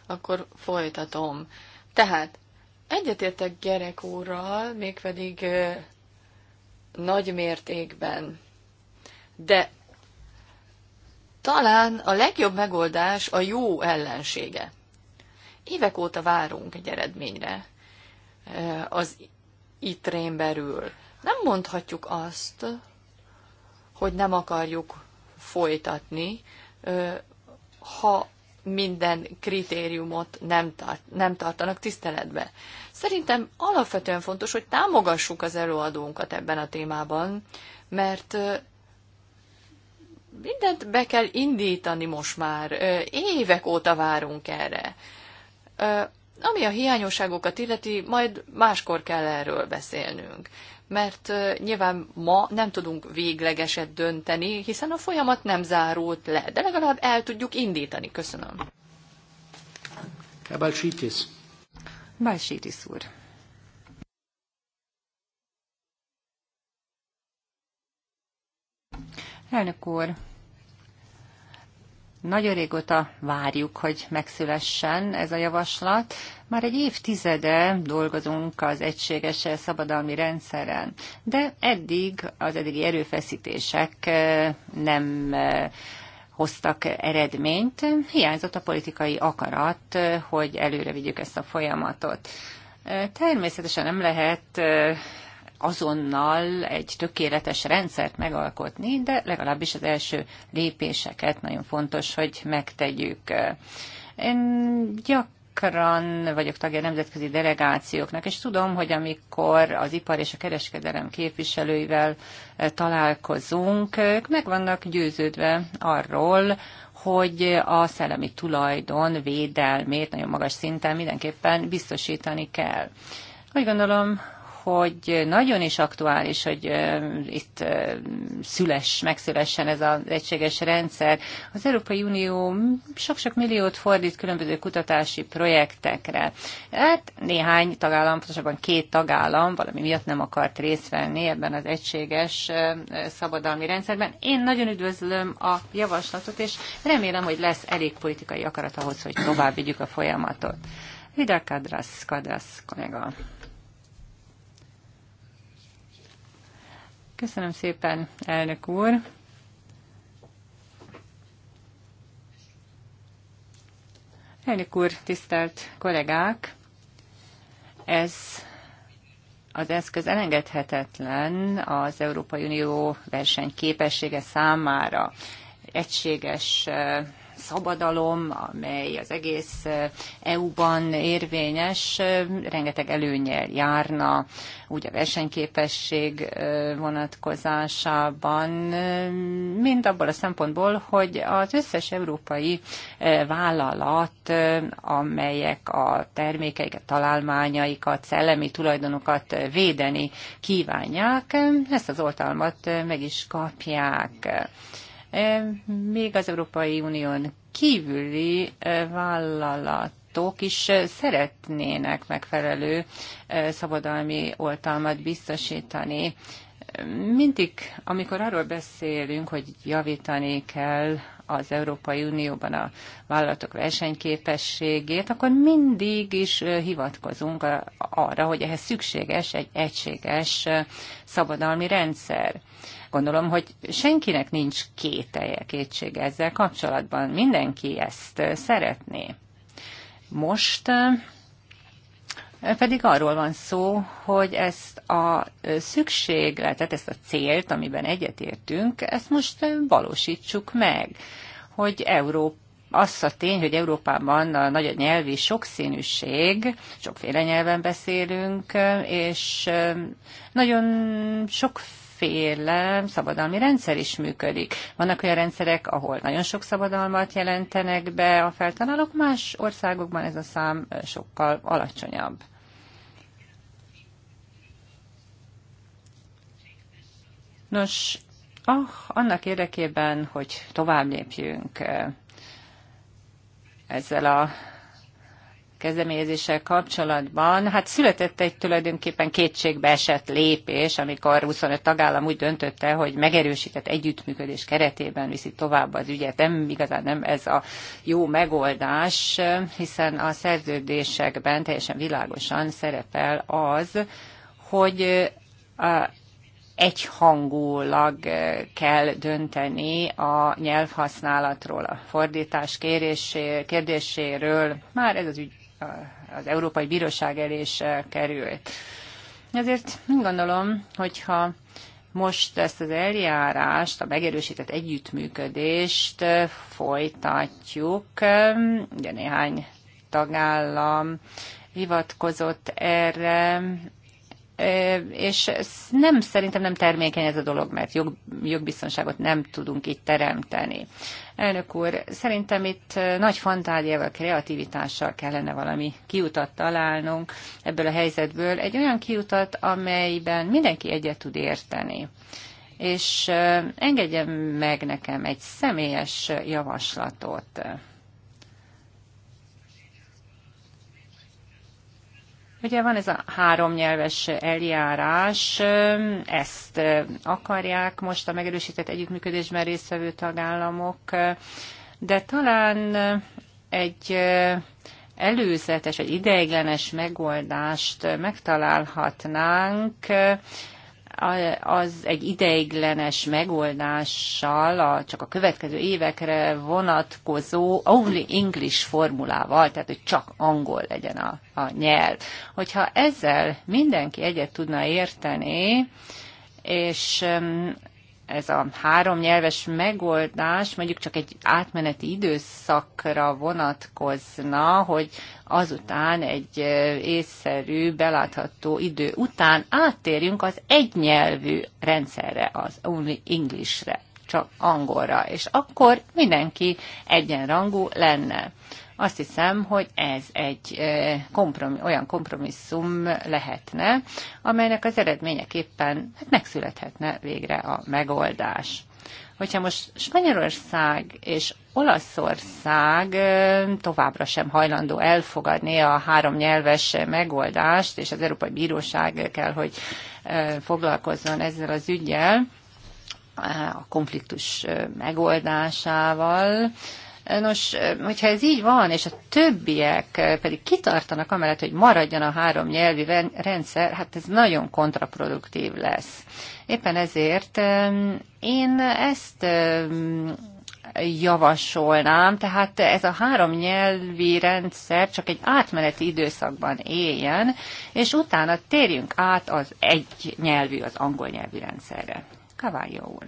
akkor folytatom. Tehát egyetértek gyerek úrral, mégpedig ö, nagy mértékben. De talán a legjobb megoldás a jó ellensége. Évek óta várunk egy eredményre az rén belül. Nem mondhatjuk azt, hogy nem akarjuk folytatni ha minden kritériumot nem, tart, nem tartanak tiszteletbe. Szerintem alapvetően fontos, hogy támogassuk az előadónkat ebben a témában, mert mindent be kell indítani most már. Évek óta várunk erre. Ami a hiányosságokat illeti, majd máskor kell erről beszélnünk mert nyilván ma nem tudunk véglegeset dönteni, hiszen a folyamat nem zárult le, de legalább el tudjuk indítani. Köszönöm. Kabalsitis. Balsitis úr. Elnök úr, nagyon régóta várjuk, hogy megszülessen ez a javaslat. Már egy évtizede dolgozunk az egységes szabadalmi rendszeren, de eddig az eddigi erőfeszítések eh, nem eh, hoztak eredményt. Hiányzott a politikai akarat, eh, hogy előre vigyük ezt a folyamatot. Természetesen nem lehet azonnal egy tökéletes rendszert megalkotni, de legalábbis az első lépéseket nagyon fontos, hogy megtegyük. Én gyakran vagyok tagja nemzetközi delegációknak, és tudom, hogy amikor az ipar és a kereskedelem képviselőivel eh, találkozunk, ők meg vannak győződve arról, hogy a szellemi tulajdon védelmét nagyon magas szinten mindenképpen biztosítani kell. Úgy gondolom, hogy nagyon is aktuális, hogy itt szüles, megszülessen ez az egységes rendszer. Az Európai Unió sok-sok milliót fordít különböző kutatási projektekre. Hát néhány tagállam, pontosabban két tagállam valami miatt nem akart részt venni ebben az egységes szabadalmi rendszerben. Én nagyon üdvözlöm a javaslatot, és remélem, hogy lesz elég politikai akarat ahhoz, hogy tovább vigyük a folyamatot. Vida Kadrasz, Kadrasz kollega. Köszönöm szépen, elnök úr. Elnök úr, tisztelt kollégák! Ez az eszköz elengedhetetlen az Európai Unió versenyképessége számára. Egységes szabadalom, amely az egész EU-ban érvényes, rengeteg előnyel járna, úgy a versenyképesség vonatkozásában, mind abból a szempontból, hogy az összes európai vállalat, amelyek a termékeiket, találmányaikat, szellemi tulajdonokat védeni kívánják, ezt az oltalmat meg is kapják. Még az Európai Unión kívüli vállalat is szeretnének megfelelő szabadalmi oltalmat biztosítani. Mindig, amikor arról beszélünk, hogy javítani kell az Európai Unióban a vállalatok versenyképességét, akkor mindig is hivatkozunk arra, hogy ehhez szükséges egy egységes szabadalmi rendszer. Gondolom, hogy senkinek nincs kételje, kétsége ezzel kapcsolatban. Mindenki ezt szeretné. Most pedig arról van szó, hogy ezt a szükségletet, ezt a célt, amiben egyetértünk, ezt most valósítsuk meg, hogy Európa az a tény, hogy Európában a nagy a nyelvi sokszínűség, sokféle nyelven beszélünk, és nagyon sok sokféle szabadalmi rendszer is működik. Vannak olyan rendszerek, ahol nagyon sok szabadalmat jelentenek be a feltalálók, más országokban ez a szám sokkal alacsonyabb. Nos, ah, annak érdekében, hogy tovább lépjünk ezzel a kezdeményezéssel kapcsolatban, hát született egy tulajdonképpen kétségbe esett lépés, amikor 25 tagállam úgy döntötte, hogy megerősített együttműködés keretében viszi tovább az ügyet. Nem igazán nem ez a jó megoldás, hiszen a szerződésekben teljesen világosan szerepel az, hogy a egyhangulag kell dönteni a nyelvhasználatról, a fordítás kérésé, kérdéséről. Már ez az ügy az Európai Bíróság elé is eh, került. Ezért gondolom, hogyha most ezt az eljárást, a megerősített együttműködést eh, folytatjuk, eh, ugye néhány tagállam hivatkozott erre, és nem, szerintem nem termékeny ez a dolog, mert jog, jogbiztonságot nem tudunk itt teremteni. Elnök úr, szerintem itt nagy fantáziával, kreativitással kellene valami kiutat találnunk ebből a helyzetből, egy olyan kiutat, amelyben mindenki egyet tud érteni. És engedjen meg nekem egy személyes javaslatot. Ugye van ez a háromnyelves eljárás, ezt akarják most a megerősített együttműködésben résztvevő tagállamok, de talán egy előzetes, egy ideiglenes megoldást megtalálhatnánk, az egy ideiglenes megoldással, a, csak a következő évekre vonatkozó only English formulával, tehát hogy csak angol legyen a, a nyelv. Hogyha ezzel mindenki egyet tudna érteni, és ez a három nyelves megoldás mondjuk csak egy átmeneti időszakra vonatkozna, hogy azután egy észszerű, belátható idő után áttérjünk az egynyelvű rendszerre, az only Englishre, csak angolra, és akkor mindenki egyenrangú lenne. Azt hiszem, hogy ez egy kompromis, olyan kompromisszum lehetne, amelynek az eredményeképpen hát megszülethetne végre a megoldás hogyha most Spanyolország és Olaszország továbbra sem hajlandó elfogadni a három nyelves megoldást, és az Európai Bíróság kell, hogy foglalkozzon ezzel az ügyel, a konfliktus megoldásával, Nos, hogyha ez így van, és a többiek pedig kitartanak amellett, hogy maradjon a három nyelvi rendszer, hát ez nagyon kontraproduktív lesz. Éppen ezért én ezt javasolnám, tehát ez a három nyelvi rendszer csak egy átmeneti időszakban éljen, és utána térjünk át az egy nyelvű, az angol nyelvi rendszerre. Kavályó úr.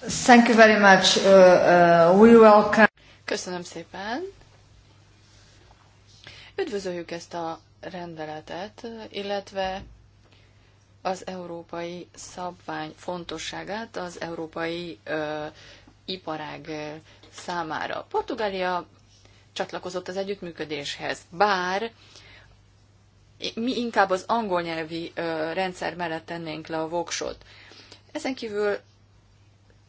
Thank you very much. Uh, uh, we welcome. Köszönöm szépen. Üdvözöljük ezt a rendeletet, illetve az európai szabvány fontosságát az európai ö, iparág számára. Portugália csatlakozott az együttműködéshez, bár mi inkább az angol nyelvi ö, rendszer mellett tennénk le a voksot. Ezen kívül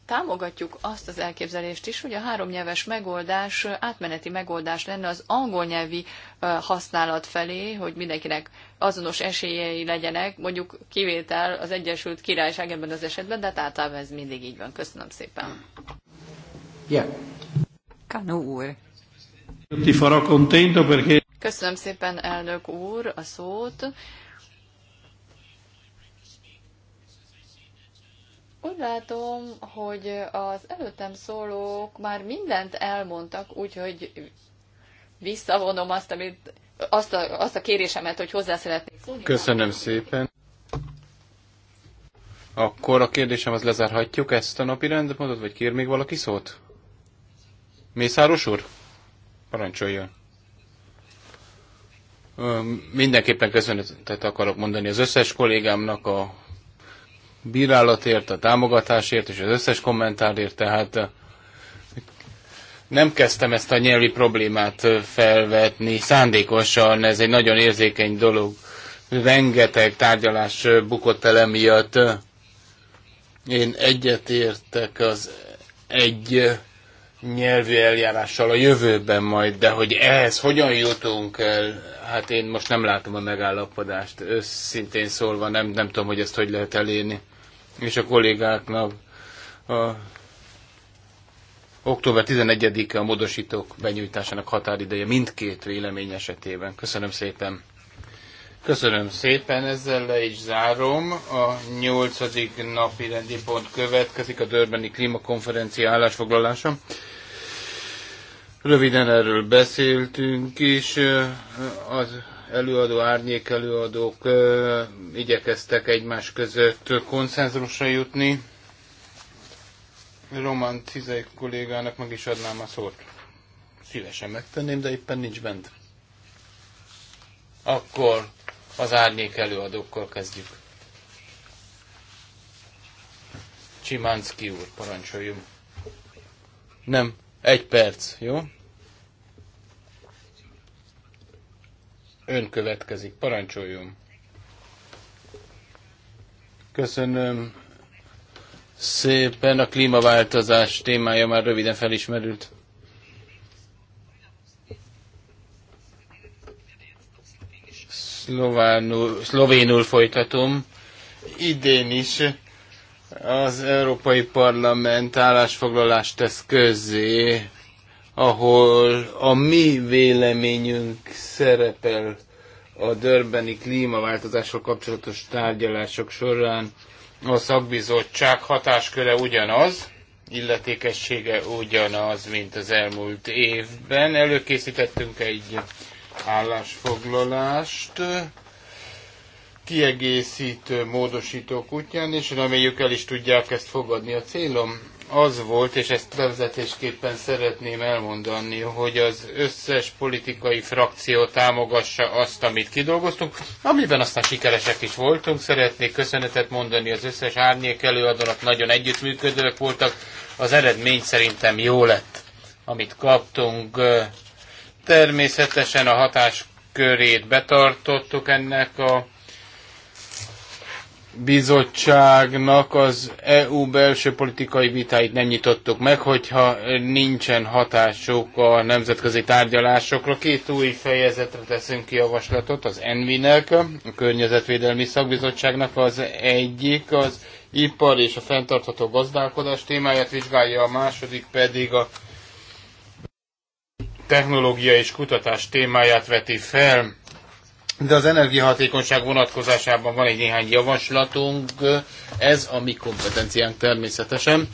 támogatjuk azt az elképzelést is, hogy a háromnyelves megoldás átmeneti megoldás lenne az angol nyelvi használat felé, hogy mindenkinek azonos esélyei legyenek, mondjuk kivétel az Egyesült Királyság ebben az esetben, de hát általában ez mindig így van. Köszönöm szépen. Yeah. Kanó úr. Köszönöm szépen, elnök úr, a szót. Úgy látom, hogy az előttem szólók már mindent elmondtak, úgyhogy visszavonom azt, amit, azt, a, azt a kérésemet, hogy hozzá szeretnék szólni. Köszönöm szépen. Akkor a kérdésem az lezárhatjuk ezt a napi rendet, vagy kér még valaki szót? Mészáros úr? Parancsoljon. Mindenképpen köszönetet akarok mondani az összes kollégámnak a bírálatért, a támogatásért és az összes kommentárért, tehát eh, nem kezdtem ezt a nyelvi problémát eh, felvetni szándékosan, ez egy nagyon érzékeny dolog. Rengeteg tárgyalás eh, bukott el emiatt. Én egyetértek az egy nyelvű eljárással a jövőben majd, de hogy ehhez hogyan jutunk el, hát én most nem látom a megállapodást, őszintén szólva nem, nem tudom, hogy ezt hogy lehet elérni és a kollégáknak a október 11-e a módosítók benyújtásának határideje mindkét vélemény esetében. Köszönöm szépen! Köszönöm szépen, ezzel le is zárom. A nyolcadik napi rendi pont következik a Dörbeni Klímakonferencia állásfoglalása. Röviden erről beszéltünk is. Az előadó, árnyék előadók ö, igyekeztek egymás között konszenzusra jutni. Roman Cizai kollégának meg is adnám a szót. Szívesen megtenném, de éppen nincs bent. Akkor az árnyék előadókkal kezdjük. Csimánszki úr, parancsoljunk. Nem, egy perc, jó? Ön következik, parancsoljon. Köszönöm szépen. A klímaváltozás témája már röviden felismerült. Szlovánul, szlovénul folytatom. Idén is az Európai Parlament állásfoglalást tesz közzé ahol a mi véleményünk szerepel a dörbeni klímaváltozással kapcsolatos tárgyalások során. A szakbizottság hatásköre ugyanaz, illetékessége ugyanaz, mint az elmúlt évben. Előkészítettünk egy állásfoglalást kiegészítő módosítók útján, és reméljük el is tudják ezt fogadni. A célom az volt, és ezt bevezetésképpen szeretném elmondani, hogy az összes politikai frakció támogassa azt, amit kidolgoztunk, amiben aztán sikeresek is voltunk. Szeretnék köszönetet mondani az összes árnyék előadónak, nagyon együttműködők voltak. Az eredmény szerintem jó lett, amit kaptunk. Természetesen a hatáskörét betartottuk ennek a bizottságnak az EU belső politikai vitáit nem nyitottuk meg, hogyha nincsen hatásuk a nemzetközi tárgyalásokra. Két új fejezetre teszünk ki javaslatot, az ENVI-nek, a Környezetvédelmi Szakbizottságnak az egyik, az ipar és a fenntartható gazdálkodás témáját vizsgálja, a második pedig a technológia és kutatás témáját veti fel de az energiahatékonyság vonatkozásában van egy néhány javaslatunk, ez a mi kompetenciánk természetesen.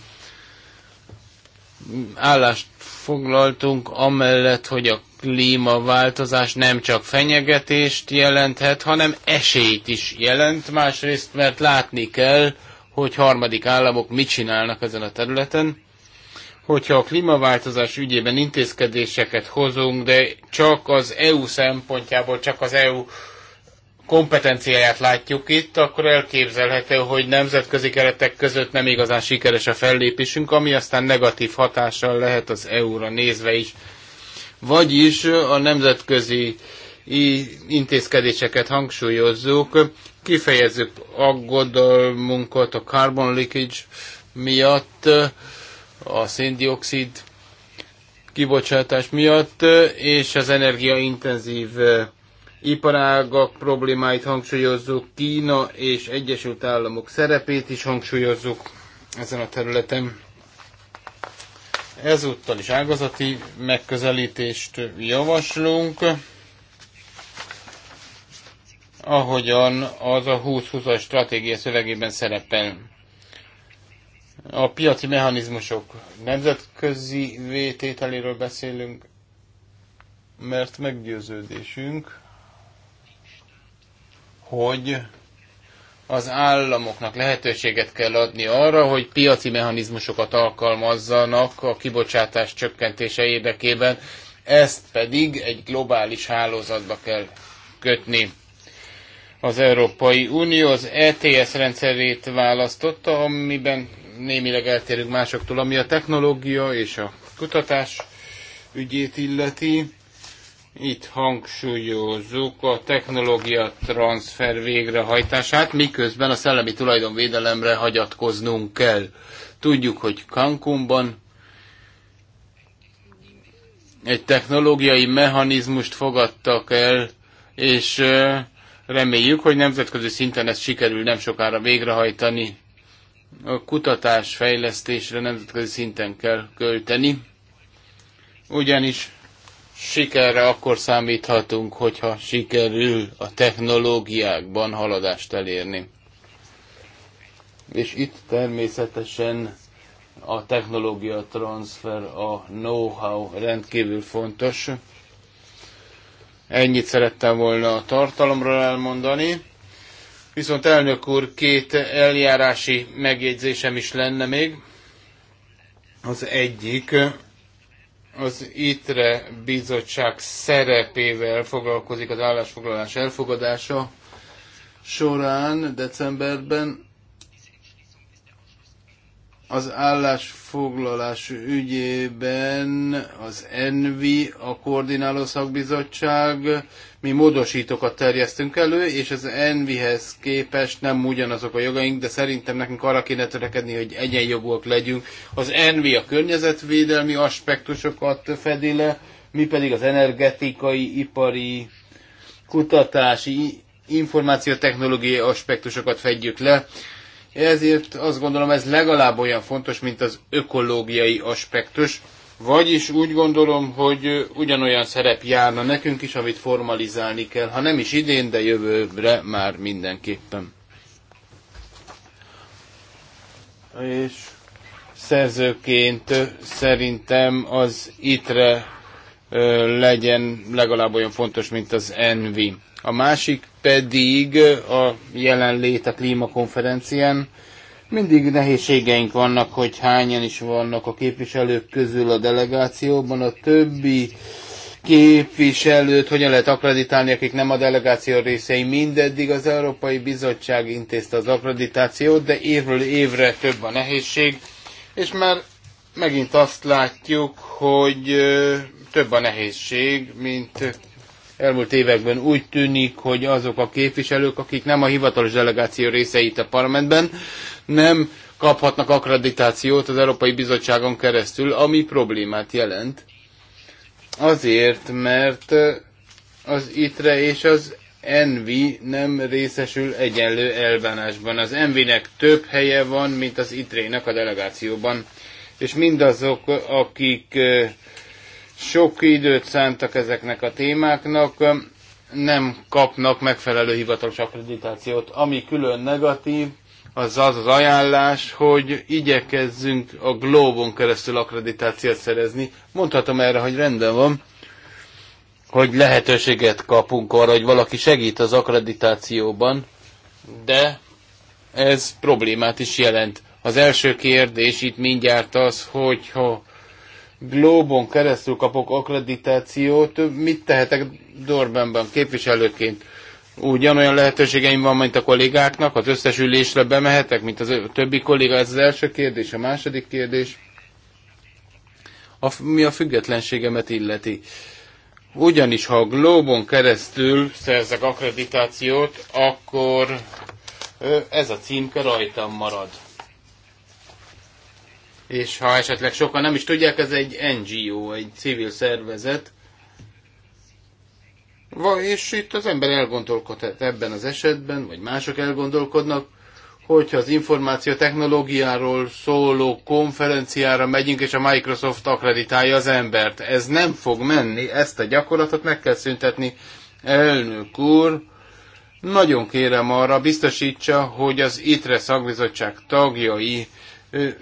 Állást foglaltunk amellett, hogy a klímaváltozás nem csak fenyegetést jelenthet, hanem esélyt is jelent. Másrészt, mert látni kell, hogy harmadik államok mit csinálnak ezen a területen hogyha a klímaváltozás ügyében intézkedéseket hozunk, de csak az EU szempontjából, csak az EU kompetenciáját látjuk itt, akkor elképzelhető, hogy nemzetközi keretek között nem igazán sikeres a fellépésünk, ami aztán negatív hatással lehet az EU-ra nézve is. Vagyis a nemzetközi intézkedéseket hangsúlyozzuk, kifejezzük aggodalmunkat a carbon leakage miatt, a széndiokszid kibocsátás miatt, és az energiaintenzív iparágak problémáit hangsúlyozzuk, Kína és Egyesült Államok szerepét is hangsúlyozzuk ezen a területen. Ezúttal is ágazati megközelítést javaslunk, ahogyan az a 2020-as stratégia szövegében szerepel. A piaci mechanizmusok nemzetközi vétételéről beszélünk, mert meggyőződésünk, hogy az államoknak lehetőséget kell adni arra, hogy piaci mechanizmusokat alkalmazzanak a kibocsátás csökkentése érdekében, ezt pedig egy globális hálózatba kell kötni. Az Európai Unió az ETS rendszerét választotta, amiben némileg eltérünk másoktól, ami a technológia és a kutatás ügyét illeti. Itt hangsúlyozzuk a technológia transfer végrehajtását, miközben a szellemi tulajdonvédelemre hagyatkoznunk kell. Tudjuk, hogy Cancúnban egy technológiai mechanizmust fogadtak el, és reméljük, hogy nemzetközi szinten ezt sikerül nem sokára végrehajtani a kutatás fejlesztésre nemzetközi szinten kell költeni, ugyanis sikerre akkor számíthatunk, hogyha sikerül a technológiákban haladást elérni. És itt természetesen a technológia transfer, a know-how rendkívül fontos. Ennyit szerettem volna a tartalomról elmondani. Viszont elnök úr, két eljárási megjegyzésem is lenne még. Az egyik az ITRE bizottság szerepével foglalkozik az állásfoglalás elfogadása során decemberben az állásfoglalás ügyében az ENVI, a Koordináló Szakbizottság, mi módosítókat terjesztünk elő, és az ENVI-hez képest nem ugyanazok a jogaink, de szerintem nekünk arra kéne törekedni, hogy egyenjogúak legyünk. Az ENVI a környezetvédelmi aspektusokat fedi le, mi pedig az energetikai, ipari, kutatási, információtechnológiai aspektusokat fedjük le ezért azt gondolom, ez legalább olyan fontos, mint az ökológiai aspektus. Vagyis úgy gondolom, hogy ugyanolyan szerep járna nekünk is, amit formalizálni kell, ha nem is idén, de jövőre már mindenképpen. És szerzőként szerintem az ITRE legyen legalább olyan fontos, mint az ENVI a másik pedig a jelenlét a klímakonferencián. Mindig nehézségeink vannak, hogy hányan is vannak a képviselők közül a delegációban, a többi képviselőt hogyan lehet akreditálni, akik nem a delegáció részei. Mindeddig az Európai Bizottság intézte az akreditációt, de évről évre több a nehézség, és már megint azt látjuk, hogy több a nehézség, mint elmúlt években úgy tűnik, hogy azok a képviselők, akik nem a hivatalos delegáció részeit a parlamentben, nem kaphatnak akkreditációt az Európai Bizottságon keresztül, ami problémát jelent. Azért, mert az ITRE és az Envi nem részesül egyenlő elbánásban. Az Envinek több helye van, mint az ITRE-nek a delegációban. És mindazok, akik eh, sok időt szántak ezeknek a témáknak, nem kapnak megfelelő hivatalos akkreditációt. Ami külön negatív, az az az ajánlás, hogy igyekezzünk a Globon keresztül akkreditációt szerezni. Mondhatom erre, hogy rendben van, hogy lehetőséget kapunk arra, hogy valaki segít az akkreditációban, de ez problémát is jelent. Az első kérdés itt mindjárt az, hogyha Globon keresztül kapok akkreditációt, mit tehetek Dorbenben képviselőként? Ugyanolyan lehetőségeim van, mint a kollégáknak, az összes ülésre bemehetek, mint az többi kolléga, ez az első kérdés. A második kérdés, a, mi a függetlenségemet illeti. Ugyanis, ha a Globon keresztül szerzek akkreditációt, akkor ez a címke rajtam marad és ha esetleg sokan nem is tudják, ez egy NGO, egy civil szervezet, és itt az ember elgondolkodhat ebben az esetben, vagy mások elgondolkodnak, hogyha az információ technológiáról szóló konferenciára megyünk, és a Microsoft akreditálja az embert. Ez nem fog menni, ezt a gyakorlatot meg kell szüntetni. Elnök úr, nagyon kérem arra, biztosítsa, hogy az ITRE szakbizottság tagjai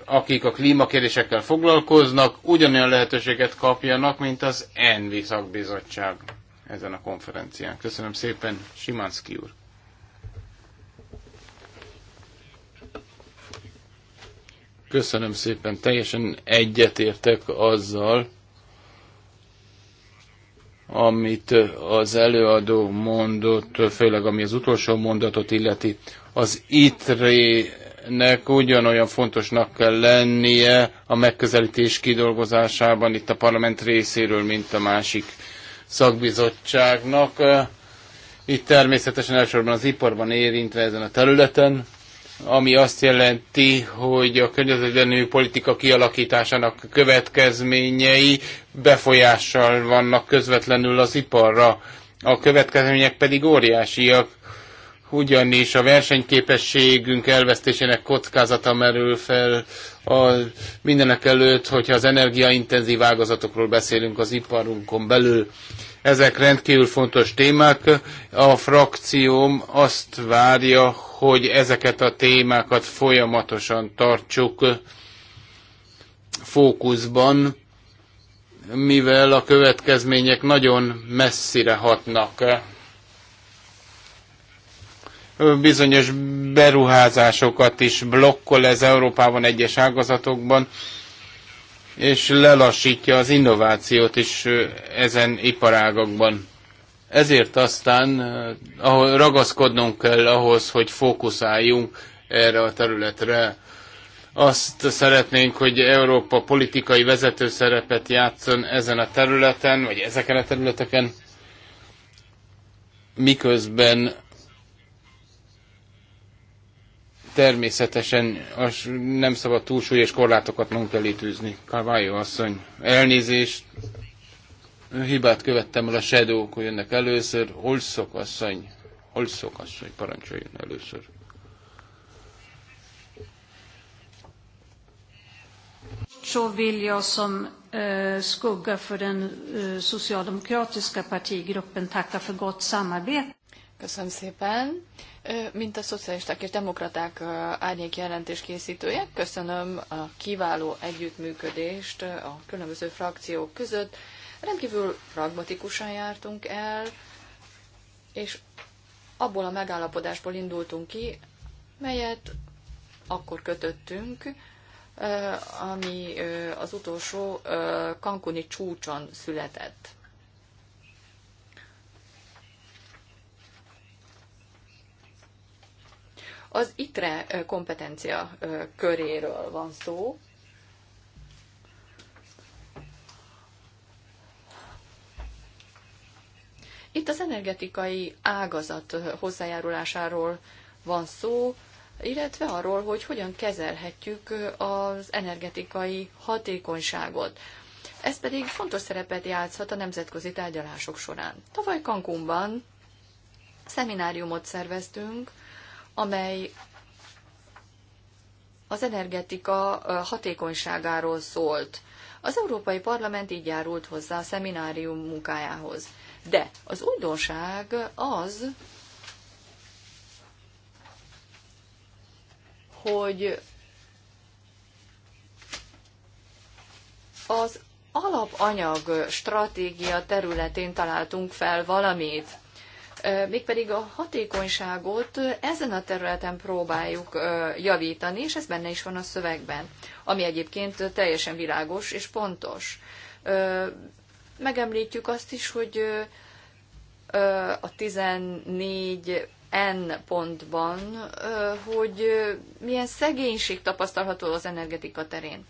akik a klímakérdésekkel foglalkoznak, ugyanolyan lehetőséget kapjanak, mint az ENVI szakbizottság ezen a konferencián. Köszönöm szépen, Simanszki úr! Köszönöm szépen, teljesen egyetértek azzal, amit az előadó mondott, főleg ami az utolsó mondatot illeti. Az itt ennek ugyanolyan fontosnak kell lennie a megközelítés kidolgozásában itt a parlament részéről, mint a másik szakbizottságnak. Itt természetesen elsősorban az iparban érintve ezen a területen, ami azt jelenti, hogy a környezetvédelmi politika kialakításának következményei befolyással vannak közvetlenül az iparra, a következmények pedig óriásiak ugyanis a versenyképességünk elvesztésének kockázata merül fel a, mindenek előtt, hogyha az energiaintenzív ágazatokról beszélünk az iparunkon belül. Ezek rendkívül fontos témák. A frakcióm azt várja, hogy ezeket a témákat folyamatosan tartsuk fókuszban, mivel a következmények nagyon messzire hatnak bizonyos beruházásokat is blokkol ez Európában egyes ágazatokban, és lelassítja az innovációt is ezen iparágakban. Ezért aztán ahol ragaszkodnunk kell ahhoz, hogy fókuszáljunk erre a területre. Azt szeretnénk, hogy Európa politikai vezető szerepet játszon ezen a területen, vagy ezeken a területeken, miközben természetesen az nem szabad túlsúlyos korlátokat magunk elé tűzni. Carvalho asszony, elnézést, hibát követtem el a shadow hogy jönnek először, Olszok asszony, Olszok asszony, parancsoljon először. Så vill jag som eh, skugga för den eh, socialdemokratiska partigruppen tacka för gott samarbete. Köszönöm szépen. Mint a szocialisták és demokraták árnyék jelentés készítője, köszönöm a kiváló együttműködést a különböző frakciók között. Rendkívül pragmatikusan jártunk el, és abból a megállapodásból indultunk ki, melyet akkor kötöttünk, ami az utolsó kankuni csúcson született. Az ITRE kompetencia köréről van szó. Itt az energetikai ágazat hozzájárulásáról van szó, illetve arról, hogy hogyan kezelhetjük az energetikai hatékonyságot. Ez pedig fontos szerepet játszhat a nemzetközi tárgyalások során. Tavaly Cancúnban szemináriumot szerveztünk amely az energetika hatékonyságáról szólt. Az Európai Parlament így járult hozzá a szeminárium munkájához. De az újdonság az, hogy az alapanyag stratégia területén találtunk fel valamit mégpedig a hatékonyságot ezen a területen próbáljuk javítani, és ez benne is van a szövegben, ami egyébként teljesen világos és pontos. Megemlítjük azt is, hogy a 14 N pontban, hogy milyen szegénység tapasztalható az energetika terén.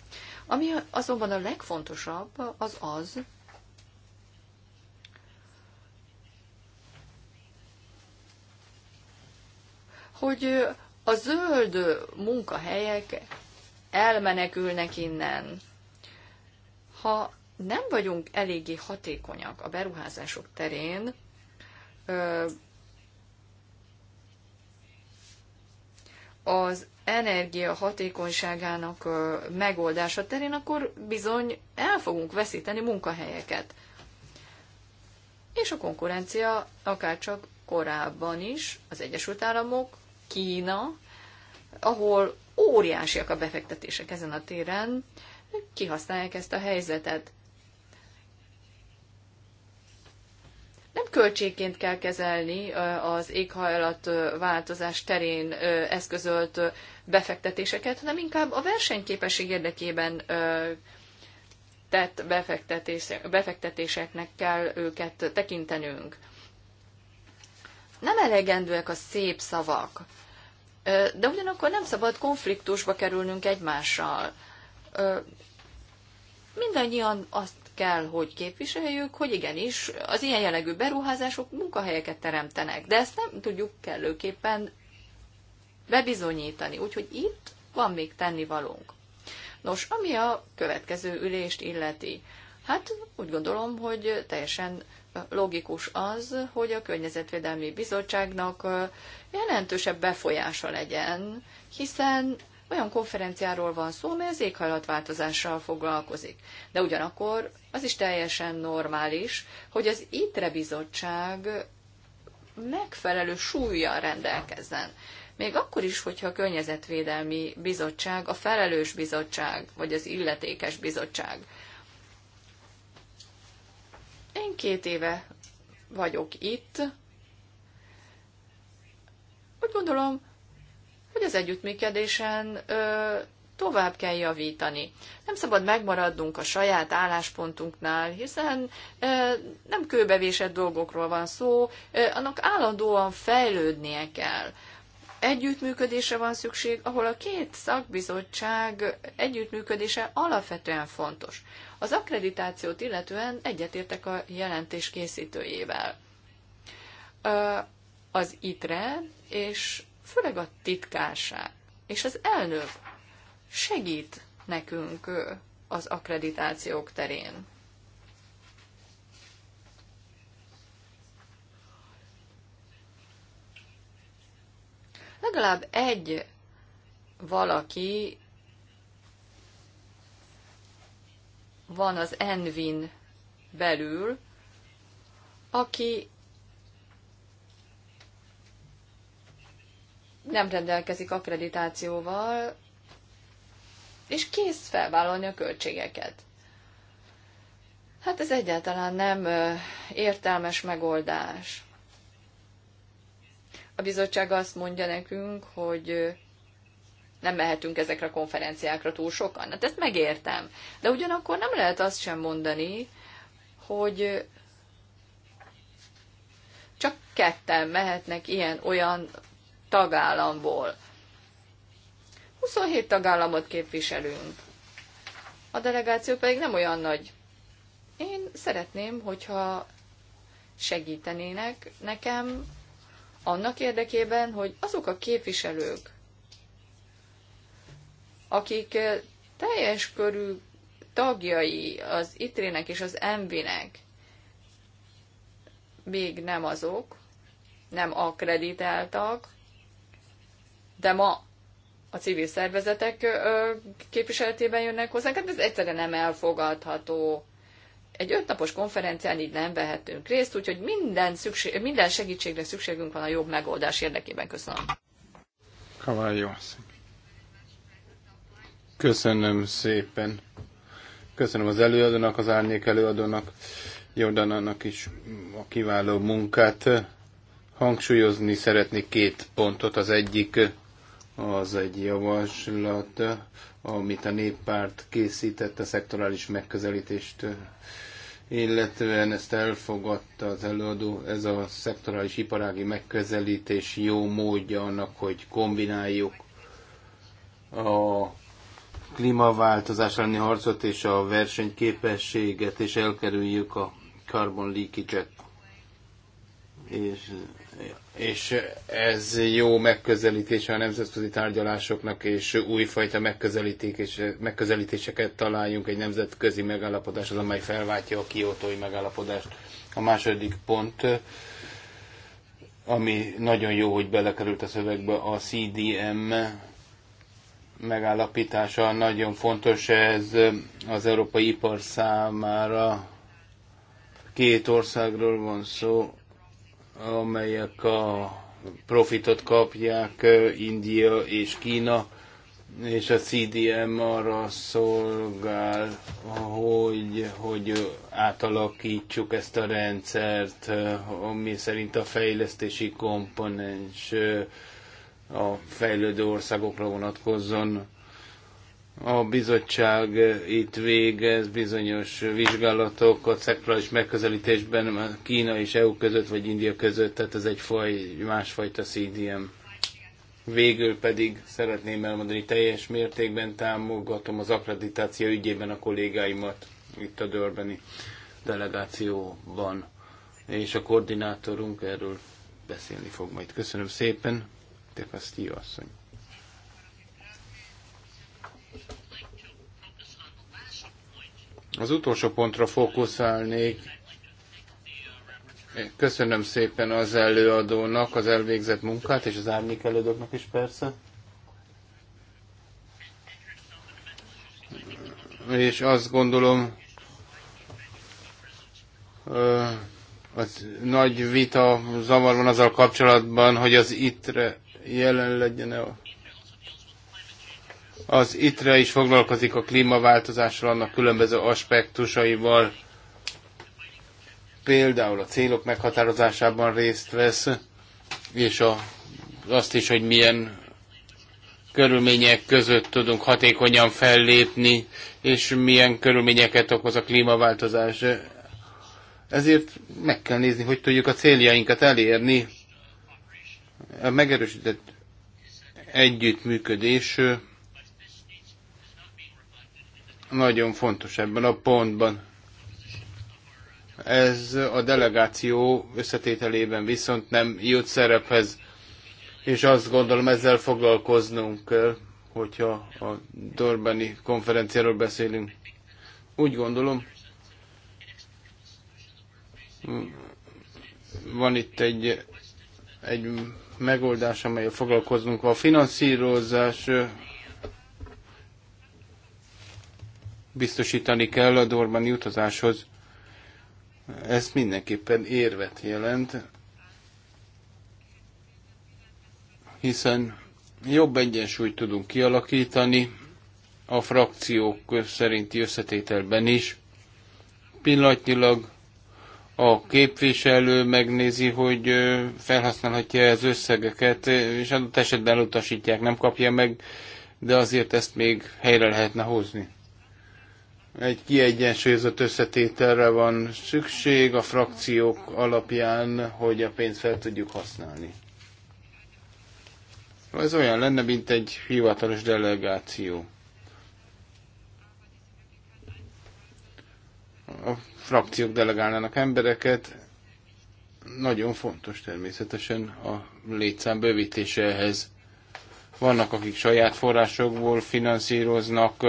Ami azonban a legfontosabb, az az, hogy a zöld munkahelyek elmenekülnek innen. Ha nem vagyunk eléggé hatékonyak a beruházások terén, az energia hatékonyságának megoldása terén, akkor bizony el fogunk veszíteni munkahelyeket. És a konkurencia akárcsak korábban is az Egyesült Államok Kína, ahol óriásiak a befektetések ezen a téren, kihasználják ezt a helyzetet. nem költségként kell kezelni az éghajlat változás terén eszközölt befektetéseket, hanem inkább a versenyképesség érdekében tett befektetéseknek kell őket tekintenünk nem elegendőek a szép szavak, de ugyanakkor nem szabad konfliktusba kerülnünk egymással. Mindannyian azt kell, hogy képviseljük, hogy igenis az ilyen jellegű beruházások munkahelyeket teremtenek, de ezt nem tudjuk kellőképpen bebizonyítani, úgyhogy itt van még tennivalónk. Nos, ami a következő ülést illeti, hát úgy gondolom, hogy teljesen logikus az, hogy a Környezetvédelmi Bizottságnak jelentősebb befolyása legyen, hiszen olyan konferenciáról van szó, mely az éghajlatváltozással foglalkozik. De ugyanakkor az is teljesen normális, hogy az ITRE bizottság megfelelő súlya rendelkezzen. Még akkor is, hogyha a Környezetvédelmi Bizottság, a Felelős Bizottság, vagy az Illetékes Bizottság. Én két éve vagyok itt. Úgy gondolom, hogy az együttműködésen ö, tovább kell javítani. Nem szabad megmaradnunk a saját álláspontunknál, hiszen ö, nem kőbevésett dolgokról van szó, ö, annak állandóan fejlődnie kell. Együttműködésre van szükség, ahol a két szakbizottság együttműködése alapvetően fontos. Az akkreditációt illetően egyetértek a jelentés készítőjével. Az ITRE és főleg a titkárság és az elnök segít nekünk az akkreditációk terén. Legalább egy valaki van az Envin belül, aki nem rendelkezik akkreditációval, és kész felvállalni a költségeket. Hát ez egyáltalán nem értelmes megoldás. A bizottság azt mondja nekünk, hogy nem mehetünk ezekre a konferenciákra túl sokan. Hát ezt megértem. De ugyanakkor nem lehet azt sem mondani, hogy csak ketten mehetnek ilyen-olyan tagállamból. 27 tagállamot képviselünk. A delegáció pedig nem olyan nagy. Én szeretném, hogyha segítenének nekem annak érdekében, hogy azok a képviselők, akik eh, teljes körű tagjai az ITRI-nek és az MV-nek, még nem azok, nem akkreditáltak, de ma a civil szervezetek képviseletében jönnek hozzánk, hát ez egyszerűen nem elfogadható. Egy ötnapos konferencián így nem vehetünk részt, úgyhogy minden, szükség, minden segítségre szükségünk van a jobb megoldás érdekében. Köszönöm. Kavályó Köszönöm szépen. Köszönöm az előadónak, az árnyék előadónak, Jordanának is a kiváló munkát. Hangsúlyozni szeretnék két pontot. Az egyik az egy javaslat, amit a néppárt készített a szektorális megközelítést illetve ezt elfogadta az előadó, ez a szektorális iparági megközelítés jó módja annak, hogy kombináljuk a klímaváltozás elleni harcot és a versenyképességet, és elkerüljük a carbon leakage-et. És, és ez jó megközelítése a nemzetközi tárgyalásoknak, és újfajta megközelítéseket találjunk egy nemzetközi az amely felváltja a kiótói megállapodást. A második pont, ami nagyon jó, hogy belekerült a szövegbe, a CDM megállapítása nagyon fontos ez az európai ipar számára. Két országról van szó, amelyek a profitot kapják, India és Kína, és a CDM arra szolgál, hogy, hogy átalakítsuk ezt a rendszert, ami szerint a fejlesztési komponens a fejlődő országokra vonatkozzon. A bizottság itt végez bizonyos vizsgálatokat szektorális megközelítésben Kína és EU között, vagy India között, tehát ez egy másfajta CDM. Végül pedig szeretném elmondani, teljes mértékben támogatom az akkreditáció ügyében a kollégáimat itt a Dörbeni delegációban, és a koordinátorunk erről beszélni fog majd. Köszönöm szépen de Castillo asszony. Az utolsó pontra fókuszálnék. Köszönöm szépen az előadónak az elvégzett munkát, és az árnyék előadóknak is persze. És azt gondolom, az nagy vita zavar van azzal kapcsolatban, hogy az ITRE jelen legyen a az ITRE is foglalkozik a klímaváltozással, annak különböző aspektusaival, például a célok meghatározásában részt vesz, és a, azt is, hogy milyen körülmények között tudunk hatékonyan fellépni, és milyen körülményeket okoz a klímaváltozás. Ezért meg kell nézni, hogy tudjuk a céljainkat elérni, a megerősített együttműködés nagyon fontos ebben a pontban. Ez a delegáció összetételében viszont nem jut szerephez, és azt gondolom ezzel foglalkoznunk kell, hogyha a Dorbani konferenciáról beszélünk. Úgy gondolom, van itt egy, egy megoldás, amelyel foglalkozunk, A finanszírozás biztosítani kell a Dorbani utazáshoz. Ez mindenképpen érvet jelent, hiszen jobb egyensúlyt tudunk kialakítani a frakciók szerinti összetételben is. Pillanatnyilag a képviselő megnézi, hogy felhasználhatja az összegeket, és adott esetben utasítják, nem kapja meg, de azért ezt még helyre lehetne hozni. Egy kiegyensúlyozott összetételre van szükség a frakciók alapján, hogy a pénzt fel tudjuk használni. Ez olyan lenne, mint egy hivatalos delegáció. A frakciók delegálnának embereket. Nagyon fontos természetesen a létszám bővítése ehhez. Vannak, akik saját forrásokból finanszíroznak,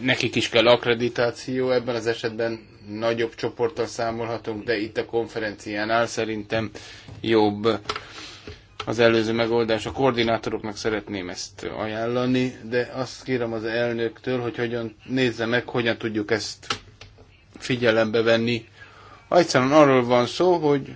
nekik is kell akkreditáció, ebben az esetben nagyobb csoporttal számolhatunk, de itt a konferenciánál szerintem jobb az előző megoldás. A koordinátoroknak szeretném ezt ajánlani, de azt kérem az elnöktől, hogy hogyan nézze meg, hogyan tudjuk ezt figyelembe venni. Egyszerűen arról van szó, hogy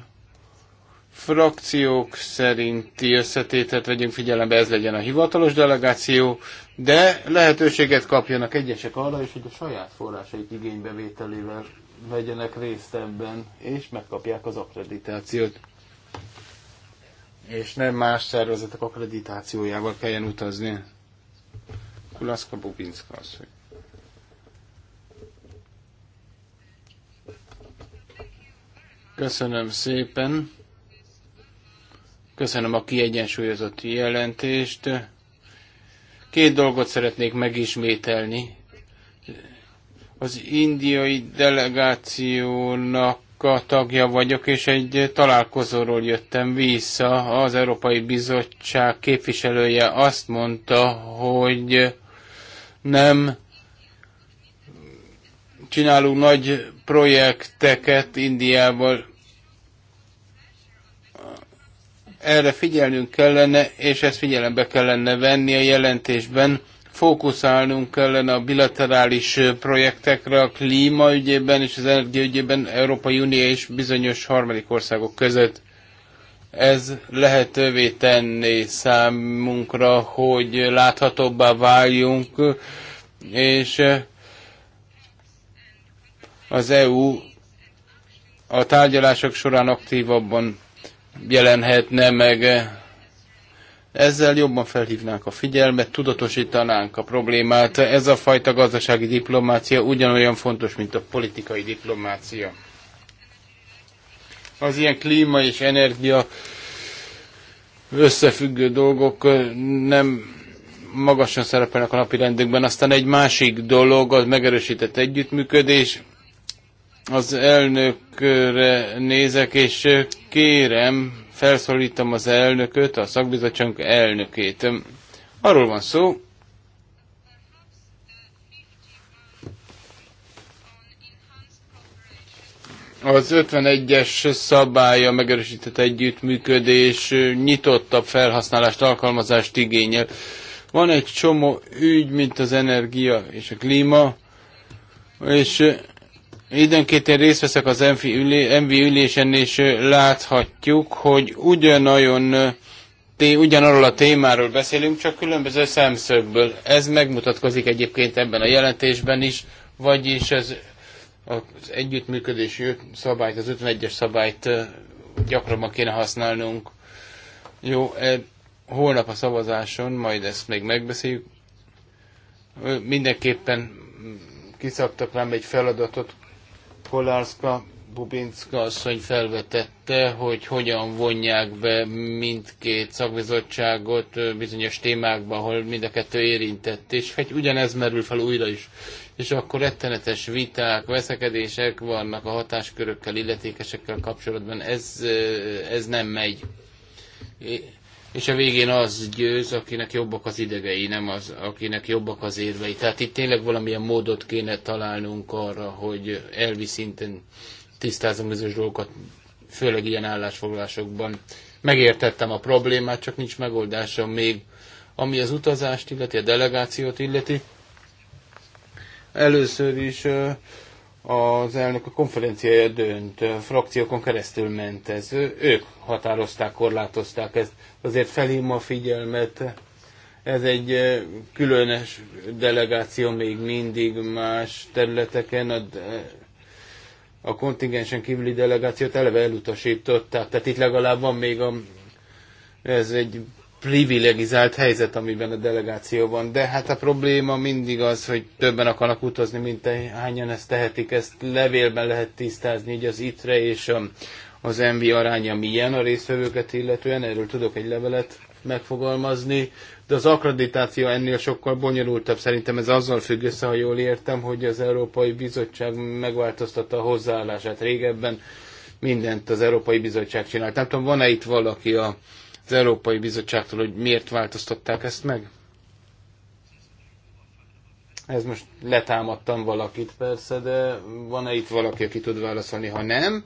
frakciók szerinti összetétet vegyünk figyelembe, ez legyen a hivatalos delegáció, de lehetőséget kapjanak egyesek arra is, hogy a saját forrásaik igénybevételével vegyenek részt ebben, és megkapják az akkreditációt. És nem más szervezetek akkreditációjával kelljen utazni. Kulaszka Bubinska asszony. Köszönöm szépen. Köszönöm a kiegyensúlyozott jelentést. Két dolgot szeretnék megismételni. Az indiai delegációnak a tagja vagyok, és egy találkozóról jöttem vissza. Az Európai Bizottság képviselője azt mondta, hogy nem csinálunk nagy projekteket Indiával, erre figyelnünk kellene, és ezt figyelembe kellene venni a jelentésben. Fókuszálnunk kellene a bilaterális projektekre a klíma és az energiaügyében Európai Unió és bizonyos harmadik országok között. Ez lehetővé tenné számunkra, hogy láthatóbbá váljunk, és az EU a tárgyalások során aktívabban jelenhetne meg. Ezzel jobban felhívnánk a figyelmet, tudatosítanánk a problémát. Ez a fajta gazdasági diplomácia ugyanolyan fontos, mint a politikai diplomácia. Az ilyen klíma és energia összefüggő dolgok nem magasan szerepelnek a napi rendekben. Aztán egy másik dolog, az megerősített együttműködés az elnökre nézek, és kérem, felszólítom az elnököt, a szakbizottság elnökét. Arról van szó, Az 51-es szabálya megerősített együttműködés nyitottabb felhasználást, alkalmazást igényel. Van egy csomó ügy, mint az energia és a klíma, és Időnként én részt veszek az MV, ülé, ülésen, és láthatjuk, hogy ugyanolyan té, ugyanarról a témáról beszélünk, csak különböző szemszögből. Ez megmutatkozik egyébként ebben a jelentésben is, vagyis az, az együttműködési szabályt, az 51-es szabályt gyakrabban kéne használnunk. Jó, e, holnap a szavazáson, majd ezt még megbeszéljük. Mindenképpen mm, kiszabtak rám egy feladatot, Kolárszka Bubinska asszony felvetette, hogy hogyan vonják be mindkét szakbizottságot bizonyos témákban, ahol mind a kettő érintett, és hogy ugyanez merül fel újra is. És akkor rettenetes viták, veszekedések vannak a hatáskörökkel, illetékesekkel kapcsolatban, ez, ez nem megy és a végén az győz, akinek jobbak az idegei, nem az, akinek jobbak az érvei. Tehát itt tényleg valamilyen módot kéne találnunk arra, hogy elvi szinten tisztázom bizonyos dolgokat, főleg ilyen állásfoglalásokban. Megértettem a problémát, csak nincs megoldása még, ami az utazást illeti, a delegációt illeti. Először is az elnök a konferenciája dönt, frakciókon keresztül ment ez, ők határozták, korlátozták ezt azért felhívom a figyelmet. Ez egy eh, különös delegáció még mindig más területeken, a, a kontingensen kívüli delegációt eleve elutasították. Tehát itt legalább van még a, ez egy privilegizált helyzet, amiben a delegáció van. De hát a probléma mindig az, hogy többen akarnak utazni, mint hányan ezt tehetik. Ezt levélben lehet tisztázni, így az ITRE és a az MV aránya milyen a résztvevőket illetően, erről tudok egy levelet megfogalmazni, de az akkreditáció ennél sokkal bonyolultabb. Szerintem ez azzal függ össze, ha jól értem, hogy az Európai Bizottság megváltoztatta a hozzáállását. Régebben mindent az Európai Bizottság csinált. Nem tudom, van-e itt valaki a, az Európai Bizottságtól, hogy miért változtatták ezt meg? Ez most letámadtam valakit persze, de van-e itt valaki, aki tud válaszolni? Ha nem,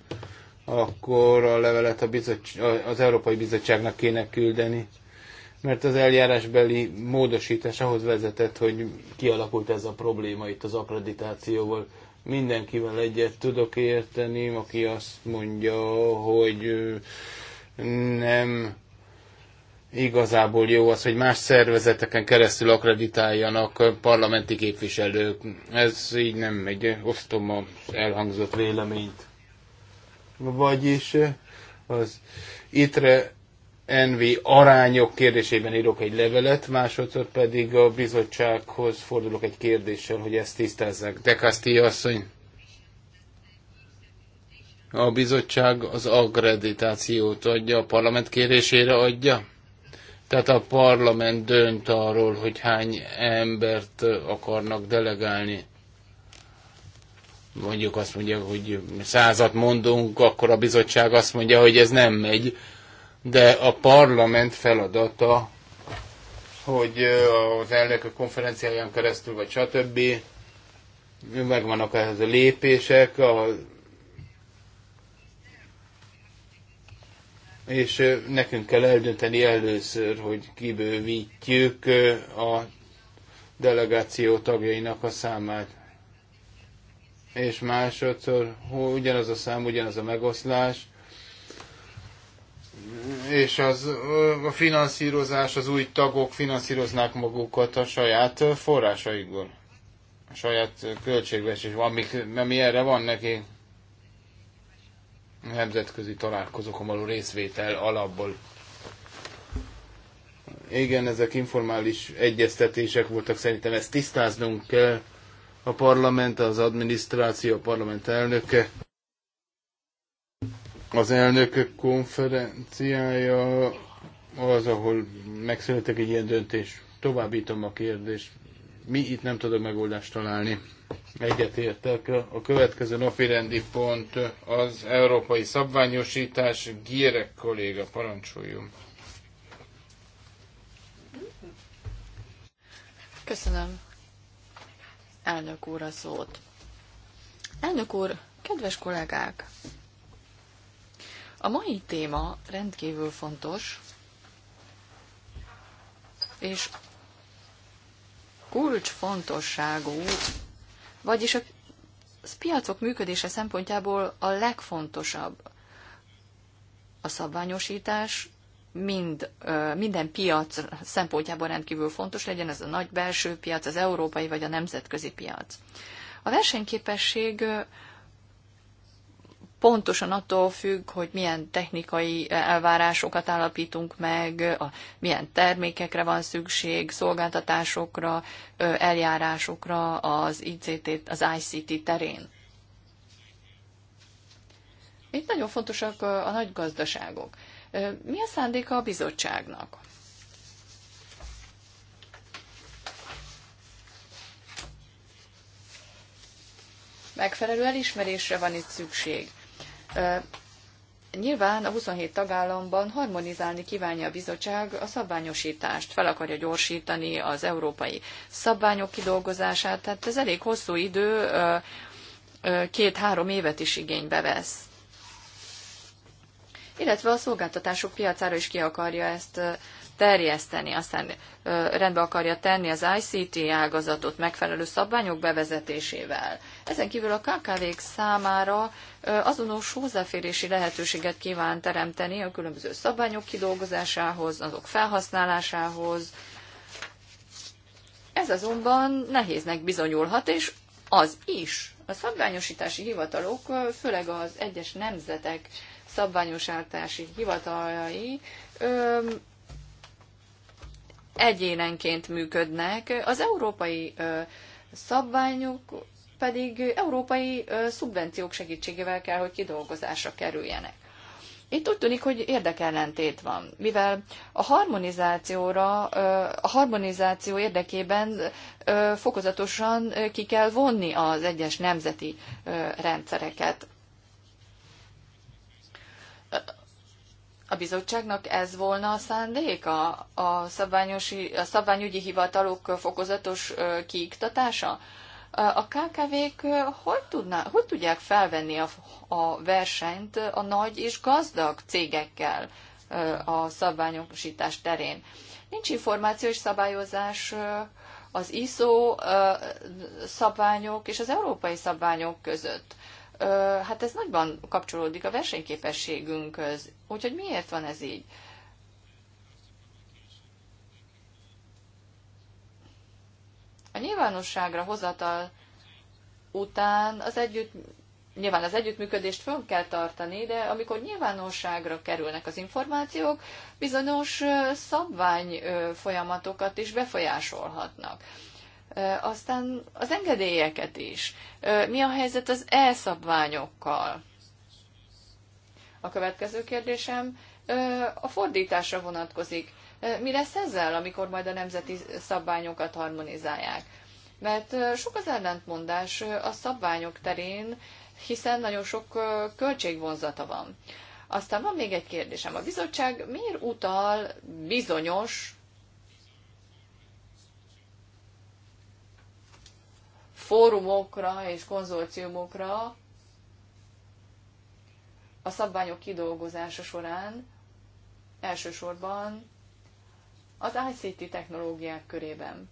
akkor a levelet a az Európai Bizottságnak kéne küldeni. Mert az eljárásbeli módosítás ahhoz vezetett, hogy kialakult ez a probléma itt az akkreditációval. Mindenkivel egyet tudok érteni, aki azt mondja, hogy nem igazából jó az, hogy más szervezeteken keresztül akreditáljanak parlamenti képviselők. Ez így nem megy, osztom az elhangzott véleményt. Vagyis eh, az ITRE NV arányok kérdésében írok egy levelet, másodszor pedig a bizottsághoz fordulok egy kérdéssel, hogy ezt tisztázzák. De Castilla asszony, a bizottság az akkreditációt adja, a parlament kérésére adja? Tehát a parlament dönt arról, hogy hány embert akarnak delegálni mondjuk azt mondja, hogy százat mondunk, akkor a bizottság azt mondja, hogy ez nem megy. De a parlament feladata, hogy az elnökök konferenciáján keresztül, vagy stb. megvannak ehhez a lépések, a és nekünk kell eldönteni először, hogy kibővítjük a delegáció tagjainak a számát és másodszor hogy ugyanaz a szám, ugyanaz a megoszlás, és az, a finanszírozás, az új tagok finanszíroznák magukat a saját forrásaikból, a saját költségvetés, amik, mi erre van neki nemzetközi találkozókon való részvétel alapból. Igen, ezek informális egyeztetések voltak, szerintem ezt tisztáznunk kell a parlament, az adminisztráció, a parlament elnöke, az elnökök konferenciája az, ahol megszületek egy ilyen döntés. Továbbítom a kérdést. Mi itt nem tudok megoldást találni. Egyetértek. A következő napi rendi pont az európai szabványosítás. Gyerek kolléga, parancsoljon. Köszönöm elnök úr a szót. Elnök úr, kedves kollégák! A mai téma rendkívül fontos, és kulcsfontosságú, vagyis a piacok működése szempontjából a legfontosabb. A szabványosítás mind, minden piac szempontjából rendkívül fontos legyen, ez a nagy belső piac, az európai vagy a nemzetközi piac. A versenyképesség pontosan attól függ, hogy milyen technikai elvárásokat állapítunk meg, a, milyen termékekre van szükség, szolgáltatásokra, eljárásokra az ICT, az ICT terén. Itt nagyon fontosak a nagy gazdaságok. Mi a szándéka a bizottságnak? Megfelelő elismerésre van itt szükség. Nyilván a 27 tagállamban harmonizálni kívánja a bizottság a szabványosítást, fel akarja gyorsítani az európai szabványok kidolgozását, tehát ez elég hosszú idő, két-három évet is igénybe vesz illetve a szolgáltatások piacára is ki akarja ezt terjeszteni, aztán rendbe akarja tenni az ICT ágazatot megfelelő szabványok bevezetésével. Ezen kívül a KKV-k számára azonos hozzáférési lehetőséget kíván teremteni a különböző szabványok kidolgozásához, azok felhasználásához. Ez azonban nehéznek bizonyulhat, és az is. A szabványosítási hivatalok, főleg az egyes nemzetek szabványosítási hivatalai egyénenként működnek, az európai szabványok pedig európai szubvenciók segítségével kell, hogy kidolgozásra kerüljenek. Itt úgy tűnik, hogy érdekellentét van, mivel a harmonizációra, a harmonizáció érdekében fokozatosan ki kell vonni az egyes nemzeti rendszereket A bizottságnak ez volna a szándéka? A, szabványosi, a szabványügyi hivatalok fokozatos kiiktatása? A KKV-k hogy, tudná, hogy tudják felvenni a, a versenyt a nagy és gazdag cégekkel a szabványosítás terén? Nincs információ és szabályozás az ISO szabványok és az európai szabványok között. Hát ez nagyban kapcsolódik a versenyképességünkhöz Úgyhogy miért van ez így? A nyilvánosságra hozatal után az együtt, nyilván az együttműködést fönn kell tartani, de amikor nyilvánosságra kerülnek az információk, bizonyos szabvány folyamatokat is befolyásolhatnak. Aztán az engedélyeket is. Mi a helyzet az elszabványokkal? A következő kérdésem a fordításra vonatkozik. Mi lesz ezzel, amikor majd a nemzeti szabványokat harmonizálják? Mert sok az ellentmondás a szabványok terén, hiszen nagyon sok költségvonzata van. Aztán van még egy kérdésem. A bizottság miért utal bizonyos fórumokra és konzorciumokra, a szabványok kidolgozása során elsősorban az ICT technológiák körében.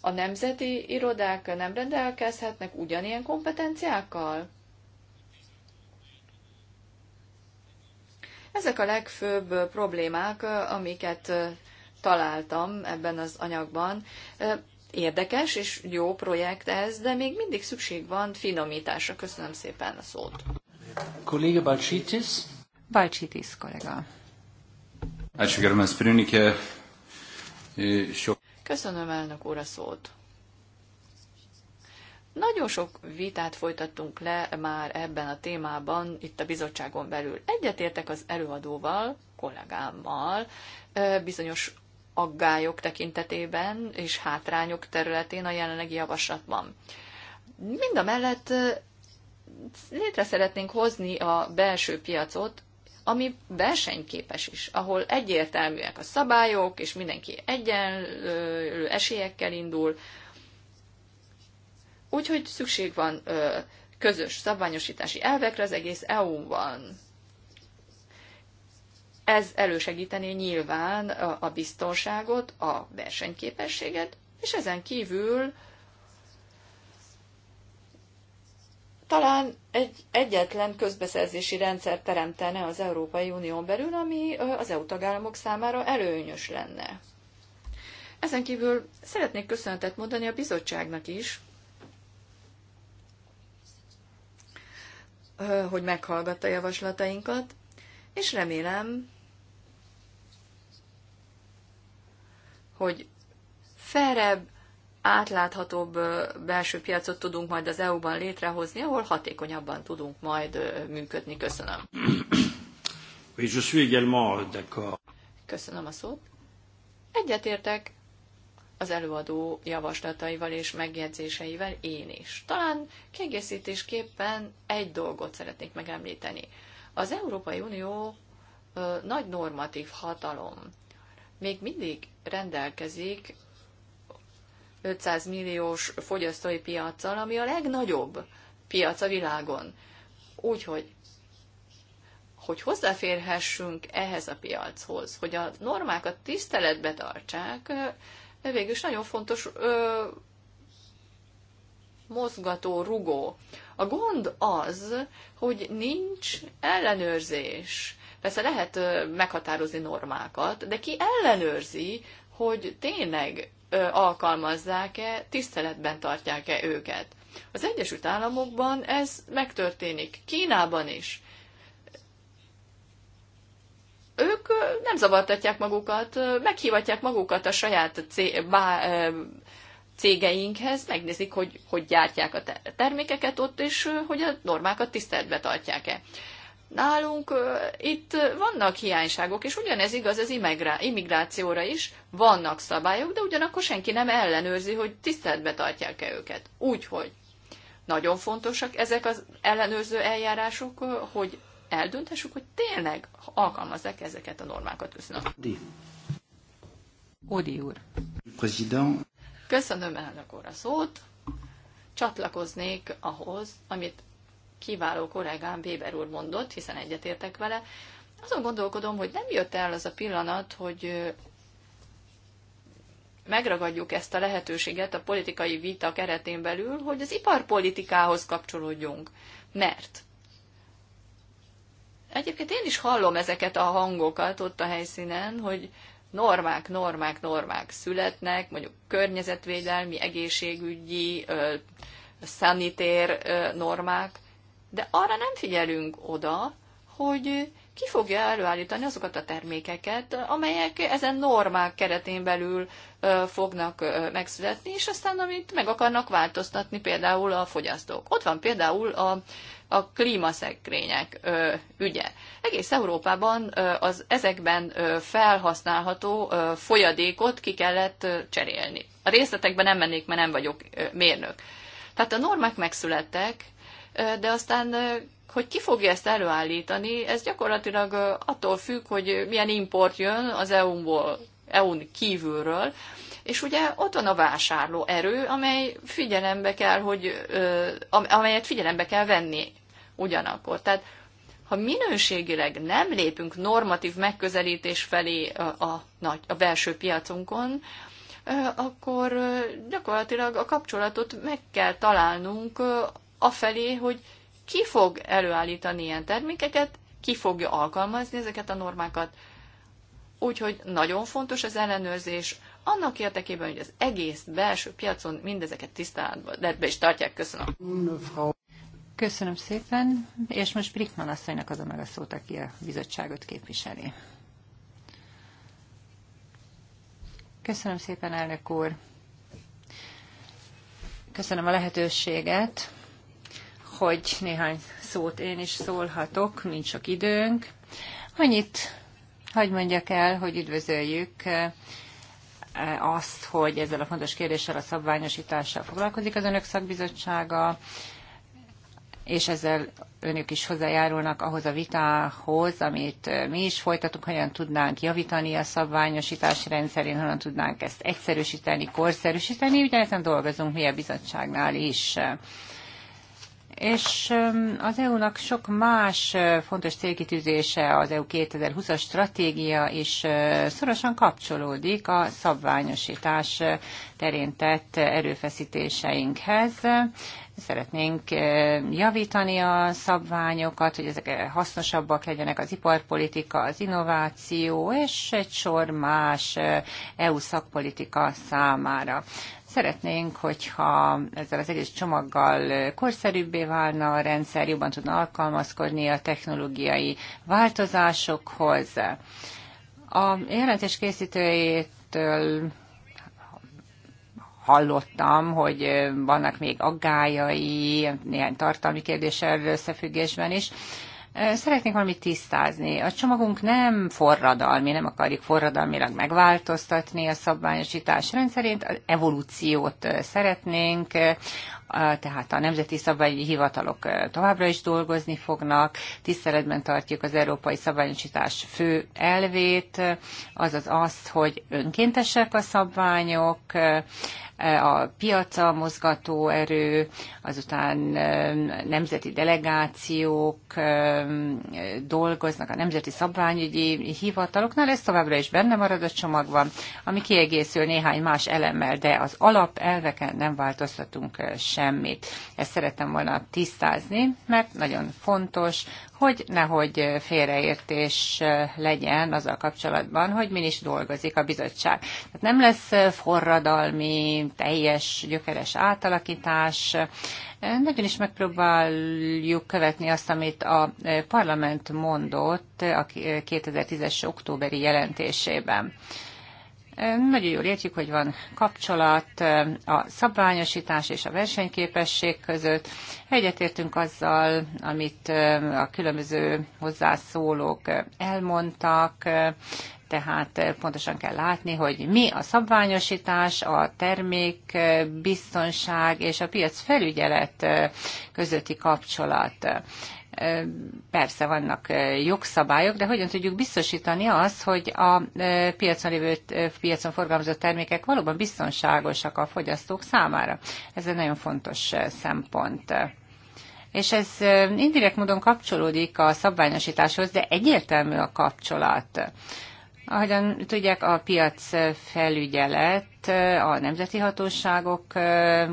A nemzeti irodák nem rendelkezhetnek ugyanilyen kompetenciákkal? Ezek a legfőbb problémák, amiket találtam ebben az anyagban. Érdekes és jó projekt ez, de még mindig szükség van finomításra. Köszönöm szépen a szót. Kolléga Balcsitis. Balcsitis kollega. E, Köszönöm elnök úr a szót. Nagyon sok vitát folytattunk le már ebben a témában, itt a bizottságon belül. Egyetértek az előadóval, kollégámmal, e, bizonyos aggályok tekintetében és hátrányok területén a jelenlegi javaslatban. Mind a mellett létre szeretnénk hozni a belső piacot, ami versenyképes is, ahol egyértelműek a szabályok, és mindenki egyenlő esélyekkel indul. Úgyhogy szükség van közös szabványosítási elvekre az egész EU-ban. Ez elősegítené nyilván a biztonságot, a versenyképességet, és ezen kívül talán egy egyetlen közbeszerzési rendszer teremtene az Európai Unió belül, ami az EU tagállamok számára előnyös lenne. Ezen kívül szeretnék köszönetet mondani a bizottságnak is, hogy meghallgatta javaslatainkat, és remélem, hogy felrebb, átláthatóbb belső piacot tudunk majd az EU-ban létrehozni, ahol hatékonyabban tudunk majd működni. Köszönöm. Köszönöm a szót. Egyetértek az előadó javaslataival és megjegyzéseivel én is. Talán kiegészítésképpen egy dolgot szeretnék megemlíteni. Az Európai Unió nagy normatív hatalom. Még mindig rendelkezik 500 milliós fogyasztói piaccal, ami a legnagyobb piac a világon. Úgyhogy hogy hozzáférhessünk ehhez a piachoz, hogy a normákat tiszteletbe tartsák, e végül is nagyon fontos ö, mozgató, rugó. A gond az, hogy nincs ellenőrzés. Persze lehet meghatározni normákat, de ki ellenőrzi, hogy tényleg alkalmazzák-e, tiszteletben tartják-e őket. Az Egyesült Államokban ez megtörténik, Kínában is. Ők nem zavartatják magukat, meghívatják magukat a saját cé- bá- cégeinkhez, megnézik, hogy hogy gyártják a termékeket ott, és hogy a normákat tiszteletbe tartják-e. Nálunk itt vannak hiányságok, és ugyanez igaz az immigrációra is, vannak szabályok, de ugyanakkor senki nem ellenőrzi, hogy tiszteletbe tartják-e őket. Úgyhogy nagyon fontosak ezek az ellenőrző eljárások, hogy eldöntessük, hogy tényleg alkalmazzák ezeket a normákat. Köszönöm. Odi úr. President. Köszönöm elnök úr a szót. Csatlakoznék ahhoz, amit kiváló kollégám Béber úr mondott, hiszen egyetértek vele. Azon gondolkodom, hogy nem jött el az a pillanat, hogy megragadjuk ezt a lehetőséget a politikai vita keretén belül, hogy az iparpolitikához kapcsolódjunk. Mert egyébként én is hallom ezeket a hangokat ott a helyszínen, hogy normák, normák, normák születnek, mondjuk környezetvédelmi, egészségügyi, szanitér normák, de arra nem figyelünk oda, hogy ki fogja előállítani azokat a termékeket, amelyek ezen normák keretén belül fognak megszületni, és aztán amit meg akarnak változtatni például a fogyasztók. Ott van például a, a klímaszekrények ügye. Egész Európában az ezekben felhasználható folyadékot ki kellett cserélni. A részletekben nem mennék, mert nem vagyok mérnök. Tehát a normák megszülettek, de aztán hogy ki fogja ezt előállítani, ez gyakorlatilag attól függ, hogy milyen import jön az EU-ból, EU-n kívülről, és ugye ott van a vásárló erő, amely figyelembe kell, hogy, amelyet figyelembe kell venni ugyanakkor. Tehát ha minőségileg nem lépünk normatív megközelítés felé a, a, a belső piacunkon, akkor gyakorlatilag a kapcsolatot meg kell találnunk afelé, hogy ki fog előállítani ilyen termékeket, ki fogja alkalmazni ezeket a normákat. Úgyhogy nagyon fontos az ellenőrzés, annak érdekében, hogy az egész belső piacon mindezeket tiszteletbe is tartják. Köszönöm. Köszönöm szépen, és most Brickman asszonynak a meg a szót, aki a bizottságot képviseli. Köszönöm szépen, elnök úr. Köszönöm a lehetőséget hogy néhány szót én is szólhatok, nincs sok időnk. Annyit hagy mondjak el, hogy üdvözöljük eh, azt, hogy ezzel a fontos kérdéssel, a szabványosítással foglalkozik az önök szakbizottsága, és ezzel önök is hozzájárulnak ahhoz a vitához, amit eh, mi is folytatunk, hogyan tudnánk javítani a szabványosítási rendszerén, hogyan tudnánk ezt egyszerűsíteni, korszerűsíteni, ugyanezen dolgozunk mi a bizottságnál is. És az EU-nak sok más fontos célkitűzése, az EU 2020-as stratégia is szorosan kapcsolódik a szabványosítás terén tett erőfeszítéseinkhez. Szeretnénk javítani a szabványokat, hogy ezek hasznosabbak legyenek az iparpolitika, az innováció és egy sor más EU szakpolitika számára. Szeretnénk, hogyha ezzel az egész csomaggal korszerűbbé válna a rendszer, jobban tudna alkalmazkodni a technológiai változásokhoz. A jelentés készítőjétől hallottam, hogy vannak még aggályai, néhány tartalmi kérdéssel összefüggésben is. Szeretnénk valamit tisztázni. A csomagunk nem forradalmi, nem akarjuk forradalmilag megváltoztatni a szabványosítás rendszerint, az evolúciót szeretnénk, tehát a nemzeti szabványi hivatalok továbbra is dolgozni fognak, tiszteletben tartjuk az európai szabványosítás fő elvét, azaz azt, hogy önkéntesek a szabványok, a piaca mozgató erő, azután nemzeti delegációk dolgoznak a nemzeti szabványügyi hivataloknál, ez továbbra is benne marad a csomagban, ami kiegészül néhány más elemmel, de az alapelveken nem változtatunk semmit. Ezt szerettem volna tisztázni, mert nagyon fontos, hogy nehogy félreértés legyen az a kapcsolatban, hogy min is dolgozik a bizottság. Tehát nem lesz forradalmi, teljes, gyökeres átalakítás, nagyon is megpróbáljuk követni azt, amit a parlament mondott a 2010-es októberi jelentésében. Nagyon jól értjük, hogy van kapcsolat a szabványosítás és a versenyképesség között. Egyetértünk azzal, amit a különböző hozzászólók elmondtak, tehát pontosan kell látni, hogy mi a szabványosítás, a termék biztonság és a piac felügyelet közötti kapcsolat. Persze vannak jogszabályok, de hogyan tudjuk biztosítani azt, hogy a piacon lévő, piacon forgalmazott termékek valóban biztonságosak a fogyasztók számára? Ez egy nagyon fontos szempont. És ez indirekt módon kapcsolódik a szabványosításhoz, de egyértelmű a kapcsolat. Ahogyan tudják, a piac felügyelet itt a nemzeti hatóságok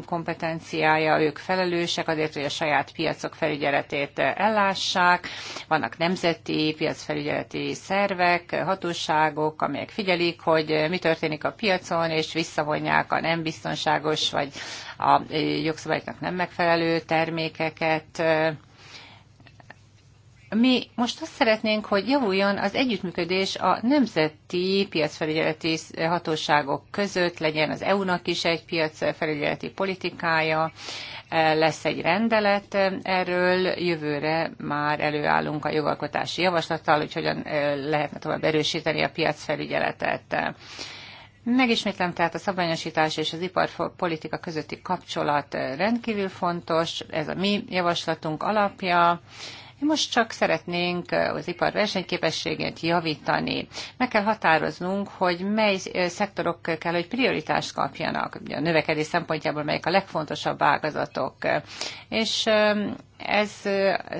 kompetenciája, ők felelősek azért, hogy a saját piacok felügyeletét ellássák. Vannak nemzeti piacfelügyeleti szervek, hatóságok, amelyek figyelik, hogy mi történik a piacon, és visszavonják a nem biztonságos vagy a jogszabályoknak nem megfelelő termékeket mi most azt szeretnénk, hogy javuljon az együttműködés a nemzeti piacfelügyeleti hatóságok között, legyen az EU-nak is egy piacfelügyeleti politikája, lesz egy rendelet erről, jövőre már előállunk a jogalkotási javaslattal, hogy hogyan eh, lehetne tovább erősíteni a piacfelügyeletet. Megismétlem, tehát a szabványosítás és az iparpolitika közötti kapcsolat eh, rendkívül fontos, ez a mi javaslatunk alapja most csak szeretnénk az ipar versenyképességét javítani. Meg kell határoznunk, hogy mely szektorok kell, hogy prioritást kapjanak, a növekedés szempontjából melyek a legfontosabb ágazatok. És ez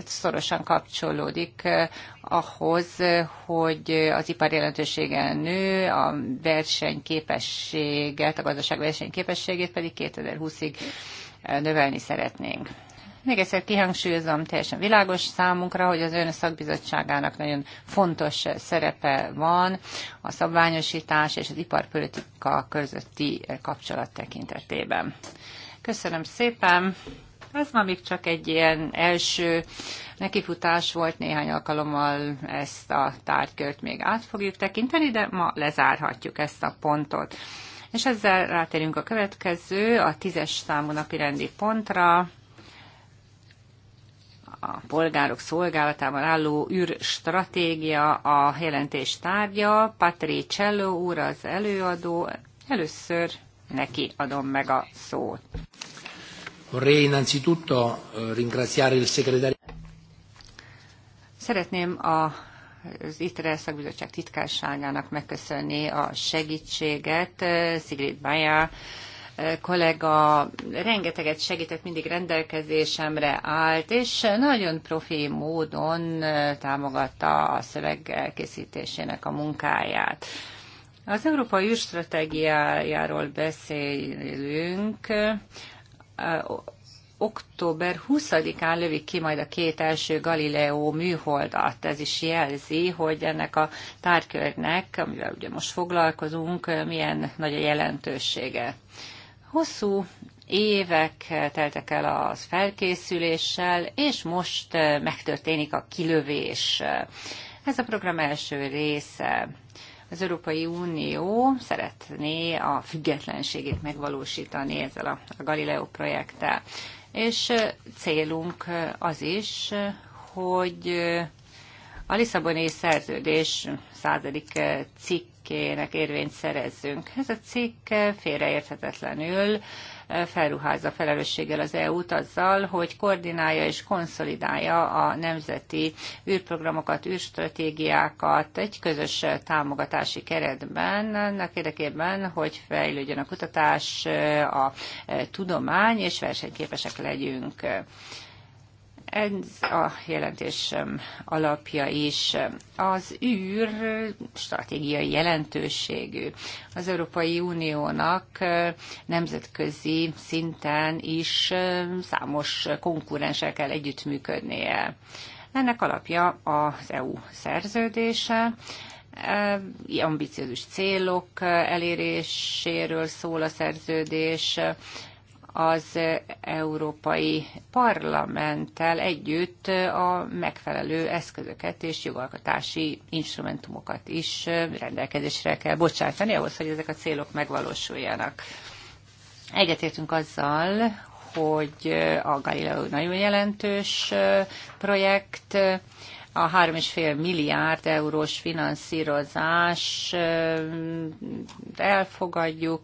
szorosan kapcsolódik ahhoz, hogy az ipar jelentősége nő, a versenyképességet, a gazdaság versenyképességét pedig 2020-ig növelni szeretnénk. Még egyszer kihangsúlyozom, teljesen világos számunkra, hogy az ön szakbizottságának nagyon fontos szerepe van a szabványosítás és az iparpolitika közötti kapcsolat tekintetében. Köszönöm szépen! Ez ma még csak egy ilyen első nekifutás volt, néhány alkalommal ezt a tárgykört még át fogjuk tekinteni, de ma lezárhatjuk ezt a pontot. És ezzel rátérünk a következő, a tízes számú napi rendi pontra, a polgárok szolgálatában álló űrstratégia a jelentés tárgya. Patri Cello úr az előadó. Először neki adom meg a szót. Eh, Szeretném a az ITRE szakbizottság titkárságának megköszönni a segítséget. Eh, Sigrid Bayer kollega rengeteget segített, mindig rendelkezésemre állt, és nagyon profi módon eh, támogatta a szöveg elkészítésének a munkáját. Az európai űrstratégiájáról beszélünk. Eh, október 20-án lövik ki majd a két első Galileo műholdat. Ez is jelzi, hogy ennek a tárkörnek, amivel ugye most foglalkozunk, eh, milyen nagy a jelentősége. Hosszú évek teltek el az felkészüléssel, és most eh, megtörténik a kilövés. Ez a program első része. Az Európai Unió szeretné a függetlenségét megvalósítani ezzel a Galileo projekttel. És eh, célunk eh, az is, hogy a Lisszaboni szerződés századik cikk cikkének érvényt szerezzünk. Ez a cikk félreérthetetlenül eh, felruházza felelősséggel az EU-t azzal, hogy koordinálja és konszolidálja a nemzeti űrprogramokat, űrstratégiákat egy közös támogatási keretben, annak érdekében, hogy fejlődjön a kutatás, eh, a eh, tudomány, és versenyképesek legyünk. Ez a jelentés alapja is. Az űr stratégiai jelentőségű. Az Európai Uniónak nemzetközi szinten is számos konkurenssel kell együttműködnie. Ennek alapja az EU szerződése, ambiciózus célok eléréséről szól a szerződés, az Európai Parlamenttel együtt a megfelelő eszközöket és jogalkotási instrumentumokat is rendelkezésre kell bocsátani ahhoz, hogy ezek a célok megvalósuljanak. Egyetértünk azzal, hogy a Galileo nagyon jelentős projekt, a 3,5 milliárd eurós finanszírozás elfogadjuk,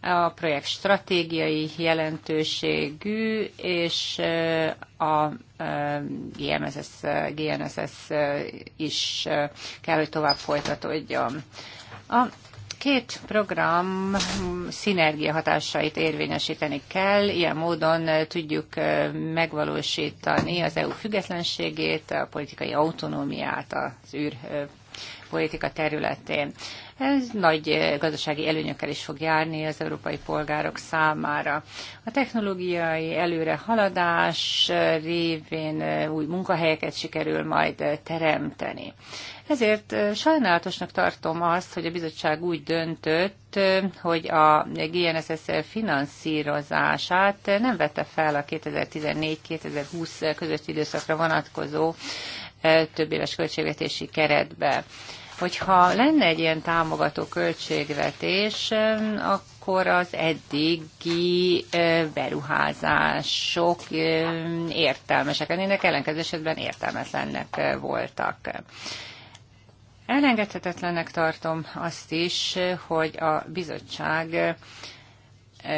a projekt stratégiai jelentőségű, és a GMSS, GNSS is kell, hogy tovább folytatódjon. A két program szinergia hatásait érvényesíteni kell, ilyen módon tudjuk megvalósítani az EU függetlenségét, a politikai autonómiát az űrpolitika területén. Ez nagy gazdasági előnyökkel is fog járni az európai polgárok számára. A technológiai előrehaladás révén új munkahelyeket sikerül majd teremteni. Ezért sajnálatosnak tartom azt, hogy a bizottság úgy döntött, hogy a GNSS finanszírozását nem vette fel a 2014-2020 közötti időszakra vonatkozó több éves költségvetési keretbe. Hogyha lenne egy ilyen támogató költségvetés, akkor az eddigi beruházások értelmesek lennének, ellenkező esetben értelmetlennek voltak. Elengedhetetlennek tartom azt is, hogy a bizottság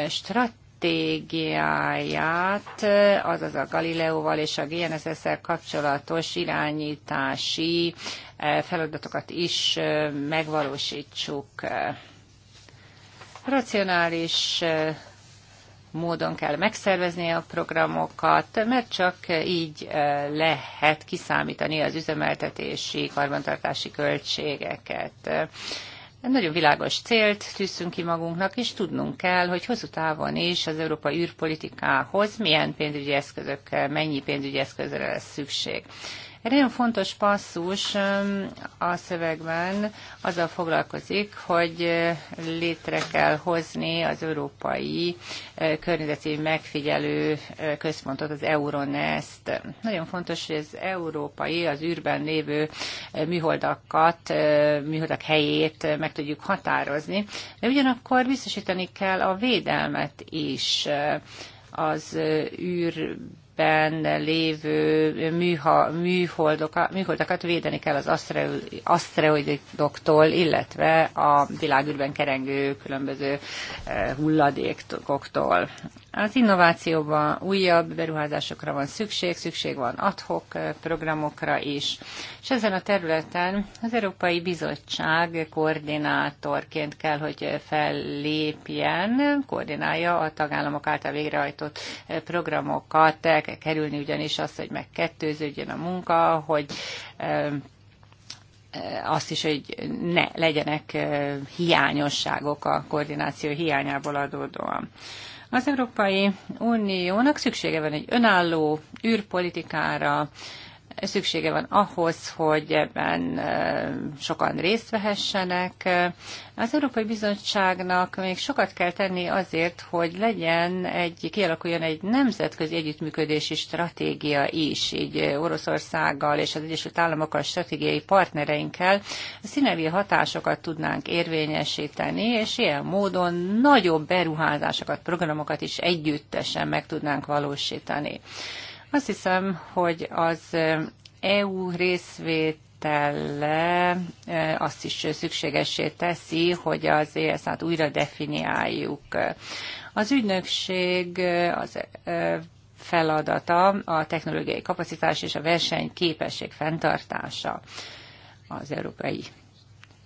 stratégiáját, azaz a Galileóval és a GNSS-szel kapcsolatos irányítási feladatokat is megvalósítsuk. Racionális módon kell megszervezni a programokat, mert csak így lehet kiszámítani az üzemeltetési, karbantartási költségeket. Nagyon világos célt tűzünk ki magunknak, és tudnunk kell, hogy hosszú távon is az európai űrpolitikához milyen pénzügyi eszközök, mennyi pénzügyi eszközre lesz szükség. Egy nagyon fontos passzus a szövegben azzal foglalkozik, hogy létre kell hozni az Európai Környezeti Megfigyelő Központot, az Euronest. Nagyon fontos, hogy az európai, az űrben lévő műholdakat, műholdak helyét meg tudjuk határozni, de ugyanakkor biztosítani kell a védelmet is az űr űrben lévő műha, műholdokat, műholdakat védeni kell az aszteroidoktól, illetve a világűrben kerengő különböző eh, hulladékoktól. Az innovációban újabb beruházásokra van szükség, szükség van adhok eh, programokra is. És ezen a területen az Európai Bizottság koordinátorként kell, hogy fellépjen, koordinálja a tagállamok által végrehajtott eh, programokat, el kell kerülni ugyanis azt, hogy megkettőződjön a munka, hogy eh, azt is, hogy ne legyenek hiányosságok a koordináció hiányából adódóan. Az Európai Uniónak szüksége van egy önálló űrpolitikára, szüksége van ahhoz, hogy ebben sokan részt vehessenek. Az Európai Bizottságnak még sokat kell tenni azért, hogy legyen egy, kialakuljon egy nemzetközi együttműködési stratégia is, így Oroszországgal és az Egyesült Államokkal stratégiai partnereinkkel színevi hatásokat tudnánk érvényesíteni, és ilyen módon nagyobb beruházásokat, programokat is együttesen meg tudnánk valósítani. Azt hiszem, hogy az EU részvét azt is szükségessé teszi, hogy az ESZ-t újra definiáljuk. Az ügynökség az feladata a technológiai kapacitás és a versenyképesség fenntartása az európai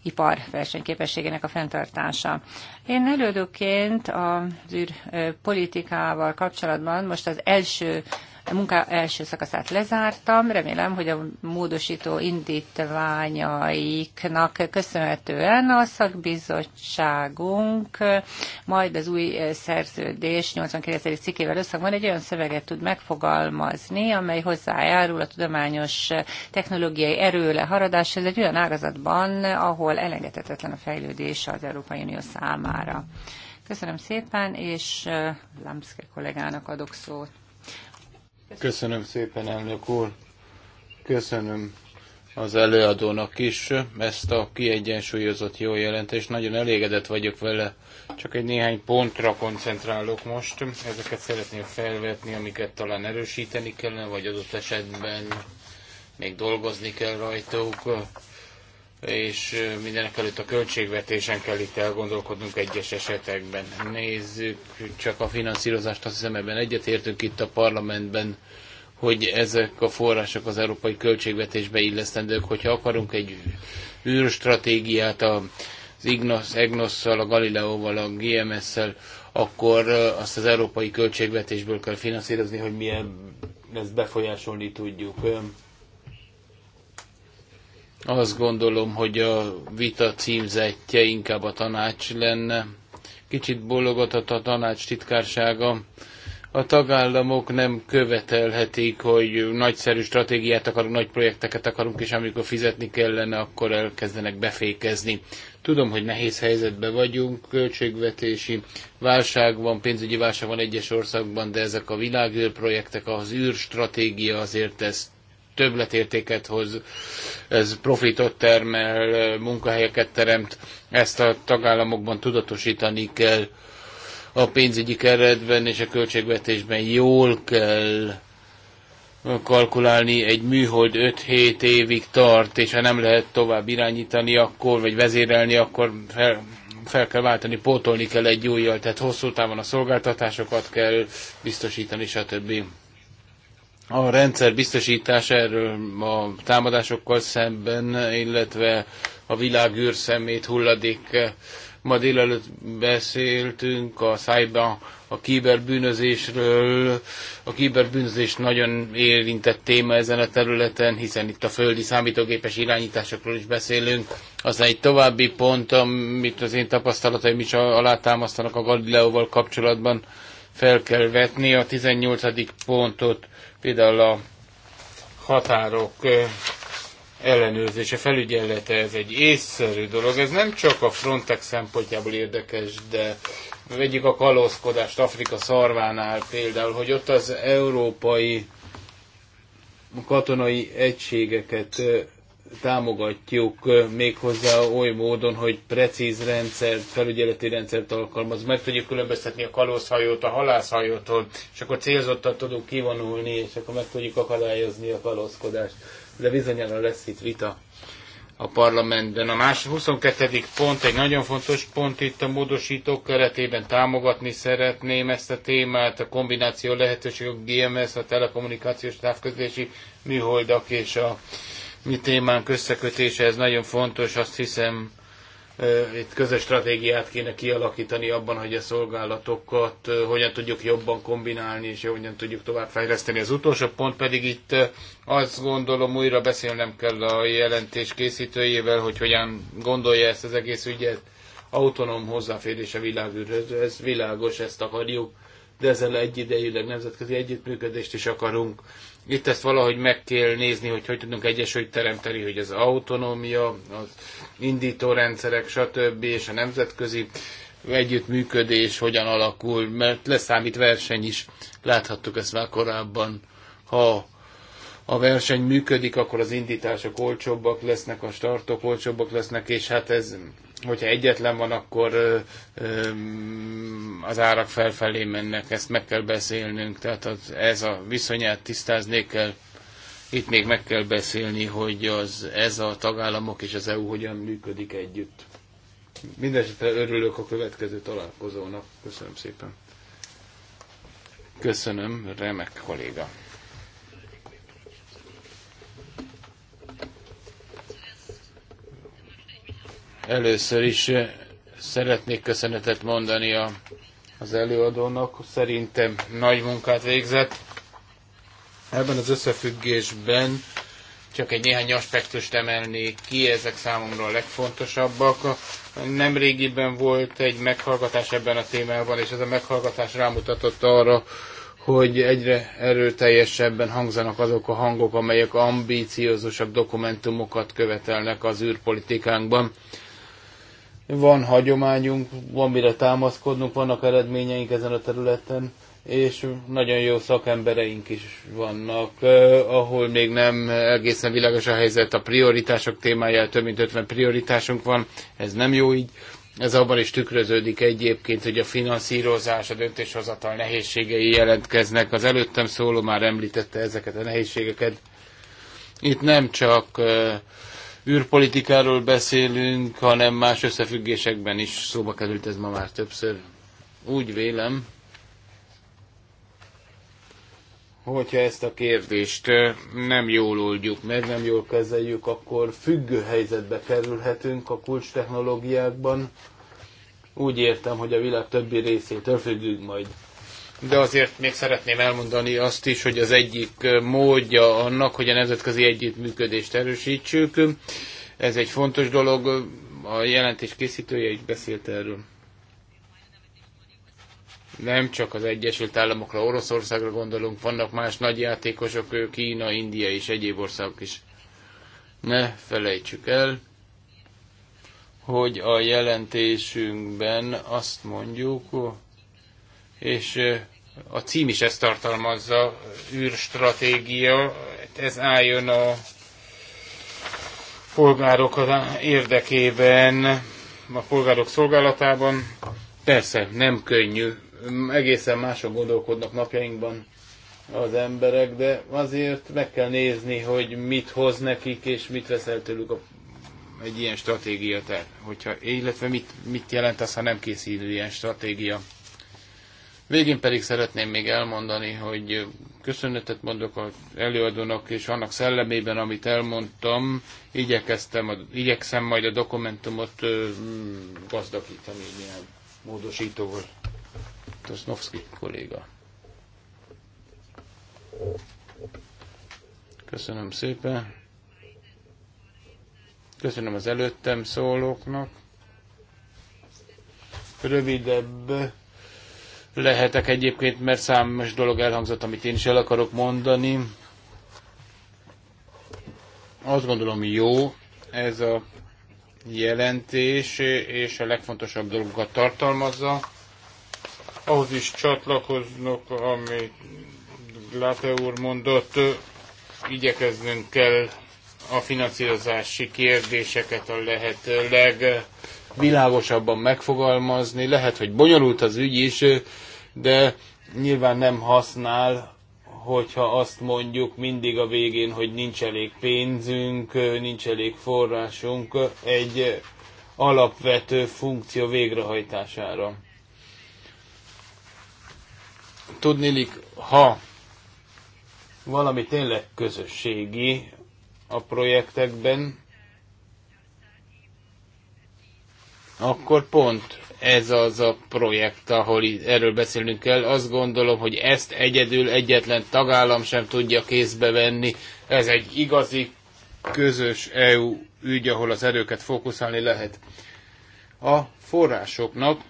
ipar versenyképességének a fenntartása. Én előadóként az űrpolitikával kapcsolatban most az első a munka első szakaszát lezártam, remélem, hogy a módosító indítványaiknak köszönhetően a szakbizottságunk majd az új szerződés 89. cikkével összhangban egy olyan szöveget tud megfogalmazni, amely hozzájárul a tudományos technológiai erőle haradáshoz egy olyan ágazatban, ahol elengedhetetlen a fejlődés az Európai Unió számára. Köszönöm szépen, és Lamszke kollégának adok szót. Köszönöm szépen, elnök úr. Köszönöm az előadónak is ezt a kiegyensúlyozott jó jelentést. Nagyon elégedett vagyok vele. Csak egy néhány pontra koncentrálok most. Ezeket szeretném felvetni, amiket talán erősíteni kellene, vagy adott esetben még dolgozni kell rajtuk és mindenek előtt a költségvetésen kell itt elgondolkodnunk egyes esetekben. Nézzük csak a finanszírozást, azt hiszem ebben egyetértünk itt a parlamentben, hogy ezek a források az európai költségvetésbe illesztendők, hogyha akarunk egy űrstratégiát az Ignos, egnos a Galileóval, a GMS-szel, akkor azt az európai költségvetésből kell finanszírozni, hogy mi ezt befolyásolni tudjuk azt gondolom, hogy a vita címzetje inkább a tanács lenne. Kicsit bologatott a tanács titkársága. A tagállamok nem követelhetik, hogy nagyszerű stratégiát akarunk, nagy projekteket akarunk, és amikor fizetni kellene, akkor elkezdenek befékezni. Tudom, hogy nehéz helyzetben vagyunk, költségvetési válság van, pénzügyi válság van egyes országban, de ezek a világűr projektek, az űrstratégia azért ezt többletértéket hoz, ez profitot termel, munkahelyeket teremt, ezt a tagállamokban tudatosítani kell a pénzügyi keretben és a költségvetésben jól kell kalkulálni, egy műhold 5-7 évig tart, és ha nem lehet tovább irányítani akkor, vagy vezérelni, akkor fel, fel kell váltani, pótolni kell egy újjal, tehát hosszú távon a szolgáltatásokat kell biztosítani, stb a rendszer biztosítás erről a támadásokkal szemben, illetve a világűr szemét hulladék. Ma délelőtt beszéltünk a szájban a kiberbűnözésről. A kiberbűnözés nagyon érintett téma ezen a területen, hiszen itt a földi számítógépes irányításokról is beszélünk. Az egy további pont, amit az én tapasztalataim is alátámasztanak a Galileóval kapcsolatban, fel kell vetni a 18. pontot, például a határok ellenőrzése, felügyelete, ez egy észszerű dolog. Ez nem csak a Frontex szempontjából érdekes, de vegyük a kalózkodást Afrika szarvánál például, hogy ott az európai katonai egységeket támogatjuk méghozzá oly módon, hogy precíz rendszer, felügyeleti rendszert alkalmaz. Meg tudjuk különböztetni a kalózhajót a halászhajótól, és akkor célzottan tudunk kivonulni, és akkor meg tudjuk akadályozni a kalózkodást. De bizonyára lesz itt vita a parlamentben. A más 22. pont egy nagyon fontos pont itt a módosítók keretében támogatni szeretném ezt a témát, a kombináció lehetőség a GMS, a telekommunikációs távközlési műholdak és a mi témánk összekötése, ez nagyon fontos, azt hiszem itt közös stratégiát kéne kialakítani abban, hogy a szolgálatokat hogyan tudjuk jobban kombinálni, és hogyan tudjuk továbbfejleszteni. Az utolsó pont pedig itt azt gondolom újra beszélnem kell a jelentés készítőjével, hogy hogyan gondolja ezt az egész ügyet. Autonóm hozzáférés a világűrhöz, ez világos, ezt akarjuk, de ezzel egyidejűleg nemzetközi együttműködést is akarunk. Itt ezt valahogy meg kell nézni, hogy hogy tudunk egyesült teremteni, hogy az autonómia, az indítórendszerek, stb. és a nemzetközi együttműködés hogyan alakul, mert leszámít verseny is. Láthattuk ezt már korábban. Ha a verseny működik, akkor az indítások olcsóbbak lesznek, a startok olcsóbbak lesznek, és hát ez hogyha egyetlen van, akkor ö, ö, az árak felfelé mennek, ezt meg kell beszélnünk, tehát az, ez a viszonyát tisztázni kell. Itt még meg kell beszélni, hogy az, ez a tagállamok és az EU hogyan működik együtt. Mindenesetre örülök a következő találkozónak. Köszönöm szépen. Köszönöm, remek kolléga. Először is eh, szeretnék köszönetet mondani a, az előadónak. Szerintem nagy munkát végzett. Ebben az összefüggésben csak egy néhány aspektust emelnék ki, ezek számomra a legfontosabbak. Nemrégiben volt egy meghallgatás ebben a témában, és ez a meghallgatás rámutatott arra, hogy egyre erőteljesebben hangzanak azok a hangok, amelyek ambíciózusabb dokumentumokat követelnek az űrpolitikánkban. Van hagyományunk, van mire támaszkodnunk, vannak eredményeink ezen a területen, és nagyon jó szakembereink is vannak, ahol még nem egészen világos a helyzet, a prioritások témája több mint 50 prioritásunk van, ez nem jó így. Ez abban is tükröződik egyébként, hogy a finanszírozás, a döntéshozatal nehézségei jelentkeznek. Az előttem szóló már említette ezeket a nehézségeket. Itt nem csak űrpolitikáról beszélünk, hanem más összefüggésekben is szóba került ez ma már többször. Úgy vélem, hogyha ezt a kérdést nem jól oldjuk meg, nem jól kezeljük, akkor függő helyzetbe kerülhetünk a kulcs technológiákban. Úgy értem, hogy a világ többi részétől függünk majd de azért még szeretném elmondani azt is, hogy az egyik módja annak, hogy a nemzetközi együttműködést erősítsük, ez egy fontos dolog, a jelentés készítője is beszélt erről. Nem csak az Egyesült Államokra, Oroszországra gondolunk, vannak más nagy játékosok, Kína, India és egyéb országok is. Ne felejtsük el, hogy a jelentésünkben azt mondjuk, és a cím is ezt tartalmazza, űrstratégia, ez álljon a polgárok érdekében, a polgárok szolgálatában. Persze, nem könnyű, egészen mások gondolkodnak napjainkban az emberek, de azért meg kell nézni, hogy mit hoz nekik, és mit el tőlük a, egy ilyen stratégia, tehát, hogyha, illetve mit, mit jelent az, ha nem készül ilyen stratégia. Végén pedig szeretném még elmondani, hogy köszönetet mondok az előadónak, és annak szellemében, amit elmondtam, igyekeztem, igyekszem majd a dokumentumot gazdagítani ilyen módosítóval. Tosnovski kolléga. Köszönöm szépen. Köszönöm az előttem szólóknak. Rövidebb lehetek egyébként, mert számos dolog elhangzott, amit én is el akarok mondani. Azt gondolom jó ez a jelentés, és a legfontosabb dolgokat tartalmazza. Ahhoz is csatlakoznak, amit Láte úr mondott, igyekeznünk kell a finanszírozási kérdéseket a lehető legvilágosabban megfogalmazni. Lehet, hogy bonyolult az ügy is, de nyilván nem használ, hogyha azt mondjuk mindig a végén, hogy nincs elég pénzünk, nincs elég forrásunk egy alapvető funkció végrehajtására. Tudnélik, ha valami tényleg közösségi a projektekben, akkor pont ez az a projekt, ahol erről beszélnünk kell. Azt gondolom, hogy ezt egyedül egyetlen tagállam sem tudja kézbe venni. Ez egy igazi közös EU ügy, ahol az erőket fókuszálni lehet. A forrásoknak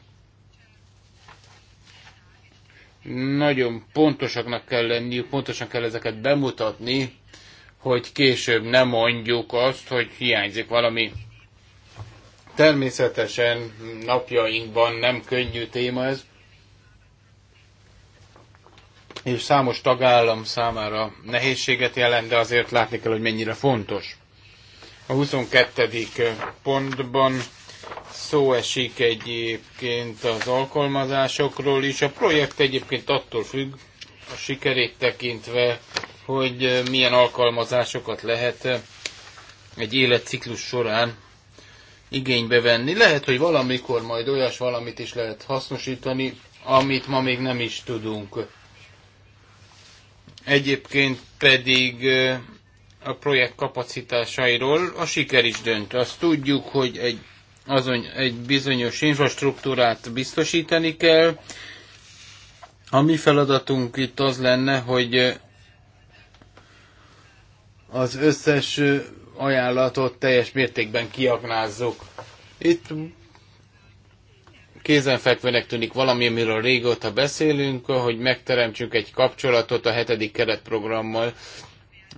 nagyon pontosaknak kell lenniük, pontosan kell ezeket bemutatni, hogy később nem mondjuk azt, hogy hiányzik valami Természetesen napjainkban nem könnyű téma ez, és számos tagállam számára nehézséget jelent, de azért látni kell, hogy mennyire fontos. A 22. pontban szó esik egyébként az alkalmazásokról is. A projekt egyébként attól függ, a sikerét tekintve, hogy milyen alkalmazásokat lehet egy életciklus során igénybe venni. Lehet, hogy valamikor majd olyas valamit is lehet hasznosítani, amit ma még nem is tudunk. Egyébként pedig a projekt kapacitásairól a siker is dönt. Azt tudjuk, hogy egy, azon, egy bizonyos infrastruktúrát biztosítani kell. A mi feladatunk itt az lenne, hogy az összes ajánlatot teljes mértékben kiaknázzuk. Itt kézenfekvőnek tűnik valami, amiről régóta beszélünk, hogy megteremtsünk egy kapcsolatot a hetedik keretprogrammal,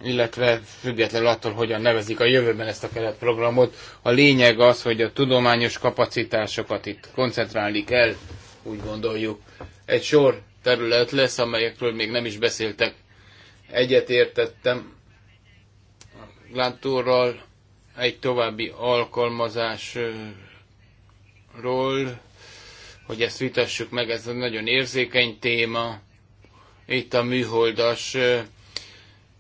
illetve függetlenül attól, hogyan nevezik a jövőben ezt a keretprogramot. A lényeg az, hogy a tudományos kapacitásokat itt koncentrálni kell, úgy gondoljuk. Egy sor terület lesz, amelyekről még nem is beszéltek. Egyet értettem Lántúrral egy további alkalmazásról, hogy ezt vitassuk meg, ez egy nagyon érzékeny téma. Itt a műholdas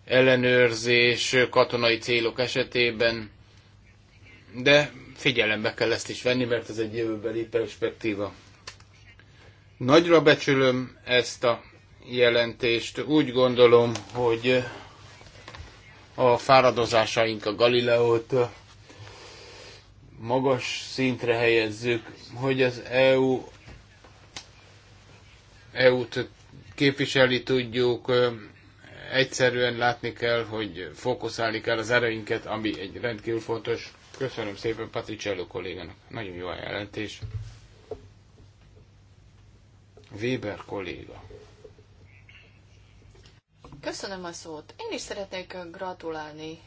ellenőrzés katonai célok esetében, de figyelembe kell ezt is venni, mert ez egy jövőbeli perspektíva. Nagyra becsülöm ezt a jelentést. Úgy gondolom, hogy a fáradozásaink a Galileót magas szintre helyezzük, hogy az EU EU-t képviselni tudjuk, egyszerűen látni kell, hogy fókuszálni kell az erőinket, ami egy rendkívül fontos. Köszönöm szépen Patricello kollégának. Nagyon jó a jelentés. Weber kolléga. Köszönöm a szót. Én is szeretnék gratulálni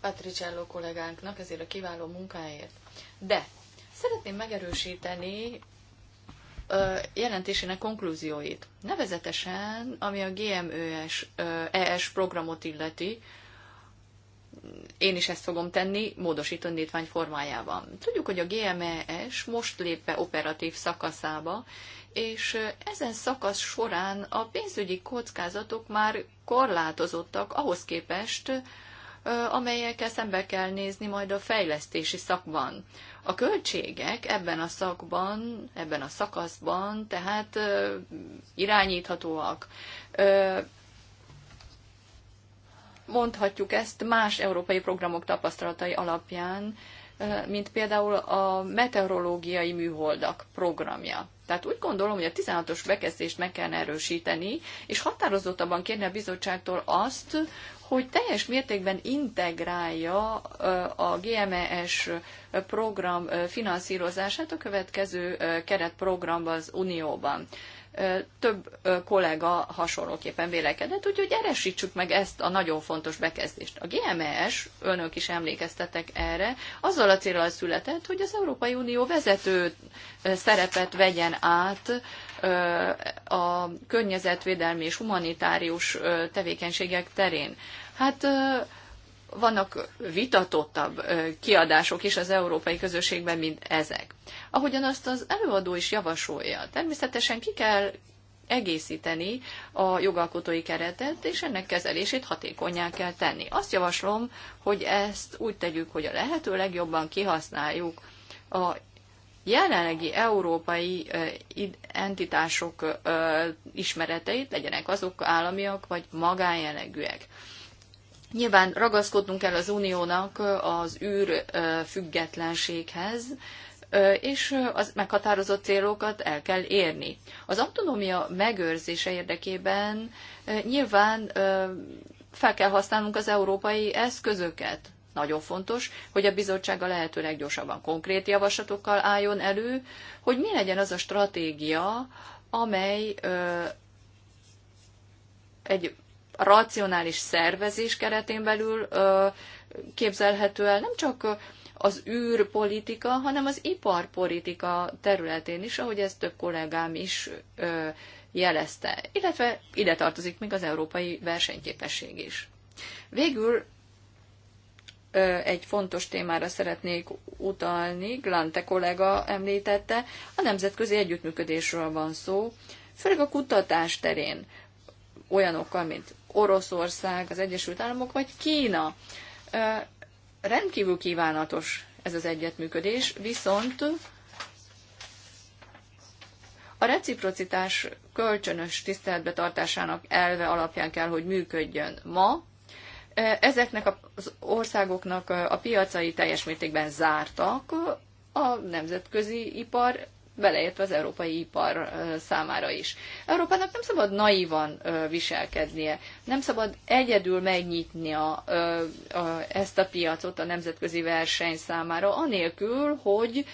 Patricello kollégánknak ezért a kiváló munkáért. De szeretném megerősíteni jelentésének konklúzióit. Nevezetesen, ami a GMÖS ES programot illeti, én is ezt fogom tenni módosító indítvány formájában. Tudjuk, hogy a GMES most lép be operatív szakaszába, és ezen szakasz során a pénzügyi kockázatok már korlátozottak ahhoz képest, amelyekkel szembe kell nézni majd a fejlesztési szakban. A költségek ebben a szakban, ebben a szakaszban tehát irányíthatóak. Mondhatjuk ezt más európai programok tapasztalatai alapján, mint például a meteorológiai műholdak programja. Tehát úgy gondolom, hogy a 16-os bekezdést meg kell erősíteni, és határozottabban kérni a bizottságtól azt, hogy teljes mértékben integrálja a GMES program finanszírozását a következő keretprogramban az Unióban több kollega hasonlóképpen vélekedett, úgyhogy eresítsük meg ezt a nagyon fontos bekezdést. A GMS, e önök is emlékeztetek erre, azzal a célral született, hogy az Európai Unió vezető szerepet vegyen át a környezetvédelmi és humanitárius tevékenységek terén. Hát vannak vitatottabb kiadások is az európai közösségben, mint ezek. Ahogyan azt az előadó is javasolja, természetesen ki kell egészíteni a jogalkotói keretet, és ennek kezelését hatékonyá kell tenni. Azt javaslom, hogy ezt úgy tegyük, hogy a lehető legjobban kihasználjuk a jelenlegi európai entitások ismereteit, legyenek azok államiak vagy magánjellegűek. Nyilván ragaszkodnunk kell az uniónak az űr függetlenséghez, és az meghatározott célokat el kell érni. Az autonómia megőrzése érdekében nyilván fel kell használnunk az európai eszközöket. Nagyon fontos, hogy a bizottság a lehető leggyorsabban konkrét javaslatokkal álljon elő, hogy mi legyen az a stratégia, amely egy racionális szervezés keretén belül képzelhető el nem csak az űrpolitika, hanem az iparpolitika területén is, ahogy ez több kollégám is jelezte, illetve ide tartozik még az európai versenyképesség is. Végül egy fontos témára szeretnék utalni, Glante kollega említette, a nemzetközi együttműködésről van szó, főleg a kutatás terén, olyanokkal, mint Oroszország, az Egyesült Államok vagy Kína. Rendkívül kívánatos ez az egyetműködés, viszont a reciprocitás kölcsönös tiszteletbetartásának elve alapján kell, hogy működjön ma. Ezeknek az országoknak a piacai teljes mértékben zártak, a nemzetközi ipar beleértve az európai ipar számára is. Európának nem szabad naívan viselkednie, nem szabad egyedül megnyitnia ezt a piacot a nemzetközi verseny számára, anélkül, hogy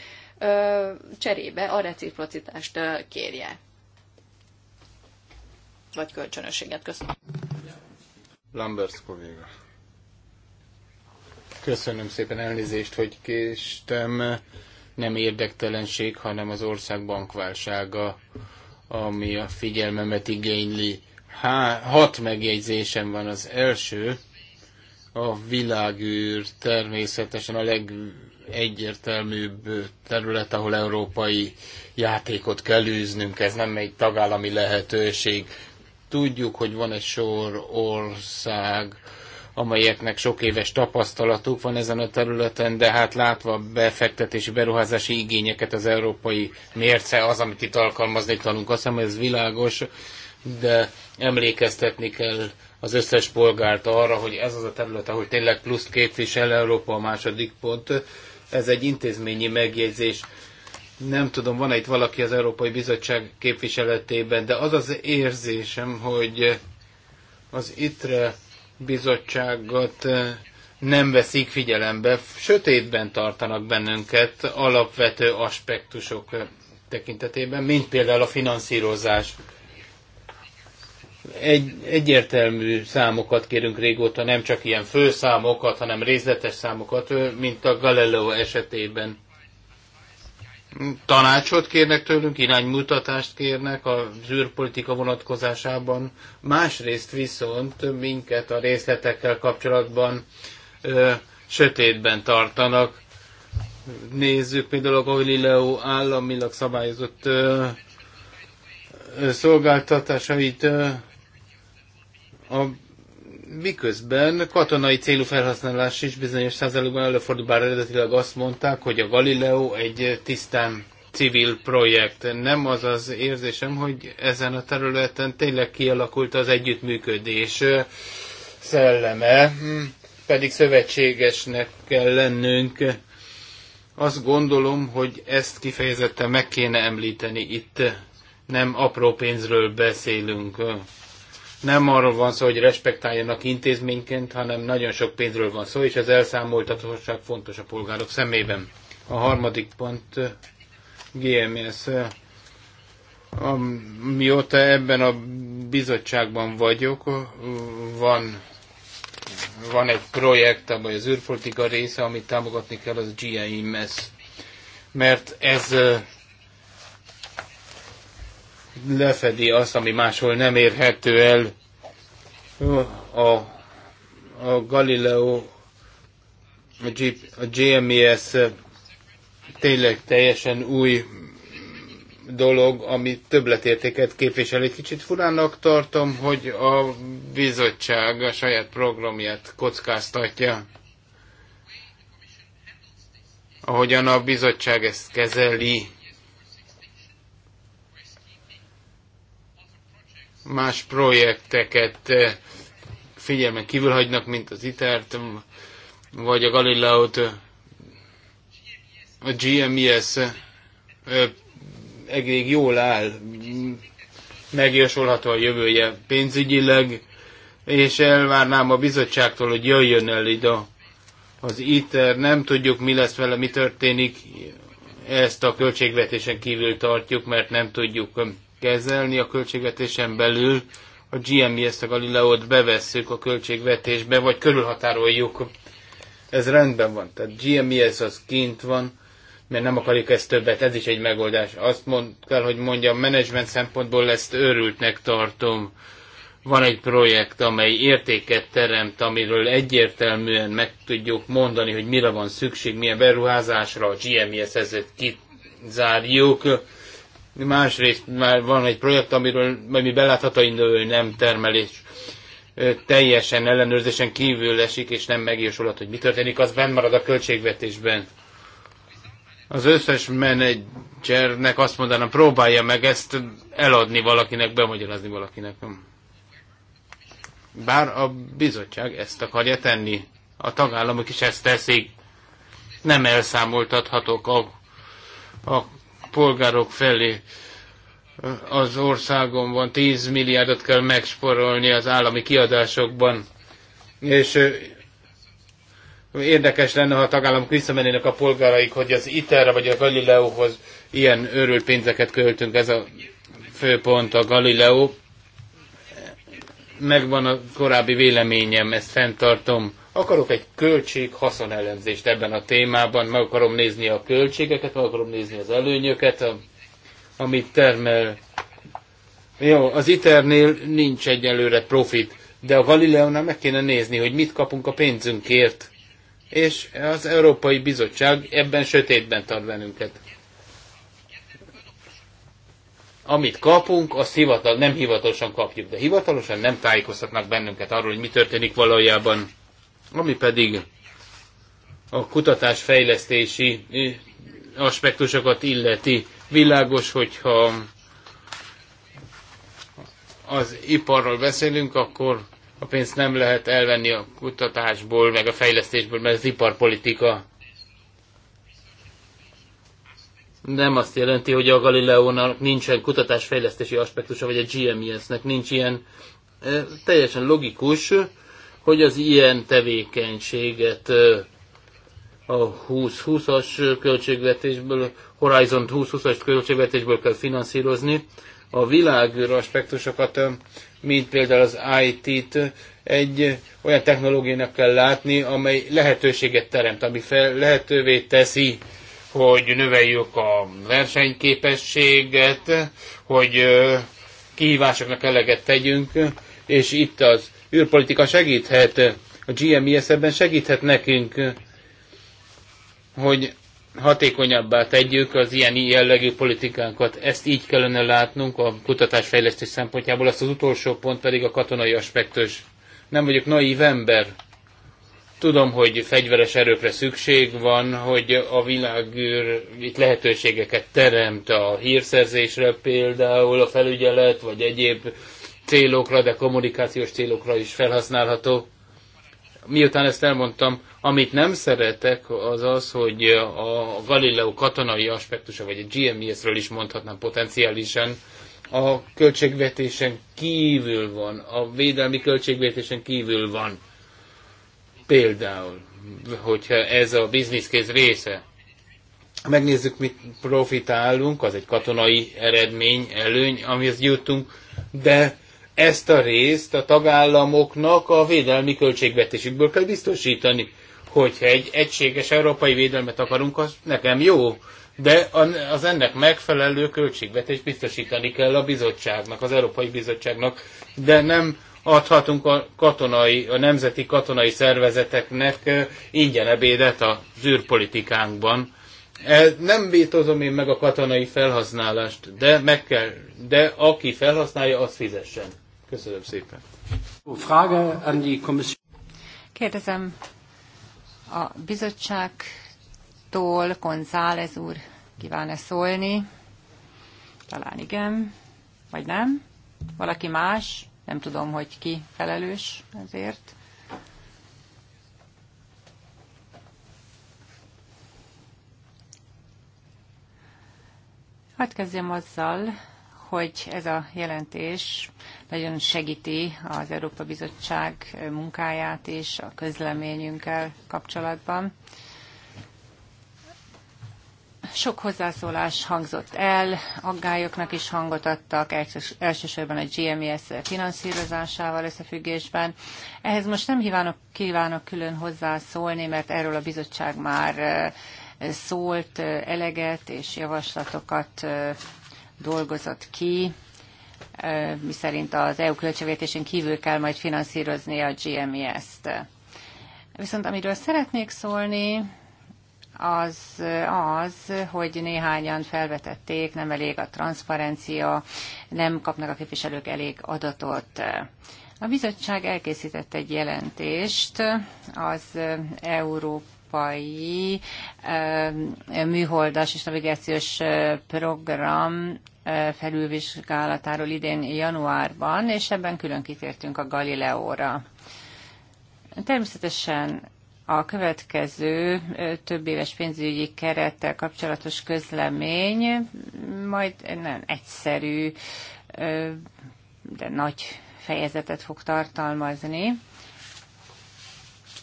cserébe a reciprocitást kérje. Vagy kölcsönösséget. Köszönöm. Lambert kolléga. Köszönöm szépen elnézést, hogy késtem nem érdektelenség, hanem az ország bankválsága, ami a figyelmemet igényli. Há, hat megjegyzésem van az első, a világűr természetesen a legegyértelműbb terület, ahol európai játékot kell űznünk, ez nem egy tagállami lehetőség. Tudjuk, hogy van egy sor ország, amelyeknek sok éves tapasztalatuk van ezen a területen, de hát látva a befektetési, beruházási igényeket az európai mérce, az, amit itt alkalmazni tanunk, azt hiszem ez világos, de emlékeztetni kell az összes polgárt arra, hogy ez az a terület, ahol tényleg plusz képvisel Európa a második pont. Ez egy intézményi megjegyzés. Nem tudom, van-e itt valaki az Európai Bizottság képviseletében, de az az érzésem, hogy az ITRE bizottságot eh, nem veszik figyelembe, sötétben tartanak bennünket alapvető aspektusok eh, tekintetében, mint például a finanszírozás. Egy, egyértelmű számokat kérünk régóta, nem csak ilyen főszámokat, hanem részletes számokat, eh, mint a Galileo esetében tanácsot kérnek tőlünk, iránymutatást kérnek a zűrpolitika vonatkozásában, másrészt viszont minket a részletekkel kapcsolatban ö, sötétben tartanak. Nézzük például a Galileo államilag szabályozott ö, ö, szolgáltatásait. Ö, a miközben katonai célú felhasználás is bizonyos százalékban előfordul, bár eredetileg azt mondták, hogy a Galileo egy tisztán civil projekt. Nem az az érzésem, hogy ezen a területen tényleg kialakult az együttműködés szelleme, hm, pedig szövetségesnek kell lennünk. Azt gondolom, hogy ezt kifejezetten meg kéne említeni itt. Nem apró pénzről beszélünk nem arról van szó, hogy respektáljanak intézményként, hanem nagyon sok pénzről van szó, és az elszámoltatóság fontos a polgárok szemében. A harmadik pont eh, GMS. Eh, Mióta ebben a bizottságban vagyok, eh, van, van egy projekt, vagy az űrpolitika része, amit támogatni kell, az GMS. Mert ez lefedi azt, ami máshol nem érhető el. A, a Galileo, a, G, a GMS e tényleg teljesen új dolog, ami többletértéket képvisel. Egy kicsit furának tartom, hogy a bizottság a saját programját kockáztatja. Ahogyan a bizottság ezt kezeli, más projekteket eh, figyelmen kívül hagynak, mint az ITER-t, vagy a Galileo-t a GMS e egyébként eh, jól áll, megjósolható a jövője pénzügyileg, és elvárnám a bizottságtól, hogy jöjjön el ide az ITER, nem tudjuk mi lesz vele, mi történik, ezt a költségvetésen kívül tartjuk, mert nem tudjuk kezelni a költségvetésen belül, a GMI ezt a Galileót bevesszük a költségvetésbe, vagy körülhatároljuk. Ez rendben van. Tehát ez az kint van, mert nem akarjuk ezt többet, ez is egy megoldás. Azt mond, kell, hogy mondjam, menedzsment szempontból ezt őrültnek tartom. Van egy projekt, amely értéket teremt, amiről egyértelműen meg tudjuk mondani, hogy mire van szükség, milyen beruházásra a GMS-et kizárjuk Másrészt már van egy projekt, amiről mi belátható indul, nem termelés teljesen ellenőrzésen kívül esik, és nem megjósolhat, hogy mi történik, az benn marad a költségvetésben. Az összes menedzsernek azt mondanám, próbálja meg ezt eladni valakinek, bemagyarázni valakinek. Bár a bizottság ezt akarja tenni, a tagállamok is ezt teszik, nem elszámoltathatók a, a polgárok felé az országomban 10 milliárdot kell megsporolni az állami kiadásokban, és érdekes lenne, ha a tagállamok visszamennének a polgáraik, hogy az ITER-re vagy a Galileóhoz ilyen örül pénzeket költünk, ez a főpont a Galileó. Megvan a korábbi véleményem, ezt fenntartom. Akarok egy költség-haszon ebben a témában, meg akarom nézni a költségeket, meg akarom nézni az előnyöket, amit termel. Jó, az iternél nincs egyelőre profit, de a Galileónál meg kéne nézni, hogy mit kapunk a pénzünkért. És az Európai Bizottság ebben sötétben tart bennünket amit kapunk, azt hivatal, nem hivatalosan kapjuk, de hivatalosan nem tájékoztatnak bennünket arról, hogy mi történik valójában. Ami pedig a kutatásfejlesztési eh, aspektusokat illeti, világos, hogyha az iparról beszélünk, akkor a pénzt nem lehet elvenni a kutatásból, meg a fejlesztésből, mert az iparpolitika nem azt jelenti, hogy a Galileónak nincsen kutatásfejlesztési aspektusa, vagy a gms e nek nincs ilyen. Eh, teljesen logikus, hogy az ilyen tevékenységet a 2020-as költségvetésből, Horizon 2020-as költségvetésből kell finanszírozni. A világűr aspektusokat, mint például az IT-t, egy olyan technológiának kell látni, amely lehetőséget teremt, ami fel, lehetővé teszi, hogy növeljük a versenyképességet, hogy kihívásoknak eleget tegyünk, és itt az űrpolitika segíthet, a GMIS e ebben segíthet nekünk, hogy hatékonyabbá tegyük az ilyen jellegű politikánkat. Ezt így kellene látnunk a kutatásfejlesztés szempontjából. Ezt az utolsó pont pedig a katonai aspektus. Nem vagyok naív ember. Tudom, hogy fegyveres erőkre szükség van, hogy a világűr itt lehetőségeket teremt a hírszerzésre például, a felügyelet, vagy egyéb célokra, de kommunikációs célokra is felhasználható. Miután ezt elmondtam, amit nem szeretek, az az, hogy a Galileo katonai aspektusa, vagy a gms ről is mondhatnám potenciálisan, a költségvetésen kívül van, a védelmi költségvetésen kívül van. Például, hogyha ez a bizniszkéz része, megnézzük, mit profitálunk, az egy katonai eredmény, előny, amihez jutunk, de ezt a részt a tagállamoknak a védelmi költségvetésükből kell biztosítani. Hogyha egy egységes európai védelmet akarunk, az nekem jó, de az ennek megfelelő költségvetést biztosítani kell a bizottságnak, az Európai Bizottságnak, de nem adhatunk a, katonai, a nemzeti katonai szervezeteknek eh, ingyen ebédet az űrpolitikánkban. Eh, nem vétozom én meg a katonai felhasználást, de, meg kell, de aki felhasználja, az fizessen. Köszönöm szépen. Kérdezem a bizottságtól, González úr kíván-e szólni? Talán igen, vagy nem. Valaki más, nem tudom, hogy ki felelős ezért. Hát kezdjem azzal, hogy ez a jelentés nagyon segíti az Európa Bizottság munkáját és a közleményünkkel kapcsolatban. Sok hozzászólás hangzott el, aggályoknak is hangot adtak, elsősorban a GMES finanszírozásával összefüggésben. Ehhez most nem kívánok, kívánok külön hozzászólni, mert erről a bizottság már szólt eleget és javaslatokat dolgozott ki Eh, miszerint az EU költségvetésén kívül kell majd finanszírozni a GMES-t. Viszont amiről szeretnék szólni, az az, hogy néhányan felvetették, nem elég a transzparencia, nem kapnak a képviselők elég adatot. A bizottság elkészített egy jelentést az Európa európai műholdas és navigációs program felülvizsgálatáról idén januárban, és ebben külön kitértünk a Galileóra. Természetesen a következő több éves pénzügyi kerettel kapcsolatos közlemény majd nem egyszerű, de nagy fejezetet fog tartalmazni.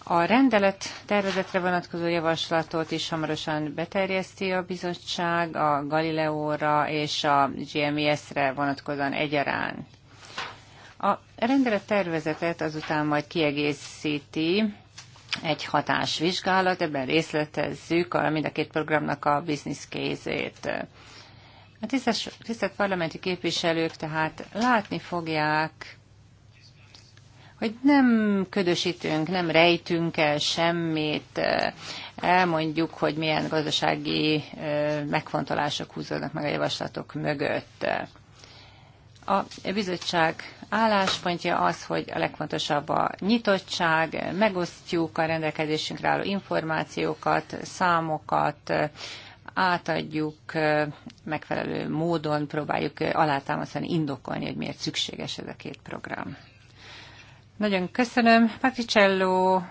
A rendelet tervezetre vonatkozó javaslatot is hamarosan beterjeszti a bizottság a Galileóra és a GMES-re vonatkozóan egyaránt. A rendelet tervezetet azután majd kiegészíti egy hatásvizsgálat, ebben részletezzük a, mind a két programnak a business case-ét. A tisztelt parlamenti képviselők tehát látni fogják, hogy nem ködösítünk, nem rejtünk el semmit, elmondjuk, hogy milyen gazdasági megfontolások húzódnak meg a javaslatok mögött. A bizottság álláspontja az, hogy a legfontosabb a nyitottság, megosztjuk a rendelkezésünkre álló információkat, számokat, átadjuk megfelelő módon, próbáljuk alátámasztani, indokolni, hogy miért szükséges ez a két program. Nagyon köszönöm. Patricello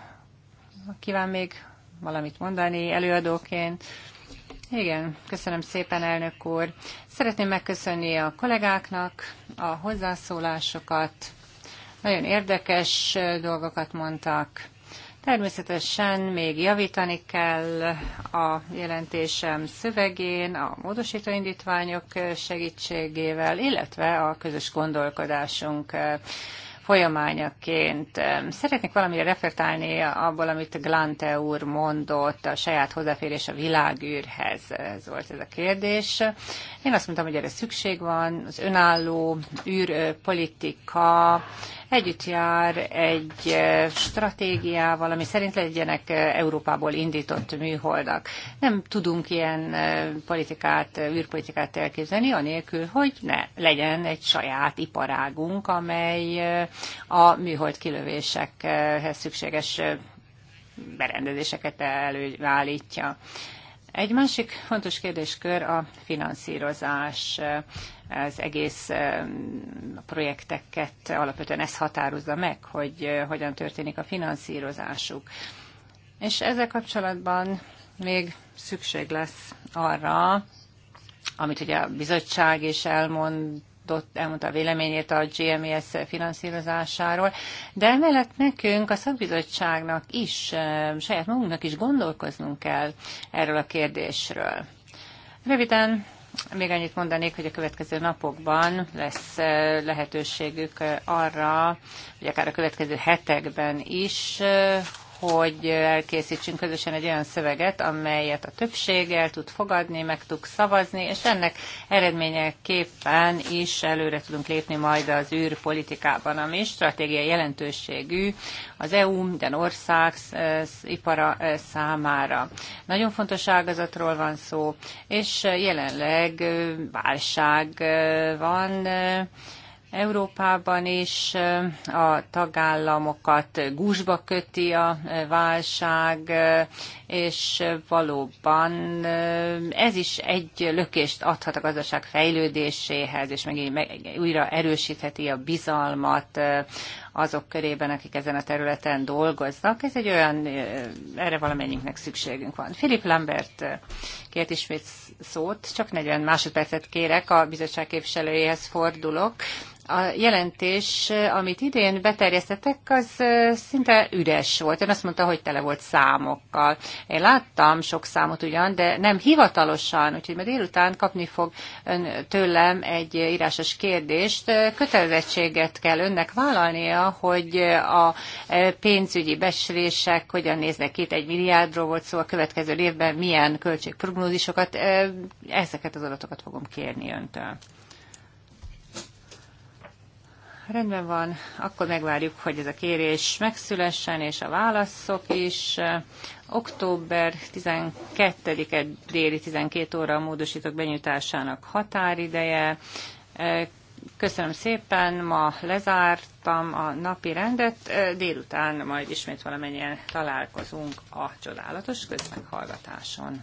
kíván még valamit mondani előadóként. Igen, köszönöm szépen, elnök úr. Szeretném megköszönni a kollégáknak a hozzászólásokat. Nagyon érdekes dolgokat mondtak. Természetesen még javítani kell a jelentésem szövegén, a módosítóindítványok indítványok segítségével, illetve a közös gondolkodásunk folyamányaként. Szeretnék valamire reflektálni abból, amit Glante úr mondott, a saját hozzáférés a világűrhez, ez volt ez a kérdés. Én azt mondtam, hogy erre szükség van, az önálló űrpolitika együtt jár egy stratégiával, ami szerint legyenek Európából indított műholdak. Nem tudunk ilyen politikát, űrpolitikát elképzelni, anélkül, hogy ne legyen egy saját iparágunk, amely a műhold kilövésekhez szükséges berendezéseket előállítja. Egy másik fontos kérdéskör a finanszírozás az egész projekteket alapvetően ez határozza meg, hogy hogyan történik a finanszírozásuk. És ezzel kapcsolatban még szükség lesz arra, amit ugye a bizottság is elmondott elmondta a véleményét a GMES finanszírozásáról, de emellett nekünk, a szakbizottságnak is, saját magunknak is gondolkoznunk kell erről a kérdésről. Röviden még annyit mondanék, hogy a következő napokban lesz lehetőségük arra, hogy akár a következő hetekben is, hogy elkészítsünk közösen egy olyan szöveget, amelyet a többség el tud fogadni, meg tud szavazni, és ennek eredményeképpen is előre tudunk lépni majd az űrpolitikában, ami stratégiai jelentőségű az EU minden ország e, ipara e, számára. Nagyon fontos ágazatról van szó, és jelenleg e, válság van, Európában is a tagállamokat gúzsba köti a válság, és valóban ez is egy lökést adhat a gazdaság fejlődéséhez, és megint meg, újra erősítheti a bizalmat azok körében, akik ezen a területen dolgoznak. Ez egy olyan, erre valamennyinknek szükségünk van. Philip Lambert kért ismét szót, csak 40 másodpercet kérek, a bizottság képviselőjéhez fordulok a jelentés, amit idén beterjesztettek, az szinte üres volt. Ön azt mondta, hogy tele volt számokkal. Én láttam sok számot ugyan, de nem hivatalosan, úgyhogy majd délután kapni fog ön tőlem egy írásos kérdést. Kötelezettséget kell önnek vállalnia, hogy a pénzügyi beszélések hogyan néznek ki, egy milliárdról volt szó a következő évben, milyen költségprognózisokat, ezeket az adatokat fogom kérni öntől rendben van, akkor megvárjuk, hogy ez a kérés megszülessen, és a válaszok is. Október 12-e déli 12 óra a módosítók benyújtásának határideje. Köszönöm szépen, ma lezártam a napi rendet, délután majd ismét valamennyien találkozunk a csodálatos közmeghallgatáson.